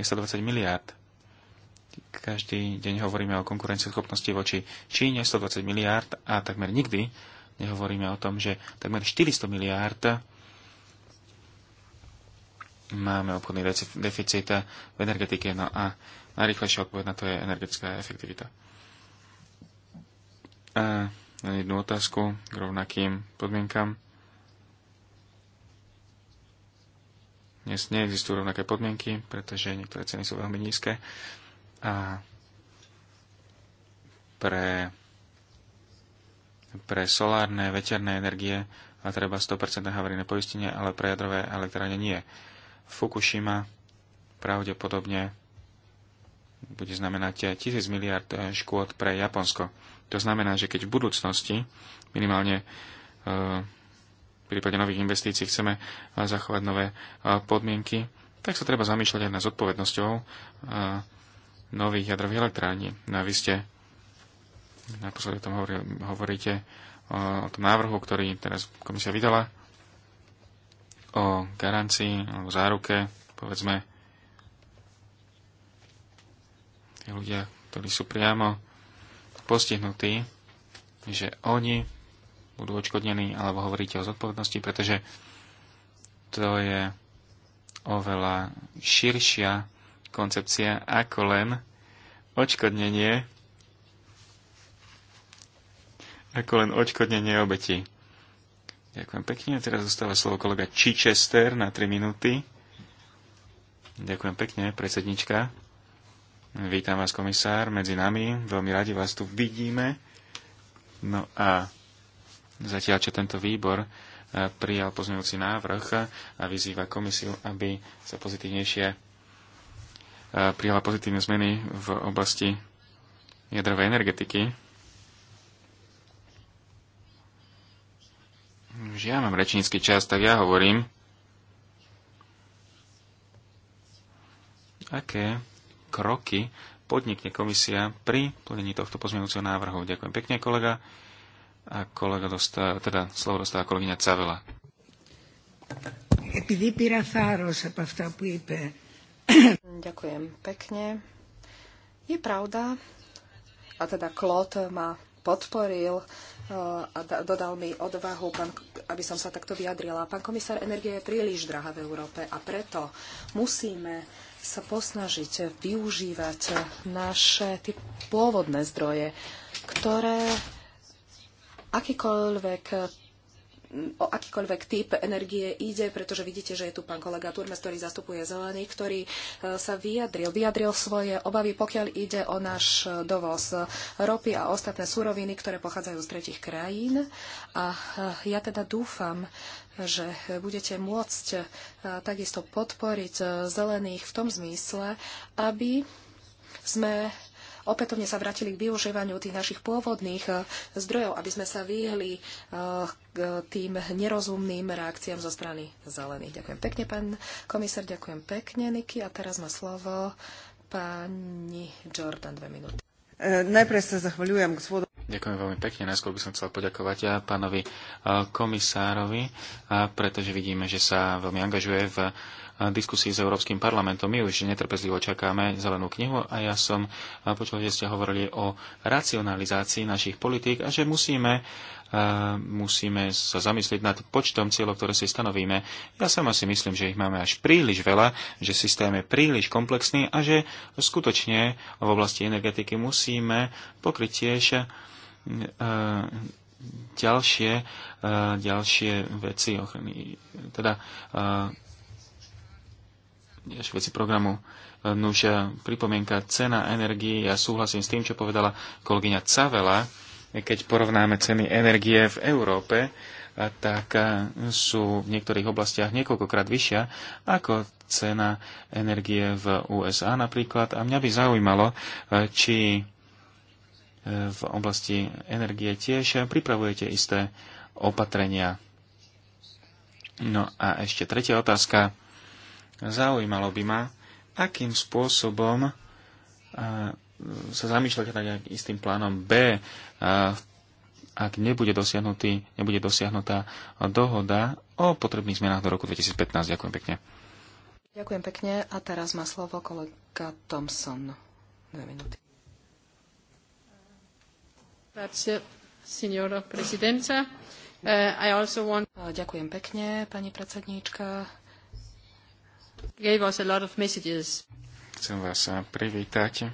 120 miliárd. Každý deň hovoríme o konkurencieschopnosti voči Číne 120 miliárd a takmer nikdy nehovoríme o tom, že takmer 400 miliárd máme obchodný deficit v energetike. No a najrychlejšia odpoveď na to je energetická efektivita. A jednu otázku k rovnakým podmienkam Dnes neexistujú rovnaké podmienky, pretože niektoré ceny sú veľmi nízke a pre, pre solárne, veterné energie a treba 100% havarijné poistenie, ale pre jadrové elektrárne nie. Fukushima pravdepodobne bude znamenať 1000 miliard škôd pre Japonsko. To znamená, že keď v budúcnosti minimálne e, prípade nových investícií chceme eh, zachovať nové eh, podmienky, tak sa treba zamýšľať aj nad zodpovednosťou eh, nových jadrových elektrární. No a vy ste naposledy o tom hovoríte o, o tom návrhu, ktorý teraz komisia vydala o garancii alebo záruke, povedzme, tí ľudia, ktorí sú priamo postihnutí, že oni budú odškodnení, alebo hovoríte o zodpovednosti, pretože to je oveľa širšia koncepcia ako len odškodnenie ako len odškodnenie obeti. Ďakujem pekne. Teraz zostáva slovo kolega Chichester na 3 minúty. Ďakujem pekne, predsednička. Vítam vás, komisár, medzi nami. Veľmi radi vás tu vidíme. No a Zatiaľ, čo tento výbor e, prijal pozmeňujúci návrh e, a vyzýva komisiu, aby sa pozitívnejšie e, prijala pozitívne zmeny v oblasti jadrovej energetiky. Už ja mám rečnícky čas, tak ja hovorím. Aké kroky podnikne komisia pri plnení tohto pozmeňujúceho návrhu? Ďakujem pekne, kolega a kolega dostá, teda slovo dostáva kolegyňa Cavela. Ďakujem pekne. Je pravda, a teda Klot ma podporil a dodal mi odvahu, pán, aby som sa takto vyjadrila. Pán komisár, energia je príliš drahá v Európe a preto musíme sa posnažiť využívať naše pôvodné zdroje, ktoré akýkoľvek o akýkoľvek typ energie ide, pretože vidíte, že je tu pán kolega Turmes, ktorý zastupuje zelených, ktorý e, sa vyjadril, vyjadril svoje obavy, pokiaľ ide o náš dovoz ropy a ostatné suroviny, ktoré pochádzajú z tretich krajín. A e, ja teda dúfam, že budete môcť e, takisto podporiť zelených v tom zmysle, aby sme opätovne sa vrátili k využívaniu tých našich pôvodných eh, zdrojov, aby sme sa vyhli eh, tým nerozumným reakciám zo strany zelených. Ďakujem pekne, pán komisár, ďakujem pekne, Niky. A teraz má slovo pani Jordan, dve minúty. Eh, najprv sa zahvaľujem gospodu. Ďakujem veľmi pekne. Najskôr by som chcel poďakovať ja pánovi komisárovi, pretože vidíme, že sa veľmi angažuje v diskusí s Európskym parlamentom. My už netrpezlivo čakáme zelenú knihu a ja som počul, že ste hovorili o racionalizácii našich politík a že musíme, musíme sa zamyslieť nad počtom cieľov, ktoré si stanovíme. Ja sama si myslím, že ich máme až príliš veľa, že systém je príliš komplexný a že skutočne v oblasti energetiky musíme pokryť tiež ďalšie, ďalšie veci ochrany, teda ďalšie veci programu. E, nuž e, pripomienka cena energie. Ja súhlasím s tým, čo povedala kolegyňa Cavela. Keď porovnáme ceny energie v Európe, e, tak sú v niektorých oblastiach niekoľkokrát vyššia ako cena energie v USA napríklad. A mňa by zaujímalo, či v oblasti energie tiež pripravujete isté opatrenia. No a ešte tretia otázka Zaujímalo by ma, akým spôsobom sa zamýšľať nad istým plánom B, ak nebude, dosiahnutý, nebude dosiahnutá dohoda o potrebných zmenách do roku 2015. Ďakujem pekne. Ďakujem pekne a teraz má slovo kolega Thompson. Dve minúty. Eh, Ďakujem pekne, pani predsedníčka gave us a lot of messages. Chcem vás eh, privítať.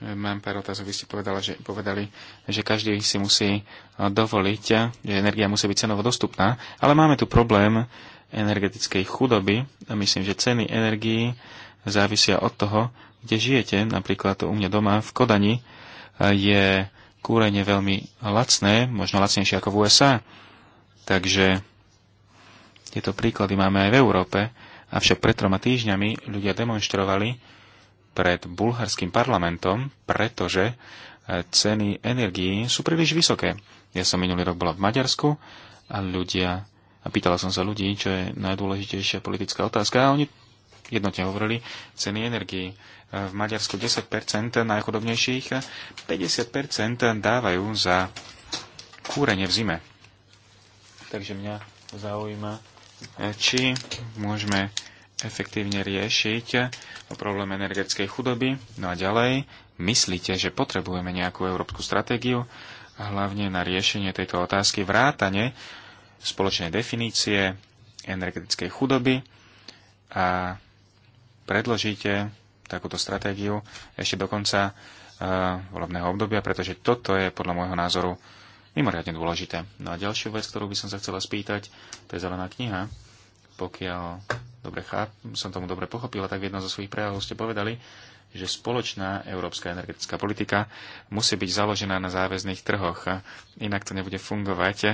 Eh, mám pár otázok. Vy ste povedali, že, povedali, že každý si musí eh, dovoliť, že energia musí byť cenovo dostupná, ale máme tu problém energetickej chudoby a myslím, že ceny energií závisia od toho, kde žijete. Napríklad u mňa doma v Kodani je kúrenie veľmi lacné, možno lacnejšie ako v USA. Takže tieto príklady máme aj v Európe, avšak pred troma týždňami ľudia demonstrovali pred bulharským parlamentom, pretože e, ceny energií sú príliš vysoké. Ja som minulý rok bola v Maďarsku a ľudia, a pýtala som sa ľudí, čo je najdôležitejšia politická otázka a oni jednotne hovorili ceny energií. E, v Maďarsku 10% najchudobnejších, 50% dávajú za kúrenie v zime. Takže mňa zaujíma, či môžeme efektívne riešiť problém energetickej chudoby. No a ďalej, myslíte, že potrebujeme nejakú európsku stratégiu, hlavne na riešenie tejto otázky vrátane spoločnej definície energetickej chudoby a predložíte takúto stratégiu ešte do konca uh, volebného obdobia, pretože toto je podľa môjho názoru mimoriadne dôležité. No a ďalšiu vec, ktorú by som sa chcela spýtať, to je zelená kniha. Pokiaľ dobre cháp, som tomu dobre pochopila, tak v jednom zo svojich prejavov ste povedali, že spoločná európska energetická politika musí byť založená na záväzných trhoch. Inak to nebude fungovať. E,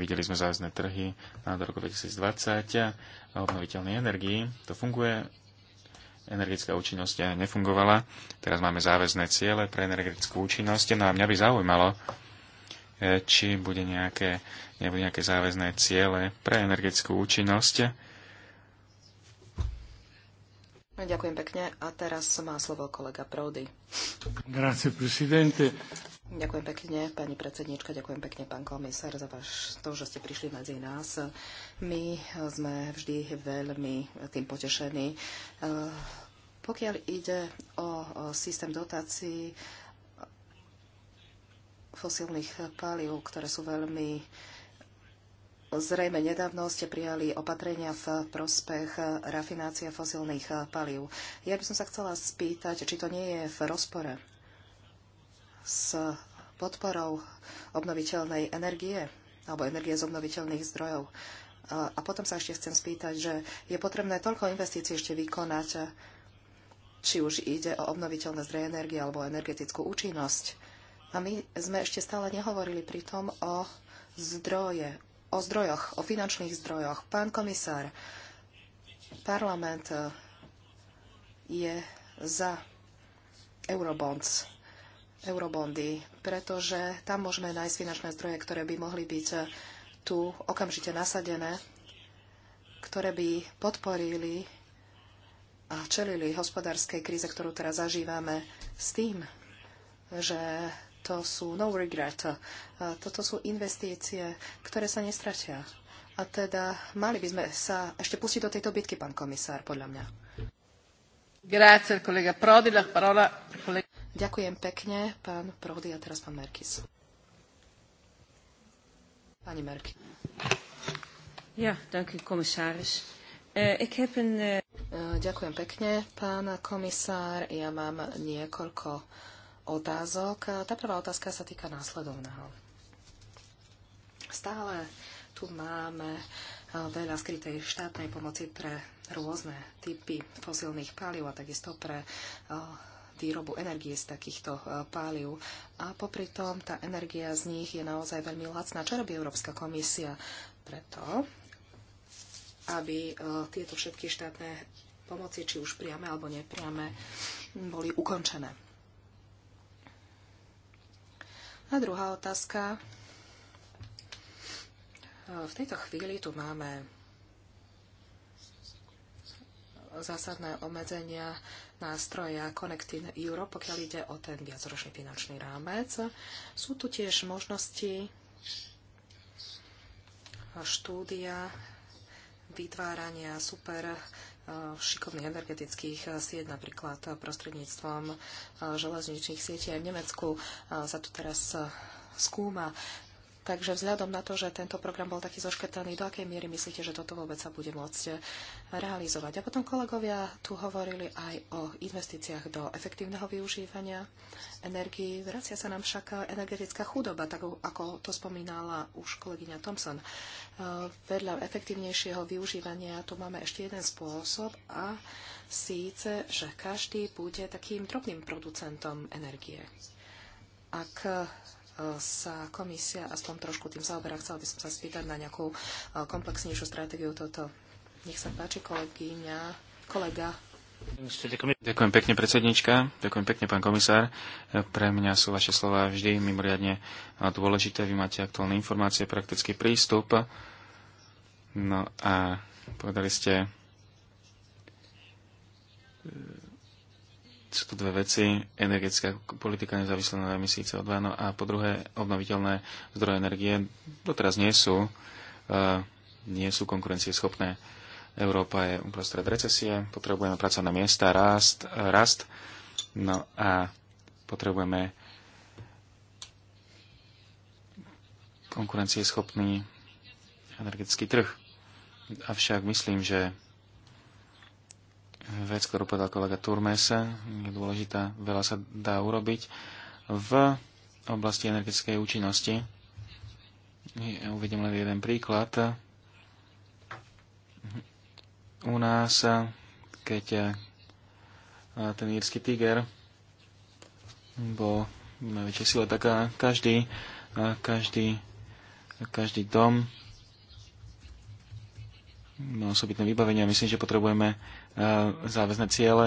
videli sme záväzné trhy na rok roku 2020 a obnoviteľnej energii. To funguje energetická účinnosť nefungovala. Teraz máme záväzné ciele pre energetickú účinnosť. No a mňa by zaujímalo, e, či bude nejaké, nebude nejaké záväzné ciele pre energetickú účinnosť. Ďakujem pekne. A teraz má slovo kolega Prody. Grazie, presidente. Ďakujem pekne, pani predsednička, ďakujem pekne, pán komisár, za váš, to, že ste prišli medzi nás. My sme vždy veľmi tým potešení. Eh, pokiaľ ide o systém dotácií fosílnych palív, ktoré sú veľmi Zrejme nedávno ste prijali opatrenia v prospech rafinácie fosílnych palív. Ja by som sa chcela spýtať, či to nie je v rozpore s podporou obnoviteľnej energie alebo energie z obnoviteľných zdrojov. A potom sa ešte chcem spýtať, že je potrebné toľko investícií ešte vykonať, či už ide o obnoviteľné zdroje energie alebo energetickú účinnosť. A my sme ešte stále nehovorili pritom o zdroje, o zdrojoch, o finančných zdrojoch. Pán komisár, parlament eh, je za eurobonds eurobondy, pretože tam môžeme nájsť finančné zdroje, ktoré by mohli byť tu okamžite nasadené, ktoré by podporili a čelili hospodárskej kríze, ktorú teraz zažívame, s tým, že to sú no regret. Toto sú investície, ktoré sa nestratia. A teda mali by sme sa ešte pustiť do tejto bitky, pán komisár, podľa mňa. Grazie, kolega Prodi, la parola, kolega... Ďakujem pekne, pán Prohdy a teraz pán Merkis. Pani Merkis. Ja, dank u commissaris. Uh, ik heb een, uh... Ďakujem pekne, pán komisár. Ja mám niekoľko otázok. Tá prvá otázka sa týka následovného. Stále tu máme veľa skrytej štátnej pomoci pre rôzne typy fosilných palív a takisto pre výrobu energie z takýchto e, páliv. A popri tom tá energia z nich je naozaj veľmi lacná. Čo robí Európska komisia? Preto, aby e, tieto všetky štátne pomoci, či už priame alebo nepriame, boli ukončené. A druhá otázka. E, v tejto chvíli tu máme zásadné obmedzenia nástroja Connecting Europe, pokiaľ ide o ten viacročný finančný rámec. Sú tu tiež možnosti štúdia vytvárania super e, šikovných energetických sieť, napríklad prostredníctvom e, železničných sietí aj v Nemecku e, sa tu teraz skúma Takže vzhľadom na to, že tento program bol taký zoškrtaný, do akej miery myslíte, že toto vôbec sa bude môcť e, realizovať? A potom kolegovia tu hovorili aj o investíciách do efektívneho využívania energii. Vracia sa nám však energetická chudoba, tak ako to spomínala už kolegyňa Thompson. E, vedľa efektívnejšieho využívania tu máme ešte jeden spôsob a síce, že každý bude takým drobným producentom energie. Ak sa komisia aspoň trošku tým zaoberá. Chcela by som sa spýtať na nejakú e, komplexnejšiu stratégiu toto. Nech sa páči, kolegyňa, kolega. Ďakujem pekne, predsednička. Ďakujem pekne, pán komisár. E, pre mňa sú vaše slova vždy mimoriadne e, dôležité. Vy máte aktuálne informácie, praktický prístup. No a povedali ste sú to dve veci. Energetická politika nezávislá na emisí CO2 no a po druhé obnoviteľné zdroje energie doteraz nie sú, uh, nie sú konkurencieschopné. Európa je uprostred recesie, potrebujeme pracovné miesta, rast, eh, rast, no a potrebujeme konkurencieschopný energetický trh. Avšak myslím, že vec, ktorú povedal kolega Turmes, je dôležitá, veľa sa dá urobiť v oblasti energetickej účinnosti. Ja uvidím len jeden príklad. U nás, keď eh, ten írsky tiger bol na väčšej sile, tak eh, každý, eh, každý, každý dom má osobitné vybavenie a myslím, že potrebujeme záväzné ciele,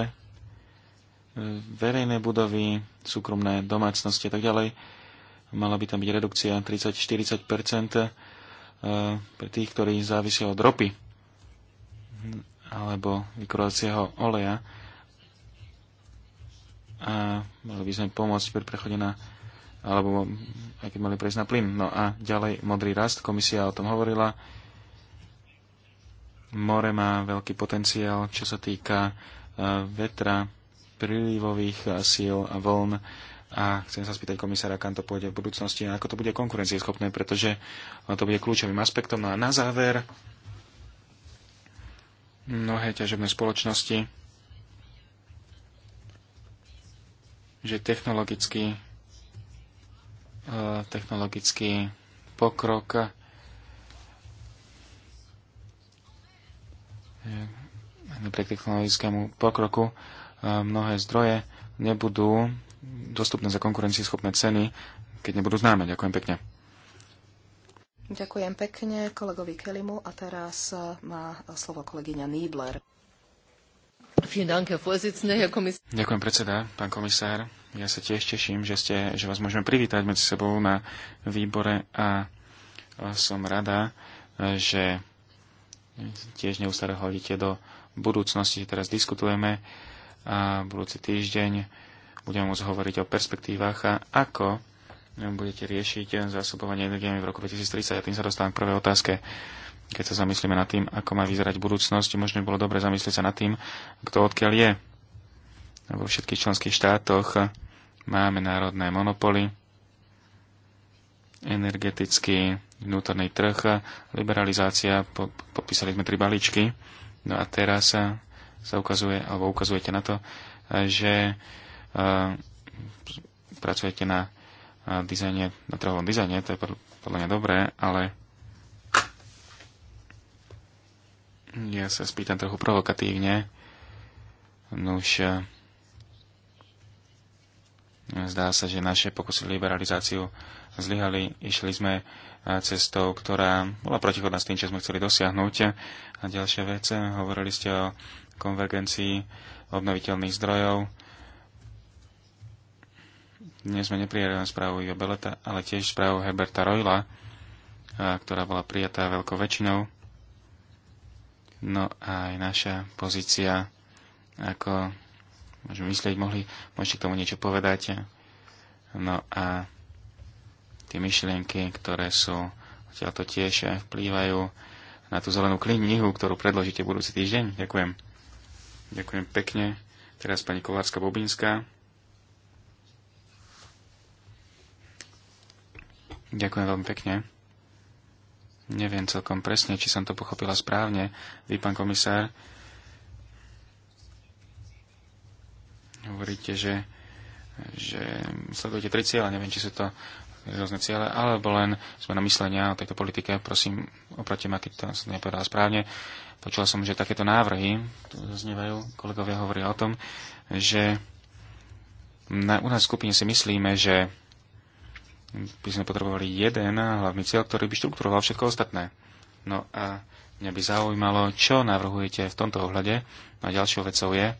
e, verejné budovy, súkromné domácnosti a tak ďalej. Mala by tam byť redukcia 30-40 e, pre tých, ktorí závisia od ropy alebo vykurovacieho oleja. A mali by sme pomôcť pri prechode na alebo aj keď mali prejsť na plyn. No a ďalej modrý rast, komisia o tom hovorila More má veľký potenciál, čo sa týka e, vetra, prílivových e, síl a vln. A chcem sa spýtať komisára, kam to pôjde v budúcnosti a ako to bude konkurencieschopné, pretože e, to bude kľúčovým aspektom. No a na záver, mnohé ťažobné spoločnosti, že technologický, technologický pokrok napriek technologickému pokroku e, mnohé zdroje nebudú dostupné za konkurencieschopné ceny, keď nebudú známe. Ďakujem pekne. Ďakujem pekne kolegovi Kelimu a teraz e, má slovo kolegyňa Niebler. Ďakujem predseda, pán komisár. Ja sa tiež teším, že, ste, že vás môžeme privítať medzi sebou na výbore a som rada, e, že tiež neustále hodíte do budúcnosti. Teraz diskutujeme a budúci týždeň budeme môcť hovoriť o perspektívach a ako budete riešiť zásobovanie energiami v roku 2030. A tým sa dostávam k prvej otázke. Keď sa zamyslíme nad tým, ako má vyzerať budúcnosť, možno by bolo dobre zamyslieť sa nad tým, kto odkiaľ je. Vo všetkých členských štátoch máme národné monopoly, energetický vnútorný trh, liberalizácia, popísali sme tri balíčky. No a teraz sa ukazuje, alebo ukazujete na to, že e, pracujete na e, dizajne, na trhovom dizajne, to je podľa mňa dobré, ale ja sa spýtam trochu provokatívne. No už... Uh, Zdá sa, že naše pokusy liberalizáciu zlyhali. Išli sme eh, cestou, ktorá bola protichodná s tým, čo sme chceli dosiahnuť. A ďalšia vec, eh, hovorili ste o konvergencii obnoviteľných zdrojov. Dnes sme neprijali len správu Ivo Beleta, ale tiež správu Herberta Roila, eh, ktorá bola prijatá veľkou väčšinou. No a aj naša pozícia ako môžem myslieť, mohli, môžete k tomu niečo povedať. No a tie myšlienky, ktoré sú to tiež eh, vplývajú na tú zelenú knihu, ktorú predložíte budúci týždeň. Ďakujem. Ďakujem pekne. Teraz pani Kovárska-Bobinská. Ďakujem veľmi pekne. Neviem celkom presne, či som to pochopila správne. Vy, pán komisár, hovoríte, že, že sledujete tri cieľa, neviem, či sú to rôzne ciele, alebo len sme na myslenia o tejto politike. Prosím, opravte ma, keď to som nepovedala správne. Počula som, že takéto návrhy tu zaznievajú, kolegovia hovoria o tom, že na, u nás v skupine si myslíme, že by sme potrebovali jeden hlavný cieľ, ktorý by štrukturoval všetko ostatné. No a mňa by zaujímalo, čo navrhujete v tomto ohľade. No a ďalšou vecou je,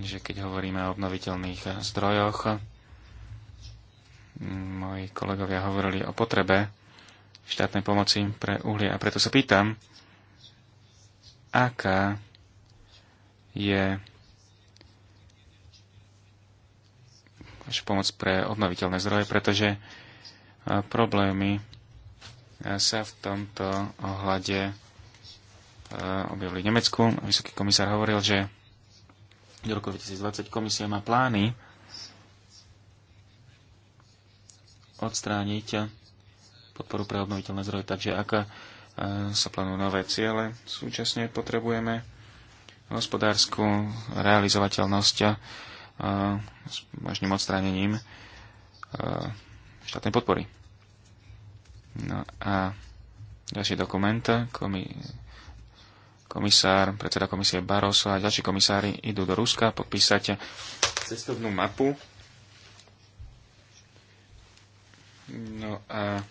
že keď hovoríme o obnoviteľných zdrojoch, moji kolegovia hovorili o potrebe štátnej pomoci pre uhlie a preto sa pýtam, aká je pomoc pre obnoviteľné zdroje, pretože e, problémy e, sa v tomto ohľade e, objavili v Nemecku. Vysoký komisár hovoril, že do roku 2020 komisia má plány odstrániť podporu pre obnoviteľné zdroje. Takže ak e, sa plánujú nové ciele, súčasne potrebujeme hospodárskú realizovateľnosť e, s možným odstránením e, štátnej podpory. No a ďalší dokument, komisár, predseda komisie Barroso a ďalší komisári idú do Ruska podpísať cestovnú mapu. No a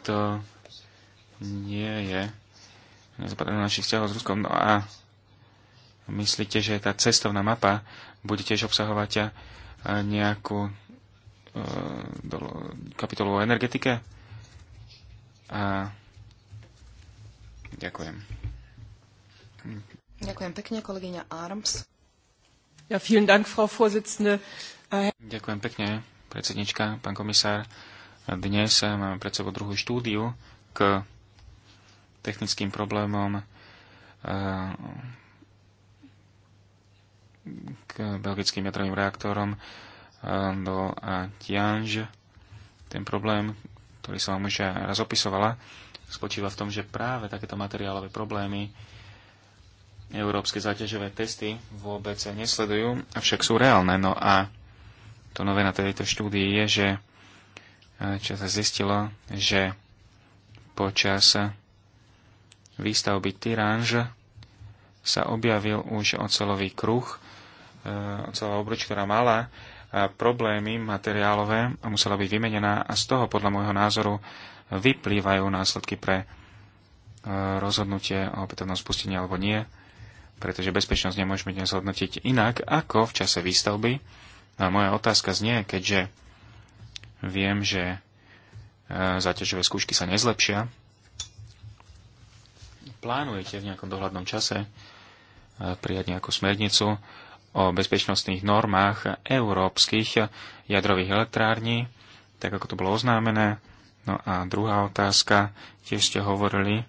to nie je nezapadá na našich vzťahov s Ruskom. No a myslíte, že tá cestovná mapa bude tiež obsahovať nejakú eh, kapitolu o energetike? A ďakujem. Ďakujem pekne, kolegyňa Arms. Ja, vielen Dank, Frau Vorsitzende. Äh, Ďakujem pekne, predsednička, pán komisár. Dnes máme pred sebou druhú štúdiu k technickým problémom eh, k belgickým jadrovým reaktorom eh, do Tianj. Ten problém, ktorý som vám už raz opisovala, spočíva v tom, že práve takéto materiálové problémy európske záťažové testy vôbec nesledujú, avšak sú reálne. No a to nové na tejto štúdii je, že e, čo sa zistilo, že počas výstavby Tyranž sa objavil už ocelový kruh, e, ocelová obruč, ktorá mala e, problémy materiálové a musela byť vymenená a z toho podľa môjho názoru vyplývajú následky pre rozhodnutie o opätovnom spustení alebo nie pretože bezpečnosť nemôžeme dnes hodnotiť inak ako v čase výstavby. No a moja otázka znie, keďže viem, že e, záťažové skúšky sa nezlepšia, plánujete v nejakom dohľadnom čase e, prijať nejakú smernicu o bezpečnostných normách európskych jadrových elektrární, tak ako to bolo oznámené. No a druhá otázka, tiež ste hovorili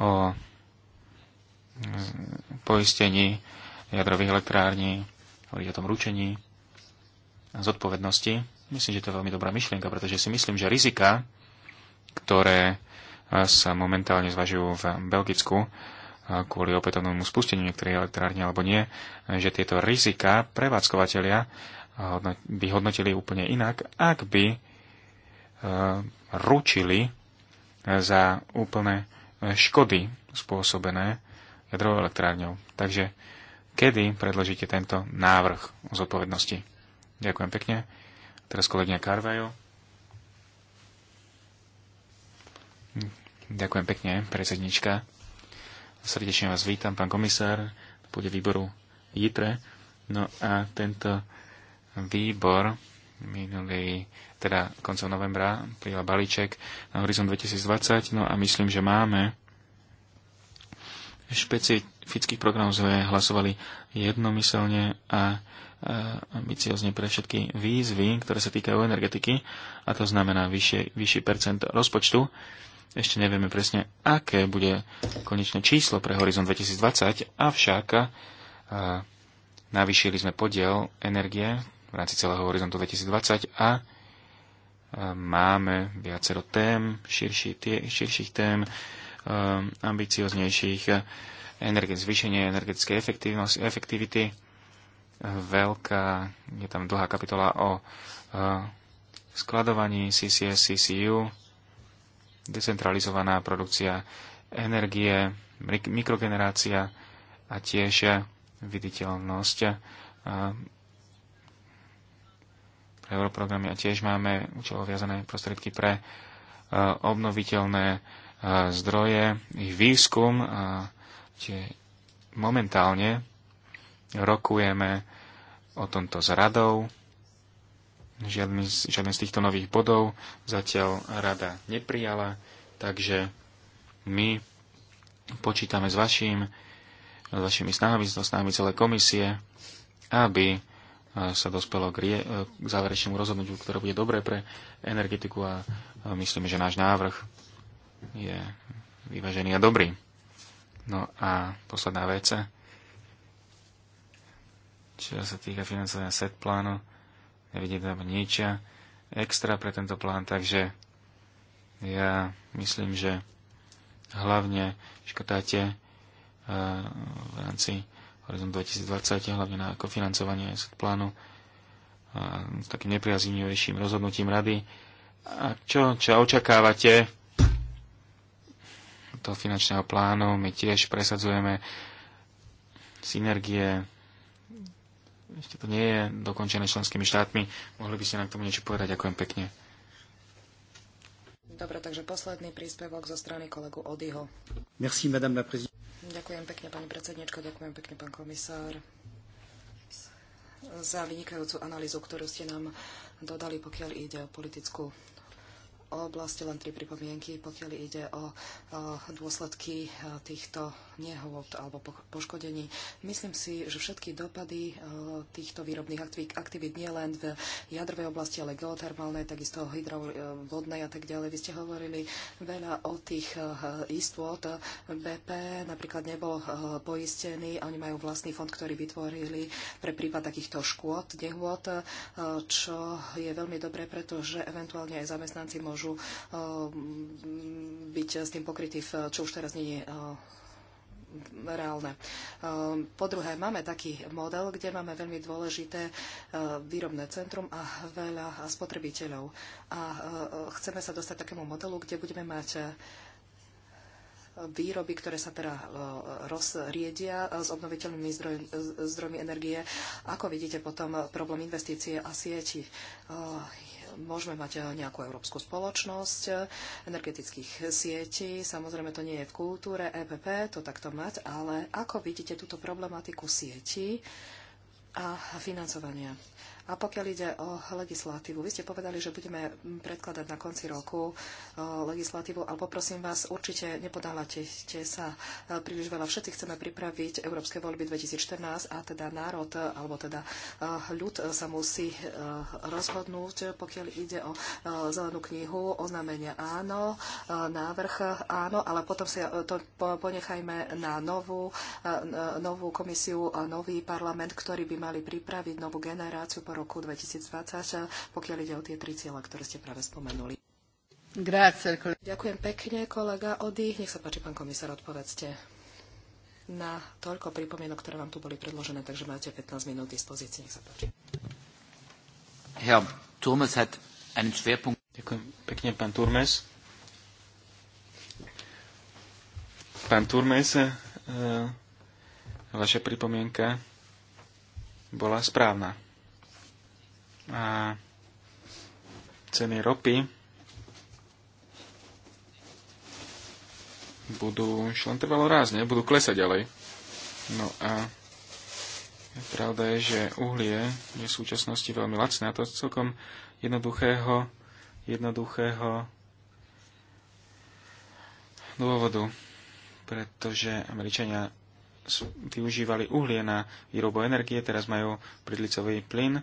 o Mm, poistení jadrových elektrární, hovoriť o tom ručení a zodpovednosti. Myslím, že to je veľmi dobrá myšlienka, pretože si myslím, že rizika, ktoré eh, sa momentálne zvažujú v Belgicku eh, kvôli opätovnému spusteniu niektorých elektrární alebo nie, že tieto rizika prevádzkovateľia eh, by hodnotili úplne inak, ak by ručili za úplné škody spôsobené jadrovou elektrárňou. Takže kedy predložíte tento návrh z zodpovednosti? Ďakujem pekne. Teraz kolegyňa Karvajo. Ďakujem pekne, predsednička. Srdečne vás vítam, pán komisár, bude výboru JITRE. No a tento výbor minulý, teda koncom novembra prijela balíček na Horizon 2020, no a myslím, že máme špecifických programov sme hlasovali jednomyselne a ambiciozne pre všetky výzvy, ktoré sa týkajú energetiky, a to znamená vyššie, vyšší percent rozpočtu. Ešte nevieme presne, aké bude konečné číslo pre Horizon 2020, avšak navýšili sme podiel energie v rámci celého Horizontu 2020 a máme viacero tém, širší, tie, širších tém, Eh, ambicioznejších eh, energie, zvýšenie energetickej efektivity. Veľká, je tam dlhá kapitola o eh, skladovaní CCS, CCU, decentralizovaná produkcia energie, mikrogenerácia a tiež viditeľnosť pre europrogramy a tiež máme účelo viazané prostriedky pre obnoviteľné zdroje, ich výskum a tie momentálne rokujeme o tomto s radou. Žiadny, žiaden z týchto nových bodov zatiaľ rada neprijala, takže my počítame s, vašim, s vašimi snahami, s snahami celé komisie, aby e, sa dospelo k, rie, e, k záverečnému rozhodnutiu, ktoré bude dobré pre energetiku a e, myslím, že náš návrh je vyvážený a dobrý. No a posledná vec, čo sa týka financovania set plánu, nevidím tam nič extra pre tento plán, takže ja myslím, že hlavne škotáte e, v rámci Horizon 2020, hlavne na ako financovanie plánu e, takým nepriazivnejším rozhodnutím rady. A čo, čo očakávate toho finančného plánu my tiež presadzujeme synergie. Ešte to nie je dokončené členskými štátmi. Mohli by ste nám k tomu niečo povedať? Ďakujem pekne. Dobre, takže posledný príspevok zo strany kolegu Odyho. Merci, madame la prezident. Ďakujem pekne, pani predsednička, ďakujem pekne, pán komisár, za vynikajúcu analýzu, ktorú ste nám dodali, pokiaľ ide o politickú oblasti len tri pripomienky, pokiaľ ide o dôsledky e, týchto nehôd alebo poškodení. Myslím si, že všetky dopady e, týchto výrobných aktivít nie len v jadrovej oblasti, ale geotermálnej, takisto hydrovodnej e, a tak ďalej. Vy ste hovorili veľa o tých istôt. BP napríklad nebol poistený, oni majú vlastný fond, ktorý vytvorili pre prípad takýchto škôd, nehôd, čo je veľmi dobré, pretože eventuálne aj zamestnanci môžu môžu eh, byť s tým pokrytí, čo už teraz nie je eh, reálne. Eh, po druhé, máme taký model, kde máme veľmi dôležité výrobné centrum a veľa spotrebiteľov. A chceme sa dostať takému modelu, kde budeme mať výroby, ktoré sa teda rozriedia s obnoviteľnými zdroj, zdrojmi energie. Ako vidíte potom problém investície a sieti? môžeme mať eh, nejakú európsku spoločnosť eh, energetických sietí. Samozrejme, to nie je v kultúre EPP to takto mať, ale ako vidíte túto problematiku sietí a financovania? A pokiaľ ide o legislatívu, vy ste povedali, že budeme predkladať na konci roku legislatívu, ale poprosím vás, určite nepodávate sa e, príliš veľa. Všetci chceme pripraviť európske voľby 2014 a teda národ, alebo teda e, ľud sa musí e, rozhodnúť, pokiaľ ide o zelenú knihu, oznámenia áno, návrh áno, ale potom si to ponechajme na novú, novú komisiu, nový parlament, ktorý by mali pripraviť novú generáciu roku 2020, pokiaľ ide o tie tri cieľa, ktoré ste práve spomenuli. Grazie. Ďakujem pekne, kolega Odi. Nech sa páči, pán komisár, odpovedzte na toľko pripomienok, ktoré vám tu boli predložené, takže máte 15 minút dispozície. Nech sa páči. Herr Turmes hat einen Schwerpunkt. Ďakujem pekne, pán Turmes. Pán Turmes, eh, vaša pripomienka bola správna a ceny ropy budú už len trvalo rázne, budú klesať ďalej. No a pravda je, že uhlie je v súčasnosti veľmi lacné a to je celkom jednoduchého, jednoduchého dôvodu, pretože Američania využívali uhlie na výrobu energie, teraz majú pridlicový plyn,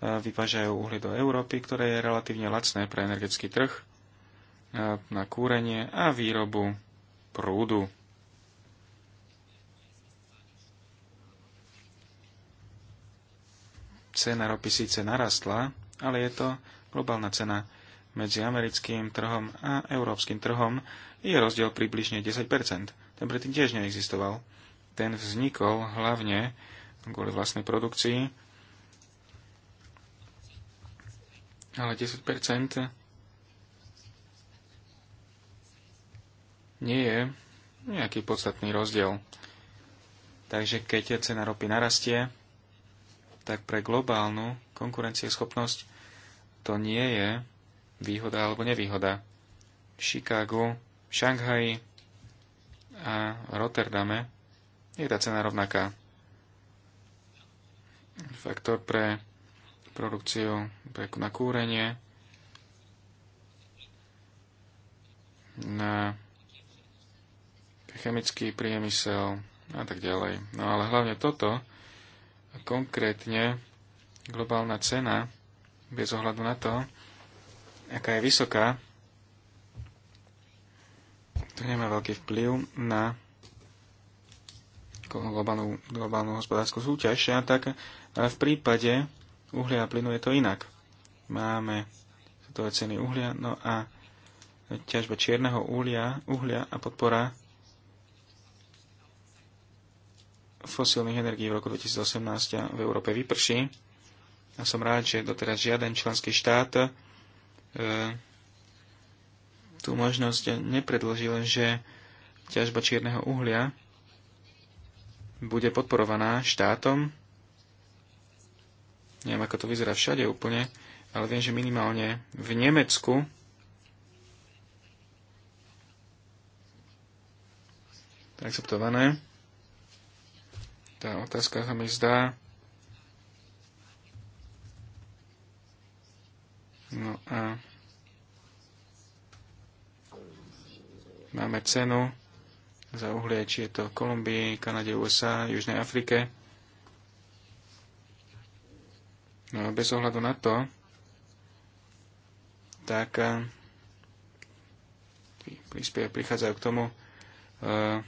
vyvážajú uhlie do Európy, ktoré je relatívne lacné pre energetický trh na kúrenie a výrobu prúdu. Cena ropy síce narastla, ale je to globálna cena medzi americkým trhom a európskym trhom je rozdiel približne 10%. Ten predtým tiež neexistoval. Ten vznikol hlavne kvôli vlastnej produkcii ale 10 nie je nejaký podstatný rozdiel. Takže keď cena ropy narastie, tak pre globálnu konkurencieschopnosť to nie je výhoda alebo nevýhoda. V Chicagu, v Šanghaji a Rotterdame je tá cena rovnaká. Faktor pre produkciu na kúrenie, na chemický priemysel a tak ďalej. No ale hlavne toto, konkrétne globálna cena, bez ohľadu na to, aká je vysoká, to nemá veľký vplyv na globálnu, globálnu hospodárskú súťaž. A tak v prípade uhlia a plynu je to inak. Máme svetové ceny uhlia, no a ťažba čierneho uhlia, uhlia a podpora fosílnych energií v roku 2018 v Európe vyprší. A som rád, že doteraz žiaden členský štát e, tú možnosť nepredložil, že ťažba čierneho uhlia bude podporovaná štátom neviem ako to vyzerá všade úplne, ale viem, že minimálne v Nemecku to je akceptované. Tá otázka sa mi zdá. No a máme cenu za uhlie, či je to v Kolumbii, Kanade, USA, Južnej Afrike. No a bez ohľadu na to, tak eh, príspevky prichádzajú k tomu uh,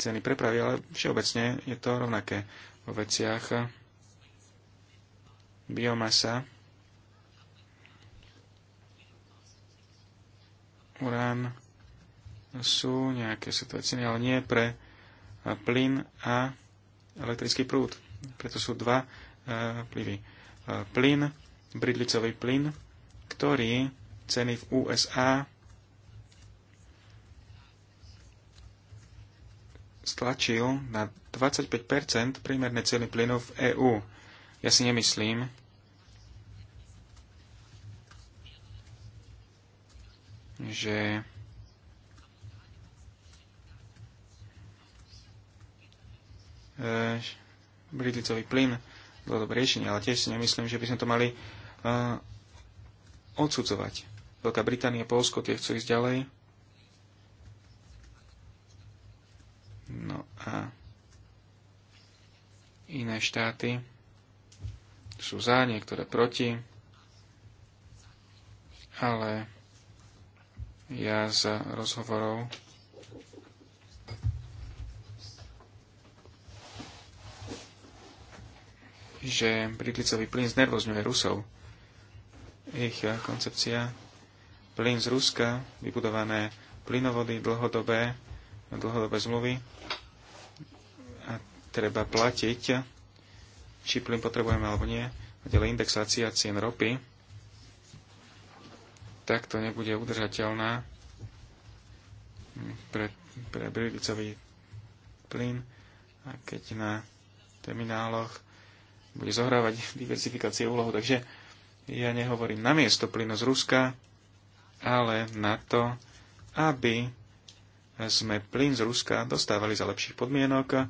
ceny prepravy, ale všeobecne je to rovnaké vo veciach biomasa, urán, sú nejaké situácie, ale nie pre plyn a elektrický prúd. Preto sú dva vplyvy. E, plyn, bridlicový plyn, ktorý ceny v USA stlačil na 25 priemerné ceny plynu v EÚ. Ja si nemyslím, že e, bridlicový plyn bolo dobré riešenie, ale tiež si nemyslím, že by sme to mali uh, odsudzovať. Veľká Británia, Polsko, tie chcú ísť ďalej. No a iné štáty sú za, niektoré proti, ale ja z rozhovorov že bridlicový plyn znervozňuje Rusov. Ich eh, koncepcia plyn z Ruska, vybudované plynovody, dlhodobé, dlhodobé zmluvy a treba platiť, či plyn potrebujeme alebo nie, a ďalej indexácia cien ropy, tak to nebude udržateľná pre, pre brilicový plyn, a keď na termináloch bude zohrávať diversifikácie úlohu. Takže ja nehovorím na miesto plynu z Ruska, ale na to, aby sme plyn z Ruska dostávali za lepších podmienok,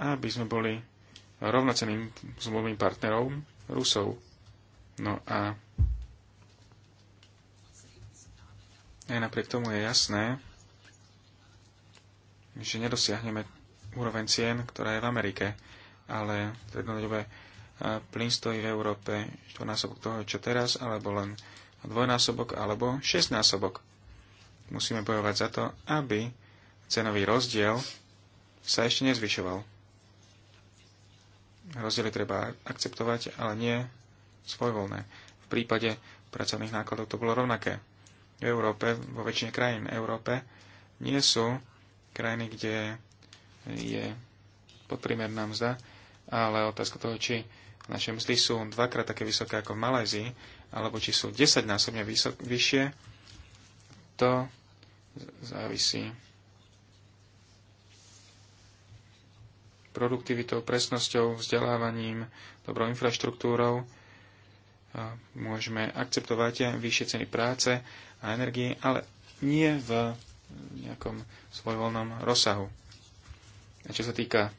aby sme boli rovnocenným zmluvným partnerom Rusov. No a aj napriek tomu je jasné, že nedosiahneme úroveň cien, ktorá je v Amerike ale strednodobé e, plyn stojí v Európe štvornásobok toho, čo teraz, alebo len dvojnásobok, alebo šestnásobok. Musíme bojovať za to, aby cenový rozdiel sa ešte nezvyšoval. Rozdiely treba akceptovať, ale nie svojvoľné. V prípade pracovných nákladov to bolo rovnaké. V Európe, vo väčšine krajín Európe, nie sú krajiny, kde je podprimerná mzda, ale otázka toho, či naše mzdy sú dvakrát také vysoké ako v Malézii, alebo či sú desaťnásobne vysok, vyššie, to závisí produktivitou, presnosťou, vzdelávaním, dobrou infraštruktúrou. Môžeme akceptovať vyššie ceny práce a energie, ale nie v nejakom svojvoľnom rozsahu. A čo sa týka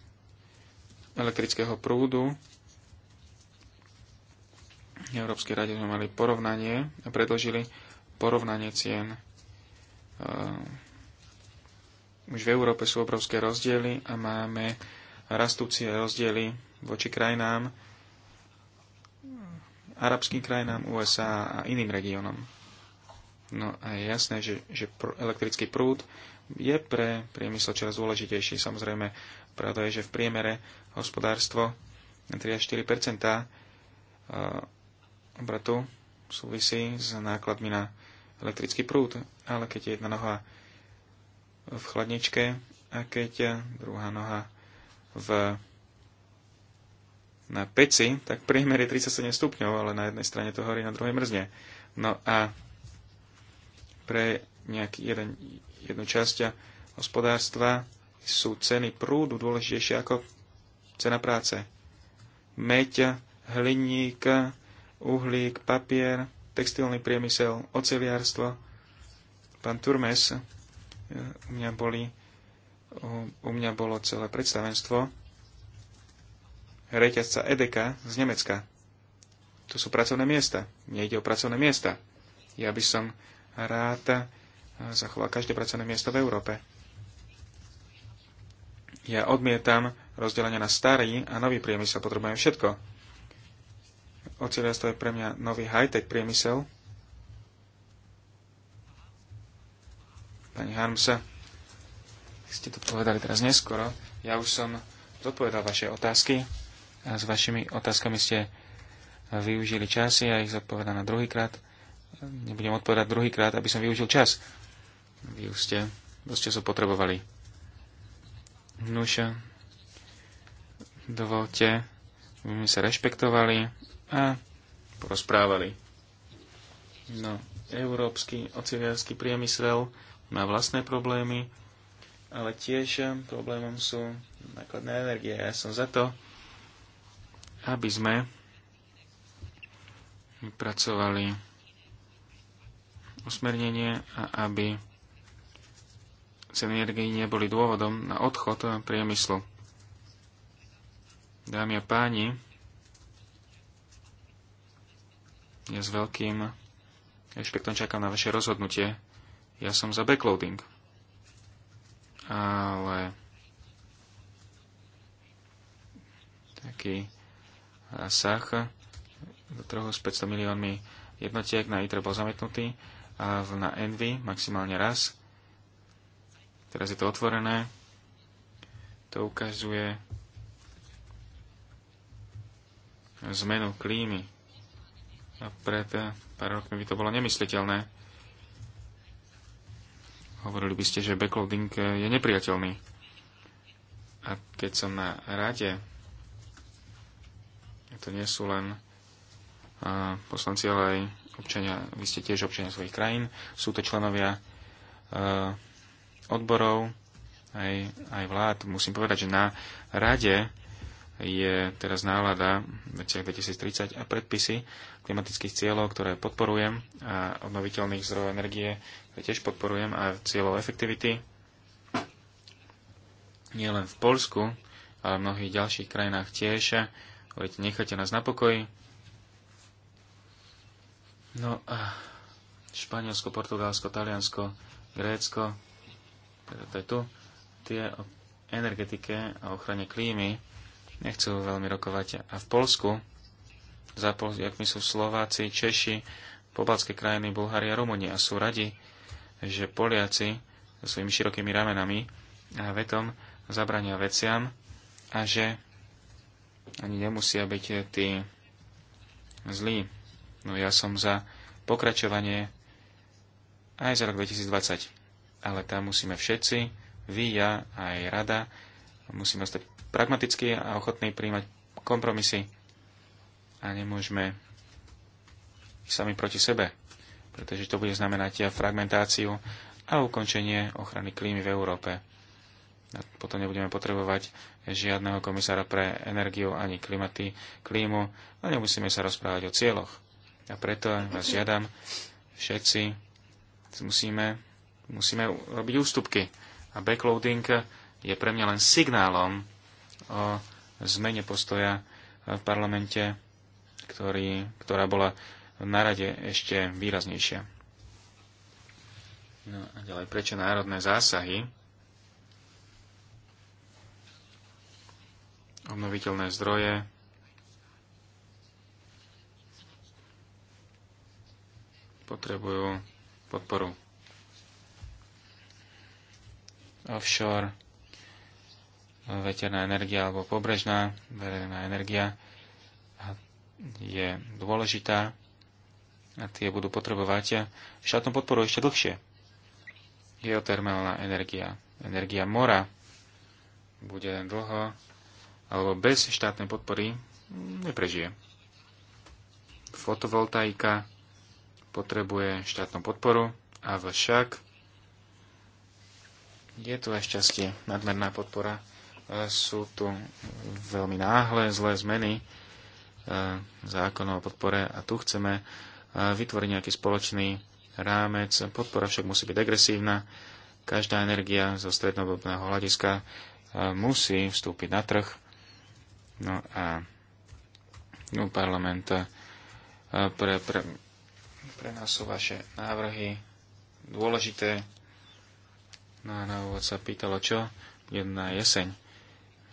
elektrického prúdu. V Európskej rade sme mali porovnanie a predložili porovnanie cien. Ehm, už v Európe sú obrovské rozdiely a máme rastúcie rozdiely voči krajinám, arabským krajinám, USA a iným regiónom. No a je jasné, že, že elektrický prúd je pre priemysel čoraz dôležitejší. Samozrejme, Pravda je, že v priemere hospodárstvo 3 až 4 e, obratu súvisí s nákladmi na elektrický prúd, ale keď je jedna noha v chladničke a keď druhá noha v, na peci, tak priemer je 37 stupňov, ale na jednej strane to horí, na druhej mrzne. No a pre nejaký jeden, jednu časť hospodárstva sú ceny prúdu dôležitejšie ako cena práce. Meď, hliník, uhlík, papier, textilný priemysel, oceliarstvo. Pán Turmes, eh, u mňa, boli, eh, u mňa bolo celé predstavenstvo reťazca Edeka z Nemecka. To sú pracovné miesta. Nejde o pracovné miesta. Ja by som rád eh, zachoval každé pracovné miesto v Európe. Ja odmietam rozdelenie na starý a nový priemysel. Potrebujem všetko. Oceliarstvo je pre mňa nový high-tech priemysel. Pani Harmsa, ste to povedali teraz neskoro. Ja už som zodpovedal vaše otázky a s vašimi otázkami ste využili časy ja ich zodpovedám na druhýkrát. Nebudem odpovedať druhýkrát, aby som využil čas. Vy už ste, dosť času potrebovali. Nuž, dovolte, aby sme sa rešpektovali a porozprávali. No, európsky oceliarský priemysel má vlastné problémy, ale tiež problémom sú nákladné energie. Ja som za to, aby sme vypracovali usmernenie a aby ceny energii neboli dôvodom na odchod priemyslu. Dámy a páni, ja s veľkým rešpektom čakám na vaše rozhodnutie. Ja som za backloading. Ale taký sach do trhu s 500 miliónmi jednotiek na ITRE bol zametnutý a na Envy maximálne raz Teraz je to otvorené. To ukazuje zmenu klímy. A pred pár rokmi by to bolo nemysliteľné. Hovorili by ste, že backloading je nepriateľný. A keď som na rade, to nie sú len poslanci, ale aj občania, vy ste tiež občania svojich krajín, sú to členovia odborov, aj, aj vlád. Musím povedať, že na rade je teraz nálada 2030 a predpisy klimatických cieľov, ktoré podporujem a obnoviteľných zdrojov energie tiež podporujem a cieľov efektivity nie len v Polsku, ale v mnohých ďalších krajinách tiež. Hovoríte, nechajte nás na pokoji. No a Španielsko, Portugalsko, Taliansko, Grécko, to je tu, tie o energetike a ochrane klímy nechcú veľmi rokovať. A v Polsku, za Pol- jak my sú Slováci, Češi, pobalské krajiny, Bulhária, Rumunia a sú radi, že Poliaci so svojimi širokými ramenami a vetom zabrania veciam a že ani nemusia byť tí zlí. No ja som za pokračovanie aj za rok 2020 ale tam musíme všetci, vy, ja a aj rada, musíme stať pragmatickí a ochotní príjmať kompromisy a nemôžeme sami proti sebe, pretože to bude znamenať fragmentáciu a ukončenie ochrany klímy v Európe. A potom nebudeme potrebovať žiadneho komisára pre energiu ani klimaty, klímu a nemusíme sa rozprávať o cieľoch. A preto vás žiadam, všetci musíme musíme robiť ústupky. A backloading je pre mňa len signálom o zmene postoja v parlamente, ktorý, ktorá bola na rade ešte výraznejšia. No a ďalej, prečo národné zásahy? Obnoviteľné zdroje, potrebujú podporu offshore, veterná energia alebo pobrežná verejná energia je dôležitá a tie budú potrebovať štátnu podporu ešte dlhšie. Geotermálna energia, energia mora bude dlho alebo bez štátnej podpory neprežije. Fotovoltaika potrebuje štátnu podporu, avšak je tu šťastie nadmerná podpora. E, sú tu veľmi náhle zlé zmeny e, zákonov o podpore a tu chceme e, vytvoriť nejaký spoločný rámec. Podpora však musí byť agresívna. Každá energia zo strednodobného hľadiska musí vstúpiť na trh. No a no, parlament pre, pre, pre nás sú vaše návrhy dôležité No a na úvod sa pýtalo, čo bude na jeseň.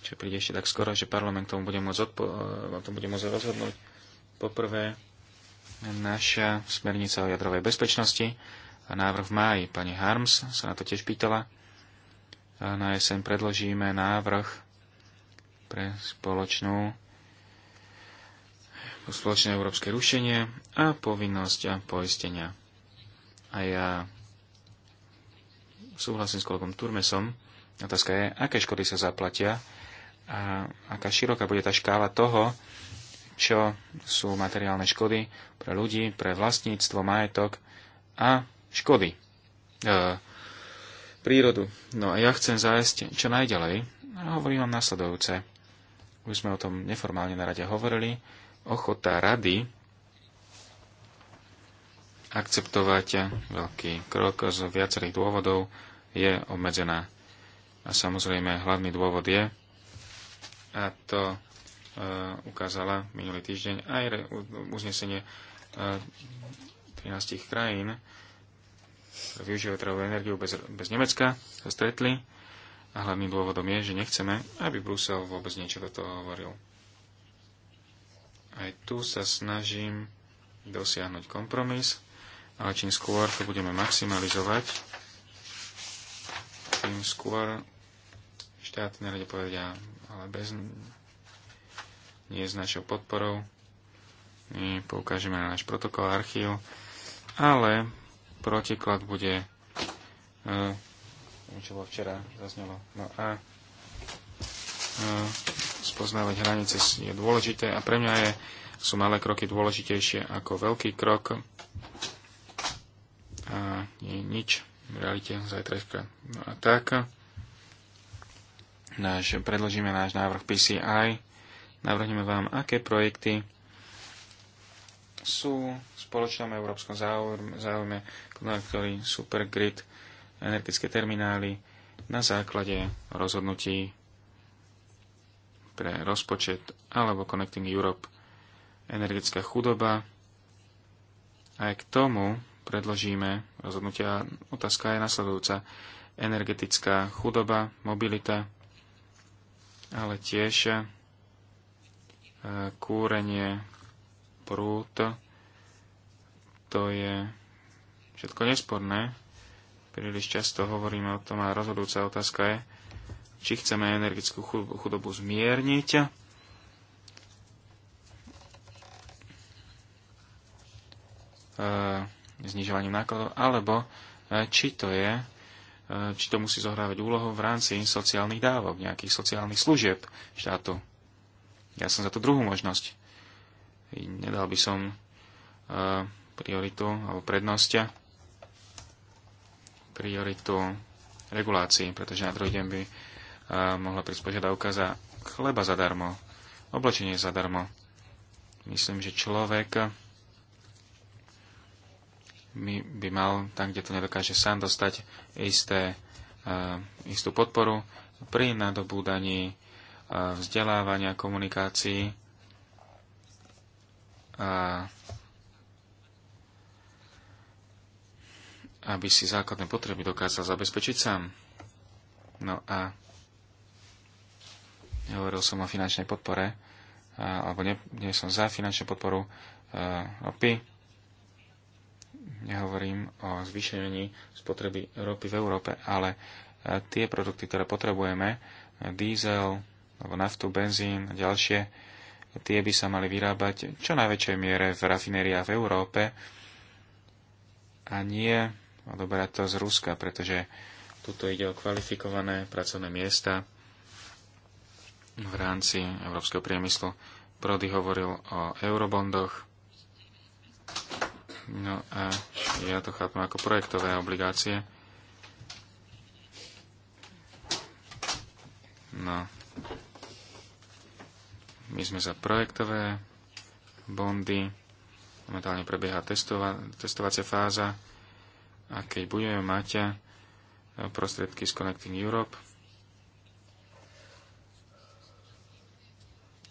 Čo príde ešte tak skoro, že parlament tomu bude môcť, odpo- e, tomu bude môcť rozhodnúť. Poprvé, naša smernica o jadrovej bezpečnosti a návrh v máji. Pani Harms sa na to tiež pýtala. A na jeseň predložíme návrh pre spoločnú spoločné európske rušenie a povinnosť a poistenia. A ja súhlasím s kolegom Turmesom. Otázka je, aké škody sa zaplatia a aká široká bude tá škála toho, čo sú materiálne škody pre ľudí, pre vlastníctvo, majetok a škody. E, prírodu. No a ja chcem zájsť čo najďalej a hovorím vám nasledujúce. Už sme o tom neformálne na rade hovorili. Ochota rady akceptovať veľký krok z viacerých dôvodov, je obmedzená. A samozrejme, hlavný dôvod je, a to e, ukázala minulý týždeň aj re, uznesenie e, 13 krajín, ktoré využívajú trhovú energiu bez, bez Nemecka, sa stretli. A hlavným dôvodom je, že nechceme, aby Brusel vôbec niečo do toho hovoril. Aj tu sa snažím dosiahnuť kompromis, ale čím skôr to budeme maximalizovať, tým skôr štátne rade povedia, ale bez, nie s našou podporou, my poukážeme na náš protokol archív, ale protiklad bude, uh, čo bolo včera zaznelo, no a e, spoznávať hranice je dôležité a pre mňa je, sú malé kroky dôležitejšie ako veľký krok a nie je nič v realite zajtrajška. No a tak náš, predložíme náš návrh PCI, navrhneme vám, aké projekty sú v spoločnom európskom záujme, ktorý supergrid, energetické terminály na základe rozhodnutí pre rozpočet alebo Connecting Europe, energetická chudoba. Aj k tomu predložíme rozhodnutia. Otázka je nasledujúca. Energetická chudoba, mobilita, ale tiež e, kúrenie prúd. To je všetko nesporné. Príliš často hovoríme o tom a rozhodujúca otázka je, či chceme energetickú chudobu zmierniť. Uh, znižovaním nákladov, alebo e, či to je, e, či to musí zohrávať úlohu v rámci sociálnych dávok, nejakých sociálnych služieb štátu. Ja som za tú druhú možnosť. Nedal by som e, prioritu alebo prednosť prioritu regulácii, pretože na druhý deň by mohla prísť požiadavka za chleba zadarmo, oblečenie zadarmo. Myslím, že človek by mal tam, kde to nedokáže sám dostať isté, eh, istú podporu pri nadobúdaní eh, vzdelávania, komunikácií a aby si základné potreby dokázal zabezpečiť sám. No a hovoril som o finančnej podpore, eh, alebo nie, nie som za finančnú podporu ropy, nehovorím o zvýšení spotreby ropy v Európe, ale e, tie produkty, ktoré potrebujeme, e, diesel, alebo naftu, benzín a ďalšie, tie by sa mali vyrábať čo najväčšej miere v rafinériách v Európe a nie odoberať to z Ruska, pretože tuto ide o kvalifikované pracovné miesta v rámci európskeho priemyslu. Prody hovoril o eurobondoch, No a ja to chápem ako projektové obligácie. No. My sme za projektové bondy. Momentálne prebieha testova- testovacia fáza. A keď budeme mať eh, prostriedky z Connecting Europe,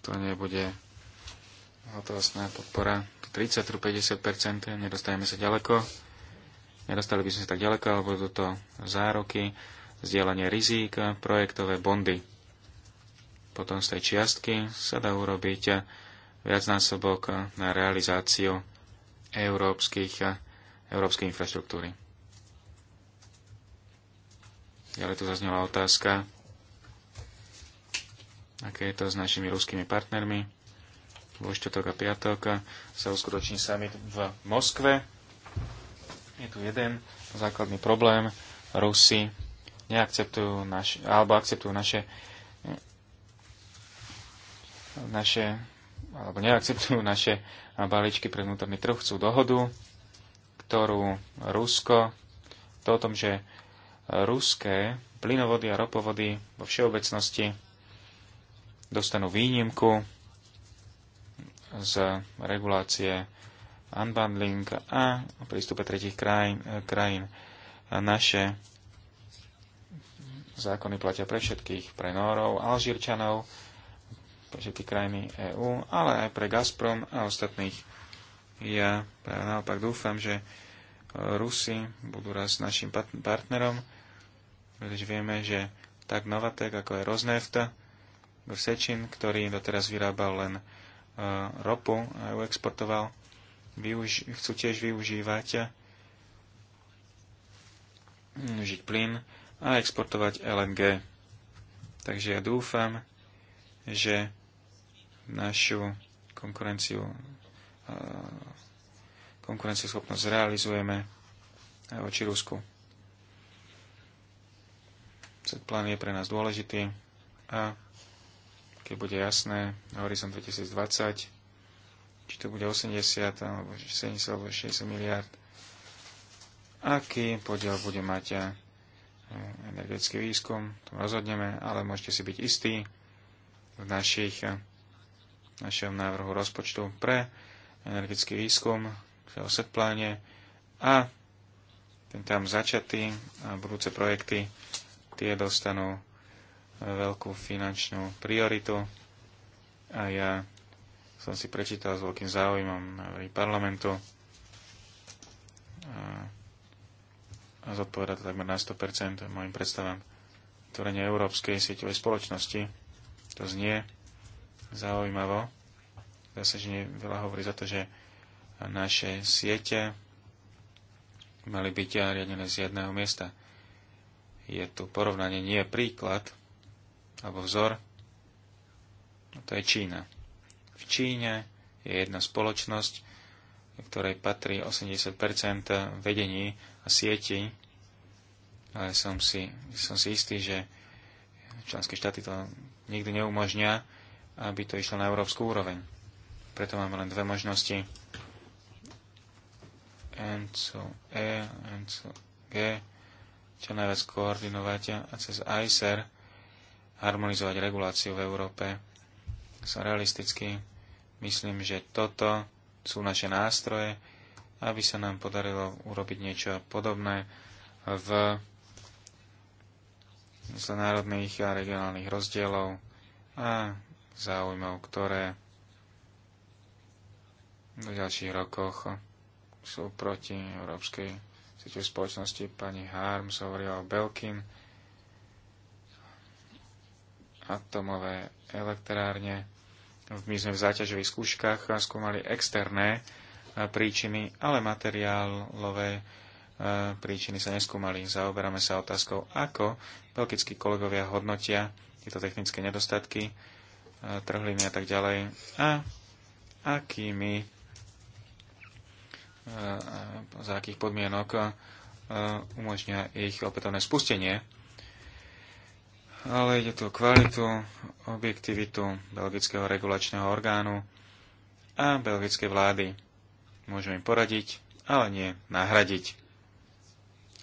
to nebude hotovostná podpora 30-50%, nedostajeme sa ďaleko, nedostali by sme sa tak ďaleko, alebo to zároky, zdieľanie rizík, projektové bondy. Potom z tej čiastky sa dá urobiť viacnásobok na realizáciu európskych, európskej infraštruktúry. Ďalej tu zaznela otázka, aké je to s našimi ruskými partnermi vo štotok a piatok sa uskutoční summit v Moskve. Je tu jeden základný problém. Rusi neakceptujú naš, alebo akceptujú naše naše alebo neakceptujú naše balíčky pre vnútorný trh, chcú dohodu, ktorú Rusko, to o tom, že ruské plynovody a ropovody vo všeobecnosti dostanú výnimku z regulácie unbundling a prístupe tretich krajín, krajín. Naše zákony platia pre všetkých, pre Nórov, Alžírčanov, pre všetky krajiny EÚ, ale aj pre Gazprom a ostatných. Ja práve naopak dúfam, že Rusi budú raz našim partnerom, pretože vieme, že tak Novatek, ako je Rosneft, Sečin, ktorý doteraz vyrábal len E, ropu a e, ju exportoval. Využ- chcú tiež využívať e, žiť plyn a exportovať LNG. Takže ja dúfam, že našu konkurenciu konkurencieschopnosť zrealizujeme aj voči Rusku. plán je pre nás dôležitý a keď bude jasné, horizont 2020, či to bude 80 alebo 70 alebo 60 miliard, aký podiel bude mať eh, energetický výskum, to rozhodneme, ale môžete si byť istí v našich, eh, našom návrhu rozpočtu pre energetický výskum, v setpláne a ten tam začatý a budúce projekty tie dostanú veľkú finančnú prioritu a ja som si prečítal s veľkým záujmom návrhy parlamentu a, a zodpoveda to takmer na 100% mojim predstavám tvorenie európskej sieťovej spoločnosti. To znie zaujímavo. Zase, že nie veľa hovorí za to, že naše siete mali byť riadené z jedného miesta. Je tu porovnanie, nie príklad, alebo vzor, no, to je Čína. V Číne je jedna spoločnosť, ktorej patrí 80 vedení a sieti, ale som si, som si istý, že členské štáty to nikdy neumožnia, aby to išlo na európsku úroveň. Preto máme len dve možnosti. ENCO E, ENCO G, čo najviac koordinovať a cez ICER harmonizovať reguláciu v Európe. Som realisticky. Myslím, že toto sú naše nástroje, aby sa nám podarilo urobiť niečo podobné v zle národných a regionálnych rozdielov a záujmov, ktoré v ďalších rokoch sú proti Európskej sieťu spoločnosti. Pani Harms hovorila o Belkin atomové elektrárne. My sme v záťažových skúškach skúmali externé e, príčiny, ale materiálové e, príčiny sa neskúmali. Zaoberáme sa otázkou, ako belgickí kolegovia hodnotia tieto technické nedostatky, e, trhliny a tak ďalej a akými za akých podmienok umožňuje ich opätovné spustenie ale ide tu o kvalitu, objektivitu belgického regulačného orgánu a belgickej vlády. Môžeme im poradiť, ale nie nahradiť.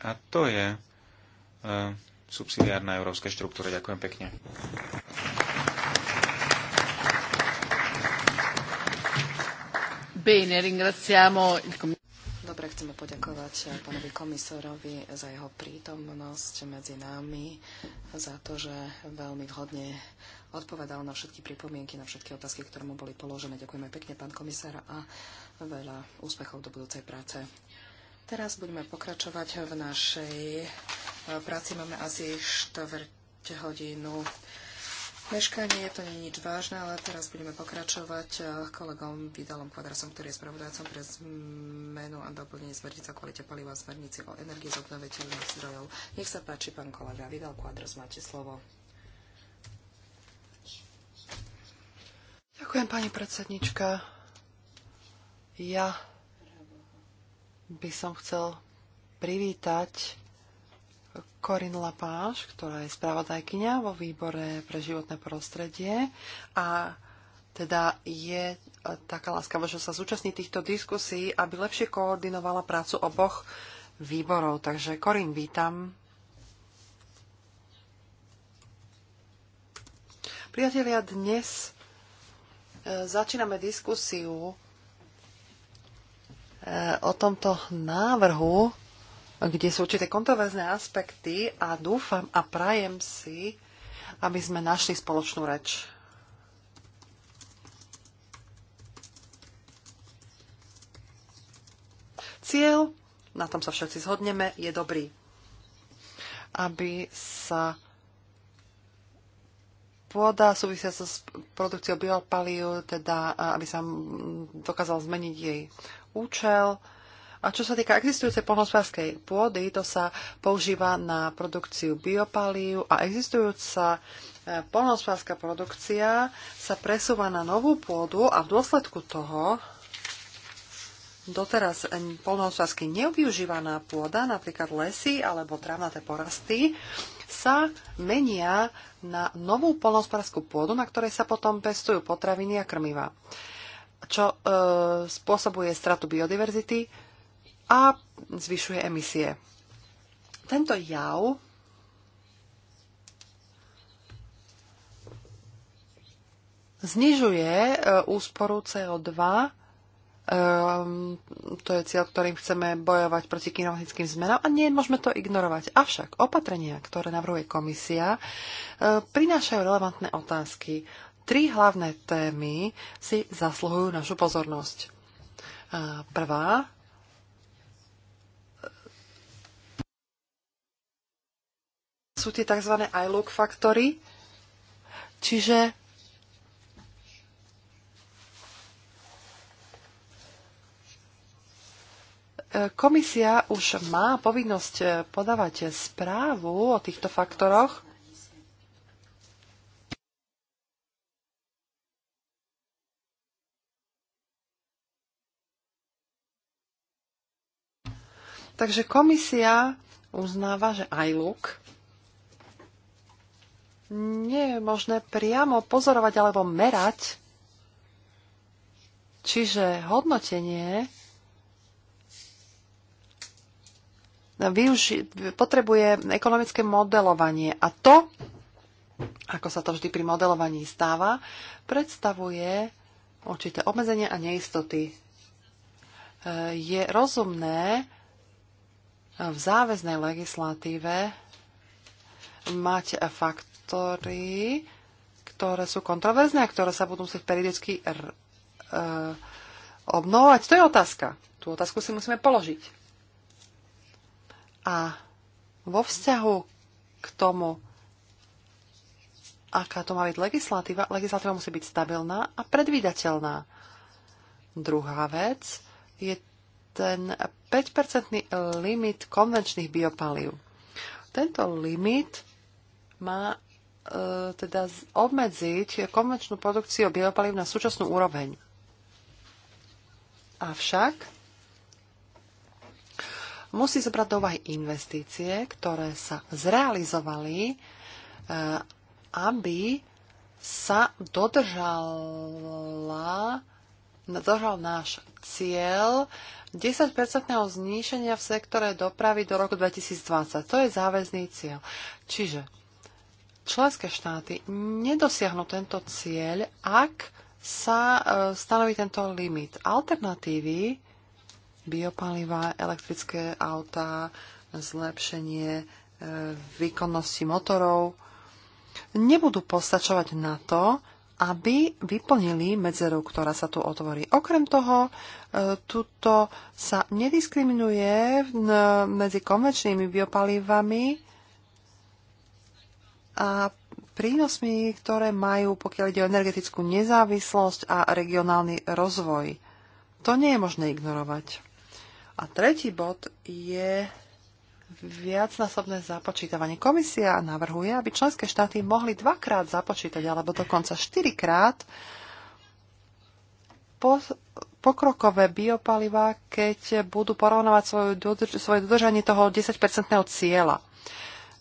A to je e, subsidiárna európska štruktúra. Ďakujem pekne. Bene, ringraziamo il Dobre, chceme poďakovať eh, pánovi komisorovi za jeho prítomnosť medzi nami, za to, že veľmi vhodne odpovedal na všetky pripomienky, na všetky otázky, ktoré mu boli položené. Ďakujeme pekne, pán komisár, a veľa úspechov do budúcej práce. Teraz budeme pokračovať v našej eh, práci. Máme asi 4 hodinu meškanie, je to nie nič vážne, ale teraz budeme pokračovať eh, kolegom Vidalom Kvadrasom, ktorý je spravodajcom pre zmenu a doplnenie smernice kvalite paliva a smernici o energii z obnoviteľných zdrojov. Nech sa páči, pán kolega Vidal Kvadras, máte slovo. Ďakujem, pani predsednička. Ja by som chcel privítať Corinne Lapáš, ktorá je spravodajkynia vo výbore pre životné prostredie a teda je e, taká láskava, že sa zúčastní týchto diskusí, aby lepšie koordinovala prácu oboch výborov. Takže Korin, vítam. Priatelia, dnes e, začíname diskusiu e, o tomto návrhu kde sú určité kontroverzné aspekty a dúfam a prajem si, aby sme našli spoločnú reč. Cieľ, na tom sa všetci zhodneme, je dobrý. Aby sa pôda súvisia sa s produkciou biopalív, teda aby sa dokázal zmeniť jej účel, a čo sa týka existujúcej polnospodárskej pôdy, to sa používa na produkciu biopalív a existujúca e, polnospodárska produkcia sa presúva na novú pôdu a v dôsledku toho doteraz e, polnohospodársky nevyužívaná pôda, napríklad lesy alebo travnaté porasty, sa menia na novú polnohospodárskú pôdu, na ktorej sa potom pestujú potraviny a krmiva, čo e, spôsobuje stratu biodiverzity, a zvyšuje emisie. Tento jav znižuje e, úsporu CO2 e, to je cieľ, ktorým chceme bojovať proti klimatickým zmenám a nie môžeme to ignorovať. Avšak opatrenia, ktoré navrhuje komisia, e, prinášajú relevantné otázky. Tri hlavné témy si zasluhujú našu pozornosť. prvá sú tie tzv. iLook faktory, čiže Komisia už má povinnosť eh, podávať správu o týchto faktoroch. Takže komisia uznáva, že iLook nie je možné priamo pozorovať alebo merať. Čiže hodnotenie využi- potrebuje ekonomické modelovanie. A to, ako sa to vždy pri modelovaní stáva, predstavuje určité obmedzenia a neistoty. E, je rozumné v záväznej legislatíve mať fakt ktorý, ktoré sú kontroverzné a ktoré sa budú musieť periodicky r- e- obnovovať? To je otázka. Tú otázku si musíme položiť. A vo vzťahu k tomu, aká to má byť legislatíva, legislatíva musí byť stabilná a predvídateľná. Druhá vec je ten 5-percentný limit konvenčných biopalív. Tento limit má E, teda obmedziť konvenčnú produkciu biopalív na súčasnú úroveň. Avšak musí zobrať do úvahy investície, ktoré sa zrealizovali, e, aby sa dodržala, dodržal náš cieľ 10-percentného zníšenia v sektore dopravy do roku 2020. To je záväzný cieľ. Čiže členské štáty nedosiahnu tento cieľ, ak sa e, stanoví tento limit. Alternatívy biopaliva, elektrické autá, zlepšenie e, výkonnosti motorov nebudú postačovať na to, aby vyplnili medzeru, ktorá sa tu otvorí. Okrem toho, e, tuto sa nediskriminuje medzi konvenčnými biopalivami a prínosmi, ktoré majú, pokiaľ ide o energetickú nezávislosť a regionálny rozvoj. To nie je možné ignorovať. A tretí bod je viacnásobné započítavanie. Komisia navrhuje, aby členské štáty mohli dvakrát započítať, alebo dokonca štyrikrát po, pokrokové biopaliva, keď budú porovnávať svoje dodržanie toho 10-percentného cieľa.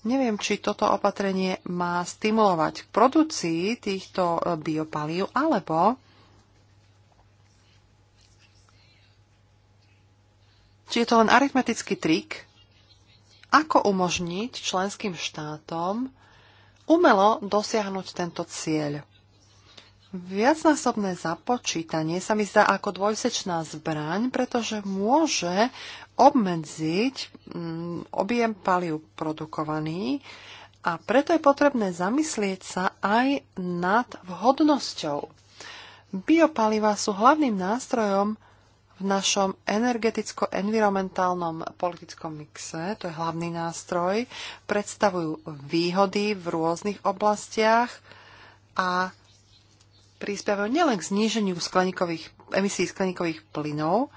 Neviem, či toto opatrenie má stimulovať k produkcii týchto e, biopalív, alebo či je to len aritmetický trik, ako umožniť členským štátom umelo dosiahnuť tento cieľ. Viacnásobné započítanie sa mi zdá ako dvojsečná zbraň, pretože môže obmedziť mm, objem palív produkovaný a preto je potrebné zamyslieť sa aj nad vhodnosťou. Biopaliva sú hlavným nástrojom v našom energeticko-environmentálnom politickom mixe, to je hlavný nástroj, predstavujú výhody v rôznych oblastiach a prispievajú nielen k zníženiu skleníkových, emisí skleníkových plynov,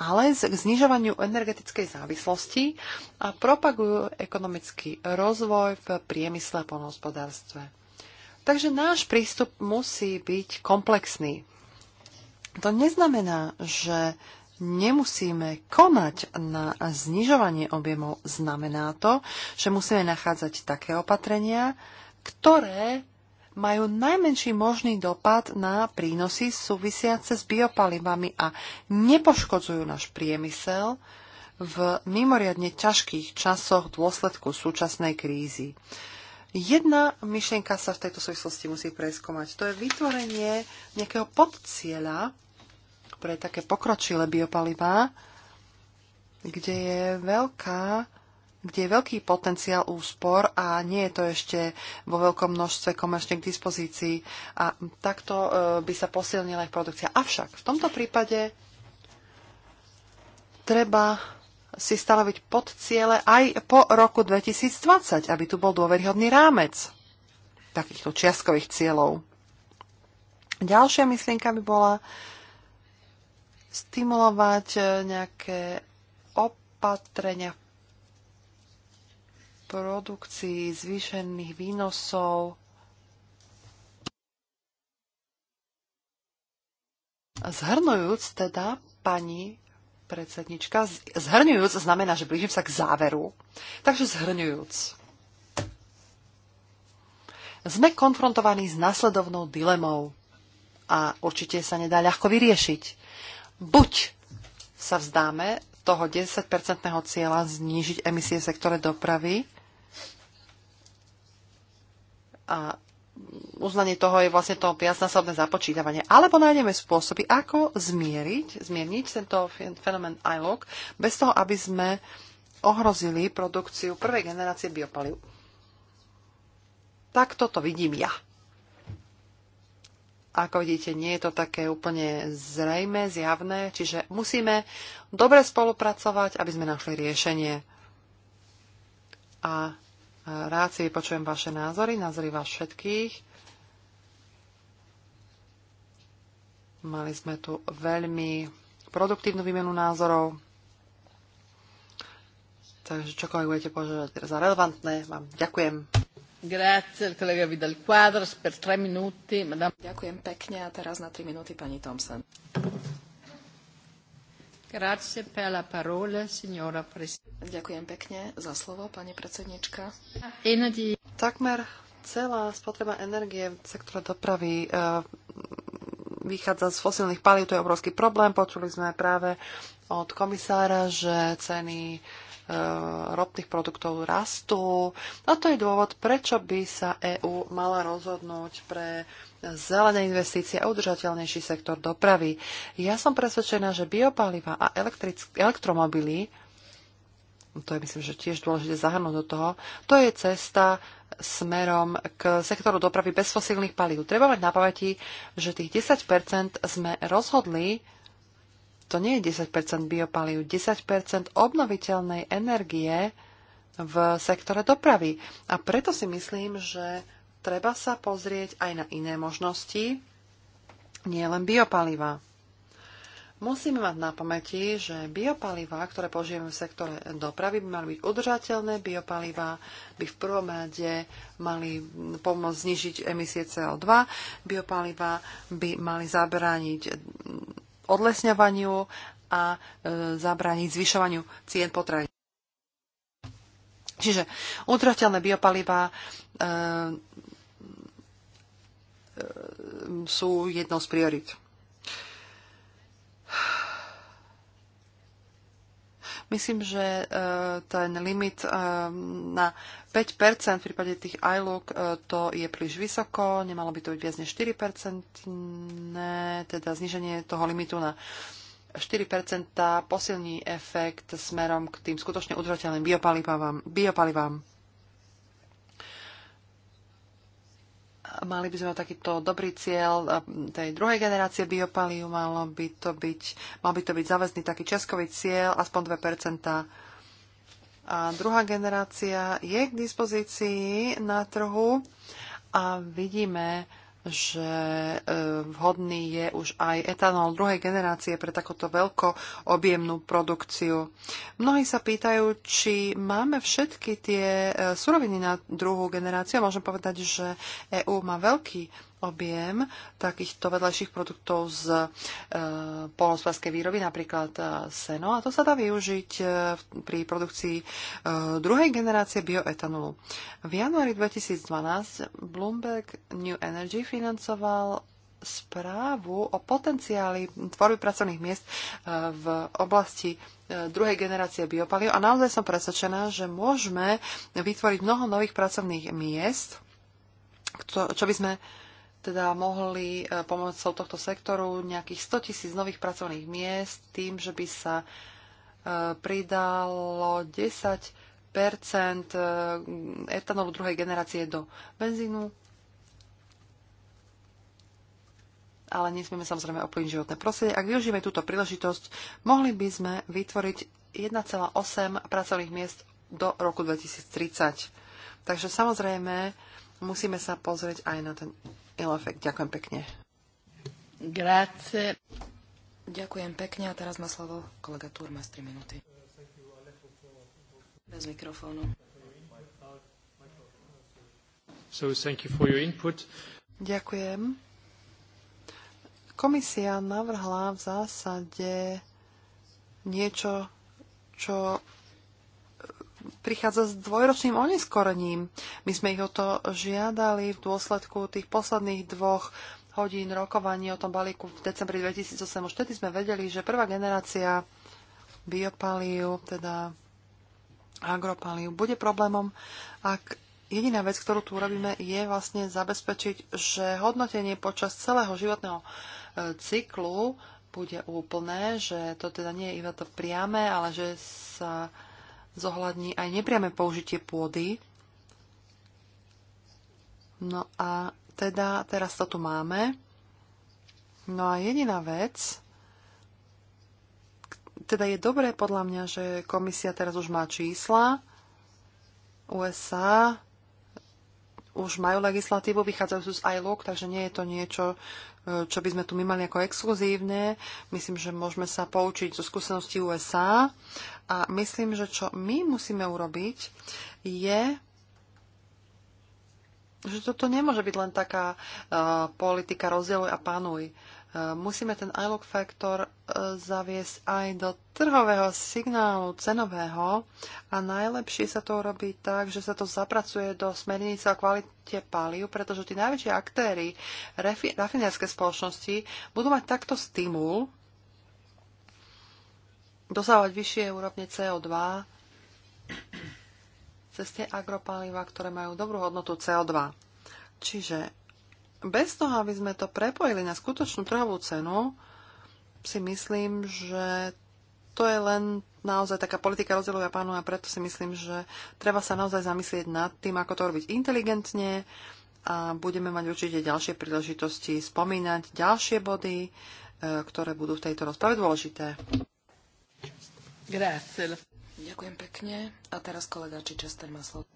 ale k znižovaniu energetickej závislosti a propagujú ekonomický rozvoj v priemysle a polnohospodárstve. Takže náš prístup musí byť komplexný. To neznamená, že nemusíme konať na znižovanie objemov. Znamená to, že musíme nachádzať také opatrenia, ktoré majú najmenší možný dopad na prínosy súvisiace s biopalivami a nepoškodzujú náš priemysel v mimoriadne ťažkých časoch v dôsledku súčasnej krízy. Jedna myšlienka sa v tejto súvislosti musí preskomať. To je vytvorenie nejakého podcieľa pre také pokročilé biopalivá, kde je veľká kde je veľký potenciál úspor a nie je to ešte vo veľkom množstve komerčne k dispozícii a takto e, by sa posilnila ich produkcia. Avšak v tomto prípade treba si stanoviť pod ciele aj po roku 2020, aby tu bol dôveryhodný rámec takýchto čiastkových cieľov. Ďalšia myslienka by bola stimulovať e, nejaké opatrenia v produkcii zvýšených výnosov Zhrnujúc teda, pani predsednička, zhrňujúc znamená, že blížim sa k záveru. Takže zhrňujúc. Sme konfrontovaní s nasledovnou dilemou a určite sa nedá ľahko vyriešiť. Buď sa vzdáme toho 10-percentného cieľa znížiť emisie v sektore dopravy a uznanie toho je vlastne to viacnásobné započítavanie. Alebo nájdeme spôsoby, ako zmieriť, zmierniť tento fenomén ILOC bez toho, aby sme ohrozili produkciu prvej generácie biopaliv. Tak toto vidím ja. Ako vidíte, nie je to také úplne zrejme, zjavné, čiže musíme dobre spolupracovať, aby sme našli riešenie. A Rád si vypočujem vaše názory, názory vás všetkých. Mali sme tu veľmi produktívnu výmenu názorov. Takže čokoľvek budete požiadať za relevantné, vám ďakujem. Grazie, Ďakujem pekne a teraz na 3 minúty pani Thompson. Ďakujem pekne za slovo, pani predsednička. Takmer celá spotreba energie v sektore dopravy e, vychádza z fosílnych palív, to je obrovský problém. Počuli sme práve od komisára, že ceny e, ropných produktov rastú. A to je dôvod, prečo by sa EÚ mala rozhodnúť pre zelené investície a udržateľnejší sektor dopravy. Ja som presvedčená, že biopaliva a elektromobily, to je myslím, že tiež dôležité zahrnúť do toho, to je cesta smerom k sektoru dopravy bez fosílnych palív. Treba mať na pamäti, že tých 10% sme rozhodli, to nie je 10% biopalív, 10% obnoviteľnej energie v sektore dopravy. A preto si myslím, že treba sa pozrieť aj na iné možnosti, nie len biopaliva. Musíme mať na pamäti, že biopaliva, ktoré požijeme v sektore dopravy, by mali byť udržateľné. biopaliva, by v prvom rade mali pomôcť znižiť emisie CO2. Biopaliva by mali zabrániť odlesňovaniu a e, zabrániť zvyšovaniu cien potravy. Čiže udržateľné biopaliva. e, Ehm, sú jednou z priorit. Myslím, že eh, ten limit ehm, na 5% v prípade tých iLook eh, to je príliš vysoko, nemalo by to byť viac než 4%, ne, teda zniženie toho limitu na 4% posilní efekt smerom k tým skutočne udržateľným biopalivám. biopalivám. mali by sme mať takýto dobrý cieľ tej druhej generácie biopalív, malo by to byť, mal by to byť záväzný taký českový cieľ, aspoň 2%. A druhá generácia je k dispozícii na trhu a vidíme, že e, vhodný je už aj etanol druhej generácie pre takúto veľko objemnú produkciu. Mnohí sa pýtajú, či máme všetky tie e, suroviny na druhú generáciu. Môžem povedať, že EÚ má veľký objem takýchto vedľajších produktov z e, polnospodárskej výroby, napríklad e, seno. A to sa dá využiť e, pri produkcii e, druhej generácie bioetanolu. V januári 2012 Bloomberg New Energy financoval správu o potenciáli tvorby pracovných miest e, v oblasti e, druhej generácie biopalív a naozaj som presvedčená, že môžeme vytvoriť mnoho nových pracovných miest, čo by sme teda mohli e, pomocou tohto sektoru nejakých 100 tisíc nových pracovných miest tým, že by sa e, pridalo 10 e, etanolu druhej generácie do benzínu. Ale nesmieme samozrejme oplniť životné prostredie. Ak využijeme túto príležitosť, mohli by sme vytvoriť 1,8 pracovných miest do roku 2030. Takže samozrejme musíme sa pozrieť aj na ten Ilofek. Ďakujem pekne. Grazie. Ďakujem pekne a teraz má slovo kolega Turma z 3 minúty. Bez mikrofónu. So thank you for your input. Ďakujem. Komisia navrhla v zásade niečo, čo prichádza s dvojročným oneskorením. My sme ich o to žiadali v dôsledku tých posledných dvoch hodín rokovaní o tom balíku v decembri 2008. Už vtedy sme vedeli, že prvá generácia biopaliu, teda agropaliu, bude problémom, ak jediná vec, ktorú tu robíme, je vlastne zabezpečiť, že hodnotenie počas celého životného e, cyklu bude úplné, že to teda nie je iba to priame, ale že sa zohľadní aj nepriame použitie pôdy. No a teda teraz to tu máme. No a jediná vec, teda je dobré podľa mňa, že komisia teraz už má čísla. USA už majú legislatívu vychádzajú z ILOC, takže nie je to niečo, čo by sme tu my mali ako exkluzívne. Myslím, že môžeme sa poučiť zo skúseností USA a myslím, že čo my musíme urobiť je že toto nemôže byť len taká uh, politika rozdieluj a panuj. Uh, musíme ten ILOC faktor e, zaviesť aj do trhového signálu cenového a najlepšie sa to urobí tak, že sa to zapracuje do smernice o kvalite palív, pretože tí najväčší aktéry rafinérske spoločnosti budú mať takto stimul dosávať vyššie úrovne CO2 cez tie agropaliva, ktoré majú dobrú hodnotu CO2. Čiže bez toho, aby sme to prepojili na skutočnú trhovú cenu, si myslím, že to je len naozaj taká politika rozdielovia pánu a preto si myslím, že treba sa naozaj zamyslieť nad tým, ako to robiť inteligentne a budeme mať určite ďalšie príležitosti spomínať ďalšie body, e, ktoré budú v tejto rozprave dôležité. Ďakujem pekne. A teraz kolega Čičester má slovo.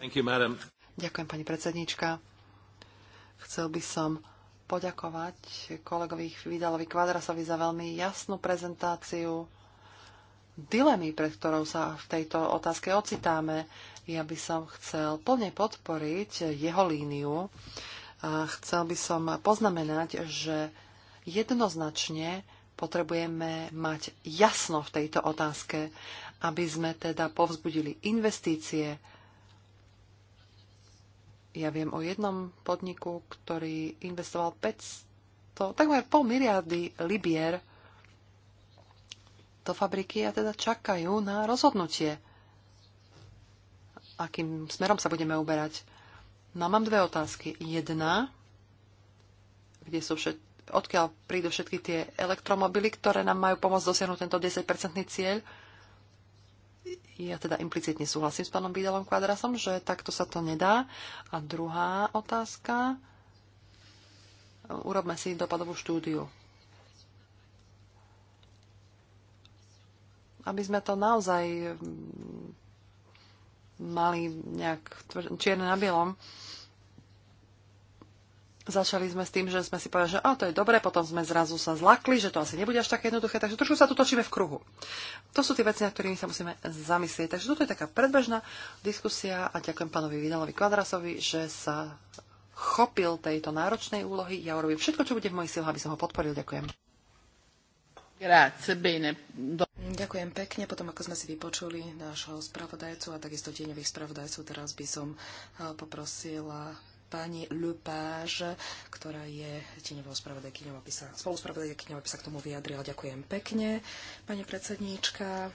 Ďakujem, pani predsedníčka. Chcel by som poďakovať kolegovi Vidalovi Kvadrasovi za veľmi jasnú prezentáciu dilemy, pred ktorou sa v tejto otázke ocitáme. Ja by som chcel plne podporiť jeho líniu. A chcel by som poznamenať, že jednoznačne potrebujeme mať jasno v tejto otázke, aby sme teda povzbudili investície, ja viem o jednom podniku, ktorý investoval 500, takmer pol miliardy libier do fabriky a teda čakajú na rozhodnutie, akým smerom sa budeme uberať. No mám dve otázky. Jedna, kde sú všet, odkiaľ prídu všetky tie elektromobily, ktoré nám majú pomôcť dosiahnuť tento 10-percentný cieľ ja teda implicitne súhlasím s pánom Bídelom Kvadrasom, že takto sa to nedá. A druhá otázka. Urobme si dopadovú štúdiu. Aby sme to naozaj mm, mali nejak čierne na bielom. Začali sme s tým, že sme si povedali, že a, to je dobre, potom sme zrazu sa zlakli, že to asi nebude až také jednoduché, takže trošku sa tu točíme v kruhu. To sú tie veci, na ktorými sa musíme zamyslieť. Takže toto je taká predbežná diskusia a ďakujem pánovi Vidalovi Kvadrasovi, že sa chopil tejto náročnej úlohy. Ja urobím všetko, čo bude v mojich silách, aby som ho podporil. Ďakujem. Ďakujem pekne. Potom, ako sme si vypočuli nášho spravodajcu a takisto tieňových spravodajcov, teraz by som eh, poprosila pani Lepage, ktorá je tieňovou spravodajkyňou, aby sa, spoluspravodajkyňou, aby sa k tomu vyjadrila. Ďakujem pekne, pani predsedníčka.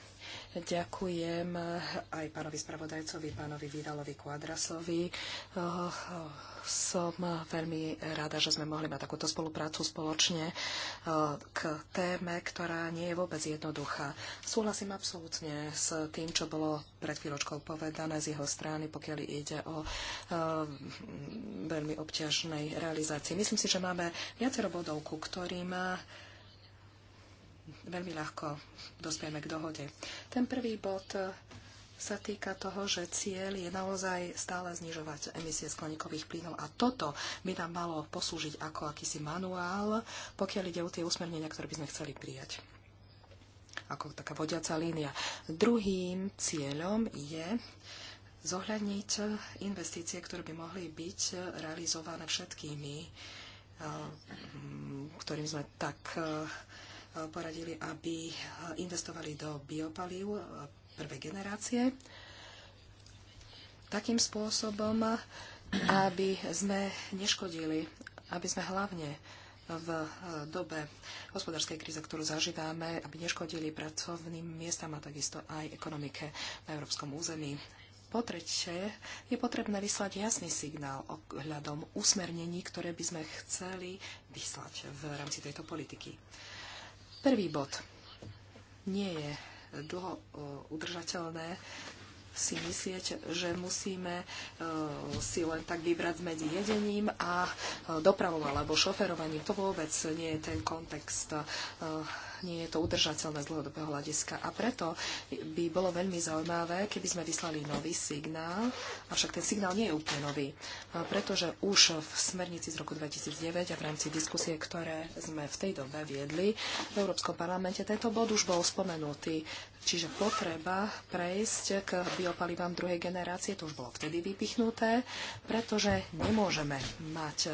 Ďakujem aj pánovi spravodajcovi, pánovi Vidalovi Kuadrasovi. Som veľmi rada, že sme mohli mať takúto spoluprácu spoločne eh, k téme, ktorá nie je vôbec jednoduchá. Súhlasím absolútne s tým, čo bolo pred chvíľočkou povedané z jeho strany, pokiaľ ide o eh, veľmi obťažnej realizácii. Myslím si, že máme viacero bodov, ku ktorým veľmi ľahko dospieme k dohode. Ten prvý bod e, sa týka toho, že cieľ je naozaj stále znižovať emisie skleníkových plynov a toto by nám malo poslúžiť ako akýsi manuál, pokiaľ ide o tie usmernenia, ktoré by sme chceli prijať ako taká vodiaca línia. Druhým cieľom je zohľadniť investície, ktoré by mohli byť realizované všetkými, e, ktorým sme tak e, poradili, aby eh, investovali do biopalív eh, prvej generácie takým spôsobom, eh, aby sme neškodili, aby sme hlavne v dobe hospodárskej kríze, ktorú zažívame, aby neškodili pracovným miestam a takisto aj ekonomike na európskom území. Po tretie, je potrebné vyslať jasný signál ohľadom usmernení, ktoré by sme chceli vyslať v rámci tejto politiky. Prvý bod. Nie je dlho uh, udržateľné si myslieť, že musíme e, si len tak vybrať medzi jedením a e, dopravou alebo šoferovaním. To vôbec nie je ten kontext e, nie je to udržateľné z dlhodobého hľadiska. A preto by bolo veľmi zaujímavé, keby sme vyslali nový signál, avšak ten signál nie je úplne nový, pretože už v smernici z roku 2009 a v rámci diskusie, ktoré sme v tej dobe viedli v Európskom parlamente, tento bod už bol spomenutý. Čiže potreba prejsť k biopalivám druhej generácie, to už bolo vtedy vypichnuté, pretože nemôžeme mať e,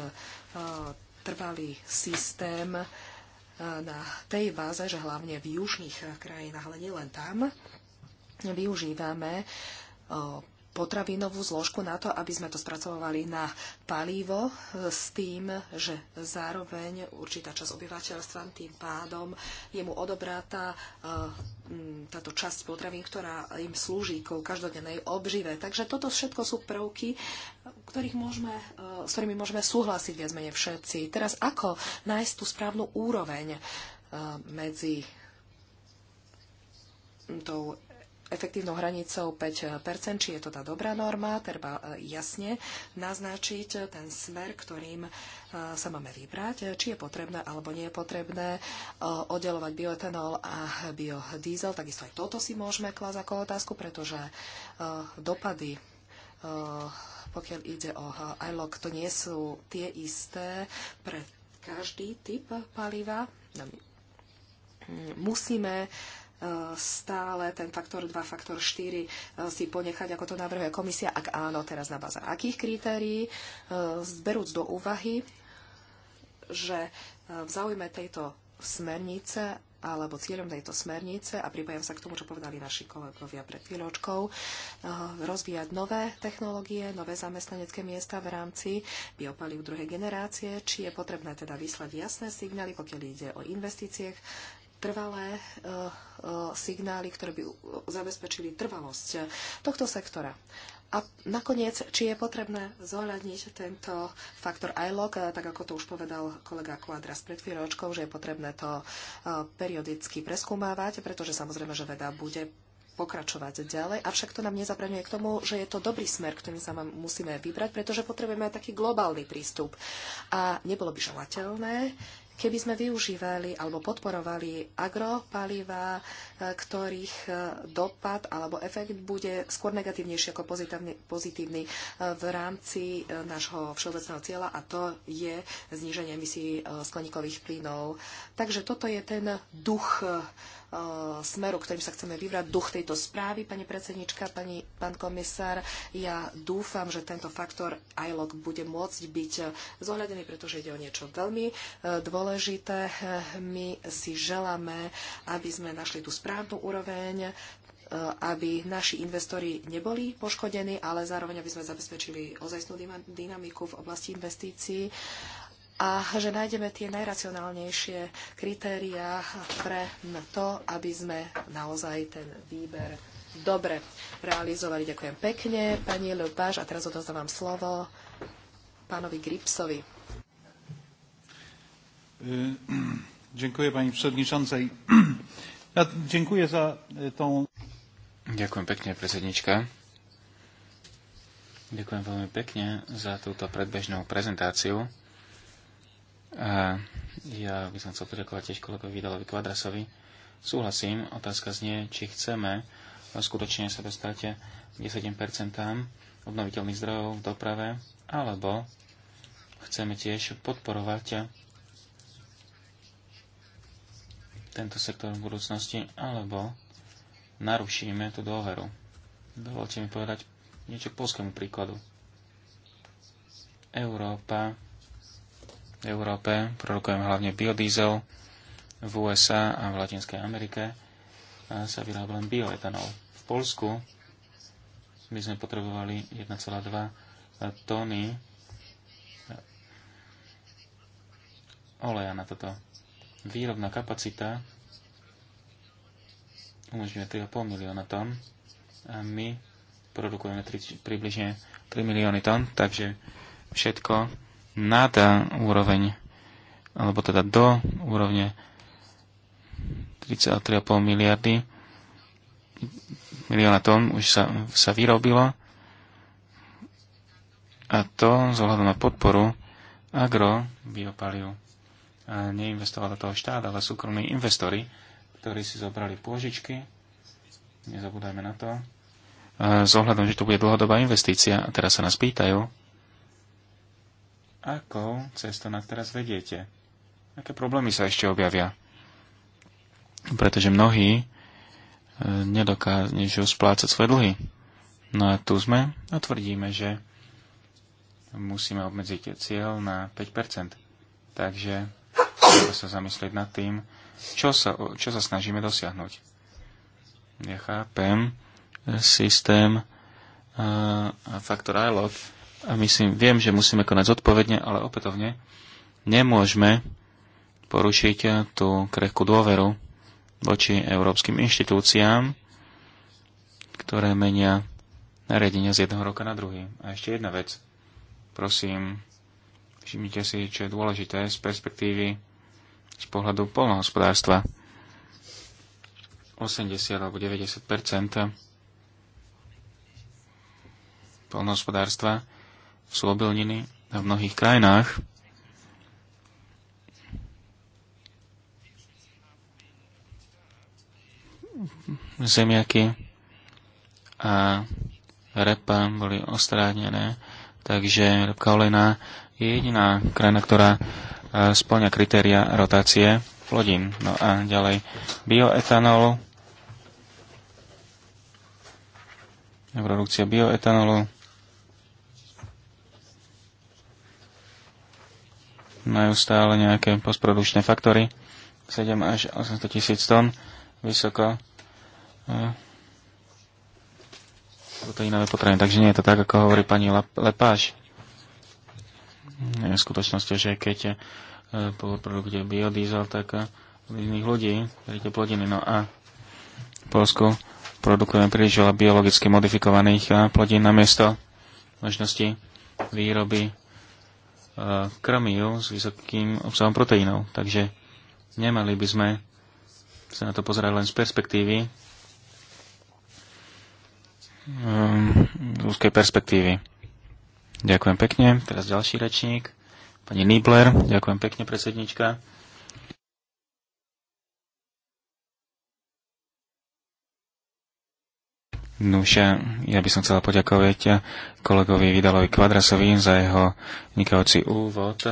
trvalý systém e, na tej báze, že hlavne v južných e, krajinách, ale nielen tam, využívame potravinovú zložku na to, aby sme to spracovali na palivo e, s tým, že zároveň určitá časť obyvateľstva tým pádom je mu odobrá e, táto časť potravín, ktorá im slúži ku každodennej obžive. Takže toto všetko sú prvky, ktorých môžeme, e, s ktorými môžeme súhlasiť viac menej všetci. Teraz ako nájsť tú správnu úroveň medzi tou efektívnou hranicou 5%, či je to tá dobrá norma, treba e, jasne naznačiť ten smer, ktorým e, sa máme vybrať, e, či je potrebné alebo nie je potrebné oddelovať bioetanol a biodiesel. Takisto aj toto si môžeme klásť ako otázku, pretože dopady pokiaľ ide o ILOC, to nie sú tie isté pre každý typ paliva. No, musíme uh, stále ten faktor 2, faktor 4 e, si ponechať, ako to navrhuje komisia? Ak áno, teraz na baza. akých kritérií, e, zberúc do úvahy, že e, v záujme tejto smernice alebo cieľom tejto smernice, a pripájam sa k tomu, čo povedali naši kolegovia pred chvíľočkou, rozvíjať nové technológie, nové zamestnanecké miesta v rámci biopalív druhej generácie, či je potrebné teda vyslať jasné signály, pokiaľ ide o investíciách trvalé eh, eh, signály, ktoré by zabezpečili trvalosť eh, tohto sektora. A nakoniec, či je potrebné zohľadniť tento faktor ILOG, tak ako to už povedal kolega Quadras pred chvíľočkou, že je potrebné to periodicky preskúmávať, pretože samozrejme, že veda bude pokračovať ďalej. Avšak to nám nezabraňuje k tomu, že je to dobrý smer, ktorým sa musíme vybrať, pretože potrebujeme aj taký globálny prístup. A nebolo by želateľné, keby sme využívali alebo podporovali agropalivá, e, ktorých e, dopad alebo efekt bude skôr negatívnejší ako pozitívny, pozitívny e, v rámci nášho všeobecného cieľa a to je zníženie emisí skleníkových plynov. Takže toto je ten duch Eh, smeru, ktorým sa chceme vyvrať, duch tejto správy, pani predsednička, pani, pán komisár. Ja dúfam, že tento faktor ILOG bude môcť byť eh, zohľadený, pretože ide o niečo veľmi eh, dôležité. My si želáme, aby sme našli tú správnu úroveň aby naši investori neboli poškodení, ale zároveň aby sme zabezpečili ozajstnú dynamiku v oblasti investícií a že nájdeme tie najracionálnejšie kritériá pre to, aby sme naozaj ten výber dobre realizovali. Ďakujem pekne, pani Lepáš, a teraz odozdávam slovo pánovi Gripsovi. E, dziękuję pani przewodniczącej. Ja dziękuję za e, tą... Ďakujem pekne, przewodniczka. Ďakujem veľmi pekne za túto predbežnú prezentáciu. A ja by som chcel poďakovať tiež kolegovi Vidalovi Kvadrasovi. Súhlasím, otázka znie, či chceme skutočne sa dostať 10% obnoviteľných zdrojov v doprave, alebo chceme tiež podporovať tento sektor v budúcnosti, alebo narušíme tú dôveru. Dovolte mi povedať niečo k polskému príkladu. Európa v Európe, produkujeme hlavne biodiesel, v USA a v Latinskej Amerike sa vyrába len bioetanol. V Polsku by sme potrebovali 1,2 tóny oleja na toto. Výrobná kapacita umožňuje 3,5 milióna tón a my produkujeme 3, približne 3 milióny tón, takže všetko nad úroveň, alebo teda do úrovne 33,5 miliardy milióna tón už sa, sa vyrobilo a to z ohľadom na podporu agro biopaliu. A neinvestoval do toho štát, ale súkromní investori, ktorí si zobrali pôžičky, nezabúdajme na to, s ohľadom, že to bude dlhodobá investícia. A teraz sa nás pýtajú, ako cestou na teraz vediete? Aké problémy sa ešte objavia? Pretože mnohí e, nedokážu splácať svoje dlhy. No a tu sme a tvrdíme, že musíme obmedziť cieľ na 5%. Takže treba sa zamyslieť nad tým, čo sa, čo sa snažíme dosiahnuť. Ja chápem systém e, a faktor ILOG, a myslím, viem, že musíme konať zodpovedne, ale opätovne nemôžeme porušiť tú krehkú dôveru voči európskym inštitúciám, ktoré menia nariadenia z jedného roka na druhý. A ešte jedna vec. Prosím, všimnite si, čo je dôležité z perspektívy z pohľadu polnohospodárstva. 80 alebo 90 polnohospodárstva sú obilniny a v mnohých krajinách zemiaky a repa boli ostrádnené, takže repka olejná je jediná krajina, ktorá e, splňa kritéria rotácie plodín. No a ďalej bioetanol, produkcia bioetanolu, majú stále nejaké postprodukčné faktory, 7 až 800 tisíc tón, vysoko proteinové potraviny. Takže nie je to tak, ako hovorí pani Lepáš. V skutočnosti, že keď e, produkt je biodiesel, tak e, iných ľudí, veríte plodiny. No a v Polsku produkujeme príliš veľa biologicky modifikovaných e, plodín namiesto možnosti výroby krmiv s vysokým obsahom proteínov. Takže nemali by sme sa na to pozerať len z perspektívy um, z úzkej perspektívy. Ďakujem pekne. Teraz ďalší rečník. Pani Nibler, ďakujem pekne, predsednička. Nuž, ja by som chcela poďakovať kolegovi Vidalovi Kvadrasovi za jeho vynikajúci úvod.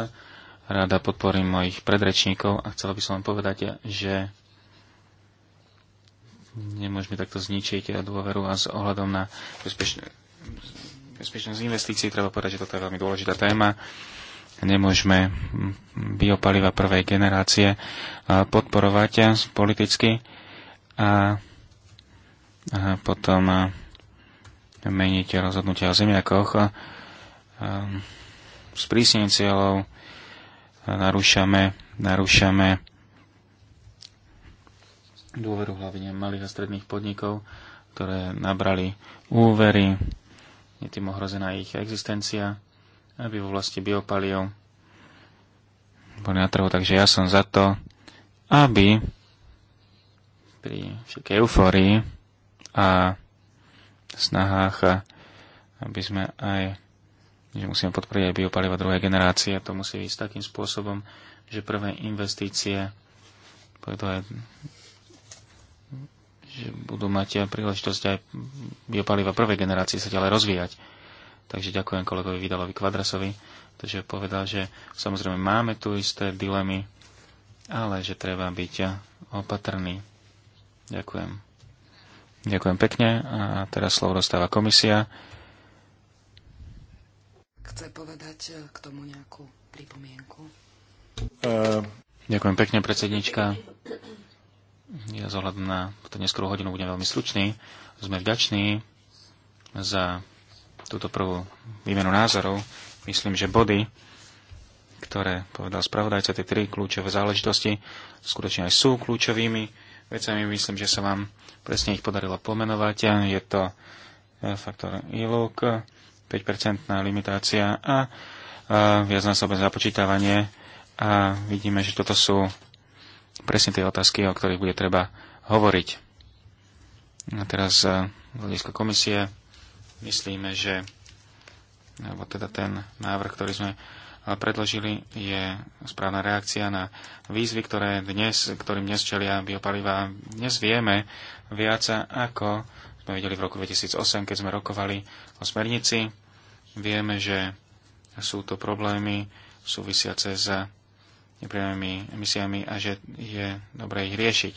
Rada podporím mojich predrečníkov a chcela by som vám povedať, že nemôžeme takto zničiť dôveru a s ohľadom na bezpečnosť investícií treba povedať, že toto je veľmi dôležitá téma. Nemôžeme biopaliva prvej generácie podporovať politicky a potom eh, meniť rozhodnutia o zemiakoch. Eh, prísnením cieľov eh, narúšame, narúšame dôveru hlavne malých a stredných podnikov, ktoré nabrali úvery, je tým ohrozená ich existencia, aby vo vlasti biopaliev boli na trhu. Takže ja som za to, aby pri všetkej eufórii a snahách, aby sme aj že musíme podporiť aj biopaliva druhej generácie. To musí ísť takým spôsobom, že prvé investície aj, že budú mať príležitosť aj biopaliva prvej generácie sa ďalej rozvíjať. Takže ďakujem kolegovi Vidalovi Kvadrasovi, pretože povedal, že samozrejme máme tu isté dilemy, ale že treba byť opatrný. Ďakujem. Ďakujem pekne a teraz slovo dostáva komisia. Chce povedať e, k tomu nejakú pripomienku? Uh... Ďakujem pekne, predsednička. Ja zohľadom na tú neskorú hodinu budem veľmi stručný. Sme vďační za túto prvú výmenu názorov. Myslím, že body, ktoré povedal spravodajca, tie tri kľúčové záležitosti, skutočne aj sú kľúčovými vecami. Myslím, že sa vám presne ich podarilo pomenovať. Je to eh, faktor ILUK, 5-percentná limitácia a eh, viacnásobné započítavanie. A vidíme, že toto sú presne tie otázky, o ktorých bude treba hovoriť. A teraz eh, z hľadiska komisie myslíme, že alebo teda ten návrh, ktorý sme predložili, je správna reakcia na výzvy, ktoré dnes, ktorým dnes čelia biopalivá. Dnes vieme viac ako sme videli v roku 2008, keď sme rokovali o smernici. Vieme, že sú to problémy súvisiace s nepriamými emisiami a že je dobré ich riešiť.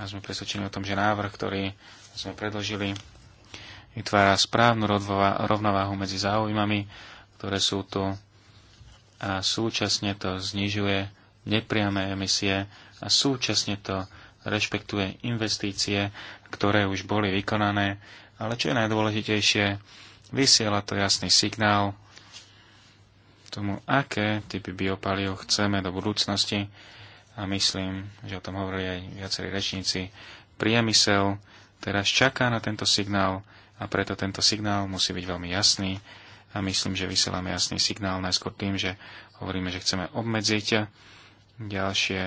A sme presvedčení o tom, že návrh, ktorý sme predložili, vytvára správnu rovnováhu medzi záujmami ktoré sú tu a súčasne to znižuje nepriame emisie a súčasne to rešpektuje investície, ktoré už boli vykonané, ale čo je najdôležitejšie, vysiela to jasný signál tomu, aké typy biopalív chceme do budúcnosti a myslím, že o tom hovorili aj viacerí rečníci, priemysel teraz čaká na tento signál a preto tento signál musí byť veľmi jasný a myslím, že vysielame jasný signál najskôr tým, že hovoríme, že chceme obmedziť ďalšie,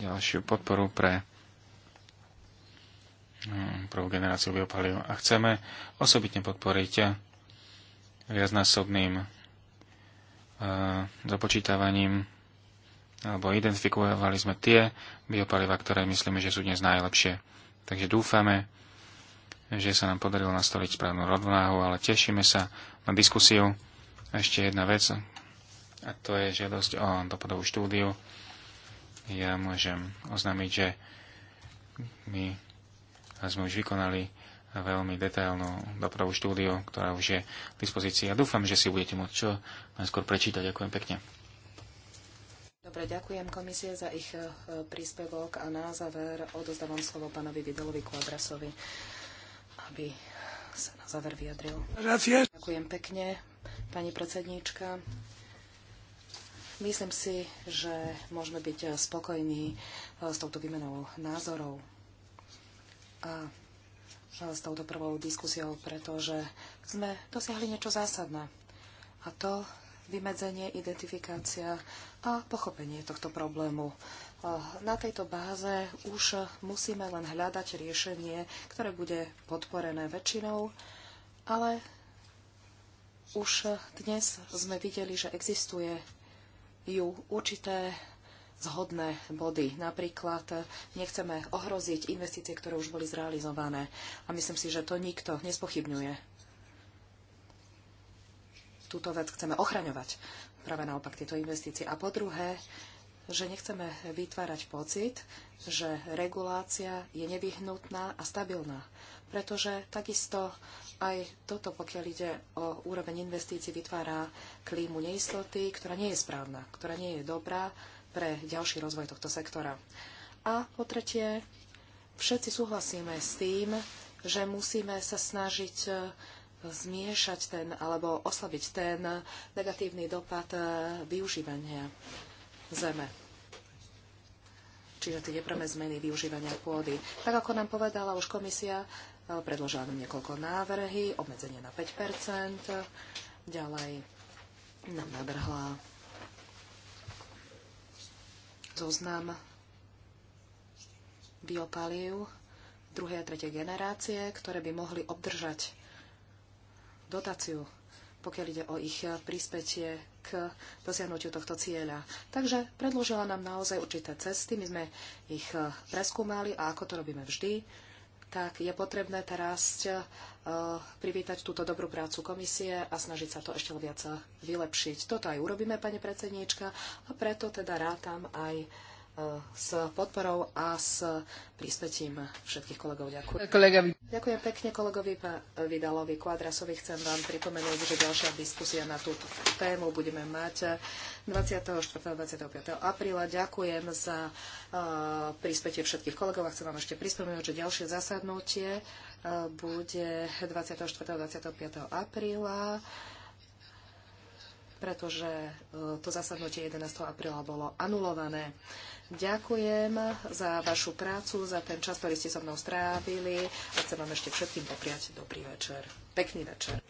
ďalšiu podporu pre prvú generáciu biopalív a chceme osobitne podporiť viacnásobným započítavaním alebo identifikovali sme tie biopaliva, ktoré myslíme, že sú dnes najlepšie. Takže dúfame, že sa nám podarilo nastoliť správnu rovnáhu, ale tešíme sa na diskusiu. Ešte jedna vec, a to je žiadosť o dopadovú štúdiu. Ja môžem oznámiť, že my sme už vykonali veľmi detailnú dopravu štúdiu, ktorá už je k dispozícii. Ja dúfam, že si budete môcť čo najskôr prečítať. Ďakujem pekne. Dobre, ďakujem komisie za ich e, príspevok a na záver odozdávam slovo pánovi Videlovi Kvadrasovi aby sa na záver vyjadril. Gracias. Ďakujem pekne, pani predsedníčka. Myslím si, že môžeme byť spokojní e, s touto výmenou názorov a e, s touto prvou diskusiou, pretože sme dosiahli niečo zásadné. A to vymedzenie, identifikácia a pochopenie tohto problému na tejto báze už musíme len hľadať riešenie, ktoré bude podporené väčšinou, ale už dnes sme videli, že existuje ju určité zhodné body. Napríklad nechceme ohroziť investície, ktoré už boli zrealizované. A myslím si, že to nikto nespochybňuje. Túto vec chceme ochraňovať. Práve naopak tieto investície. A po druhé, že nechceme vytvárať pocit, že regulácia je nevyhnutná a stabilná, pretože takisto aj toto, pokiaľ ide o úroveň investícií, vytvára klímu neistoty, ktorá nie je správna, ktorá nie je dobrá pre ďalší rozvoj tohto sektora. A po tretie, všetci súhlasíme s tým, že musíme sa snažiť e, zmiešať ten alebo oslabiť ten negatívny dopad e, využívania zeme. Čiže tie nepreme zmeny využívania pôdy. Tak ako nám povedala už komisia, eh, predložila nám niekoľko návrhy, obmedzenie na 5 ďalej nám navrhla zoznam biopalív druhej a tretej generácie, ktoré by mohli obdržať dotáciu, pokiaľ ide o ich prispätie k dosiahnutiu tohto cieľa. Takže predložila nám naozaj určité cesty, my sme ich e, preskúmali a ako to robíme vždy, tak je potrebné teraz e, privítať túto dobrú prácu komisie a snažiť sa to ešte viac e, vylepšiť. Toto aj urobíme, pani predsedníčka, a preto teda rátam aj s podporou a s príspetím všetkých kolegov. Ďakujem. Kolegovi. Ďakujem pekne kolegovi Vidalovi Kvadrasovi. Chcem vám pripomenúť, že ďalšia diskusia na túto tému budeme mať 24. 25. apríla. Ďakujem za e, príspetie všetkých kolegov a chcem vám ešte pripomenúť, že ďalšie zasadnutie e, bude 24. a 25. apríla pretože e, to zasadnutie 11. apríla bolo anulované. Ďakujem za vašu prácu, za ten čas, ktorý ste so mnou strávili a chcem vám ešte všetkým popriať dobrý večer. Pekný večer.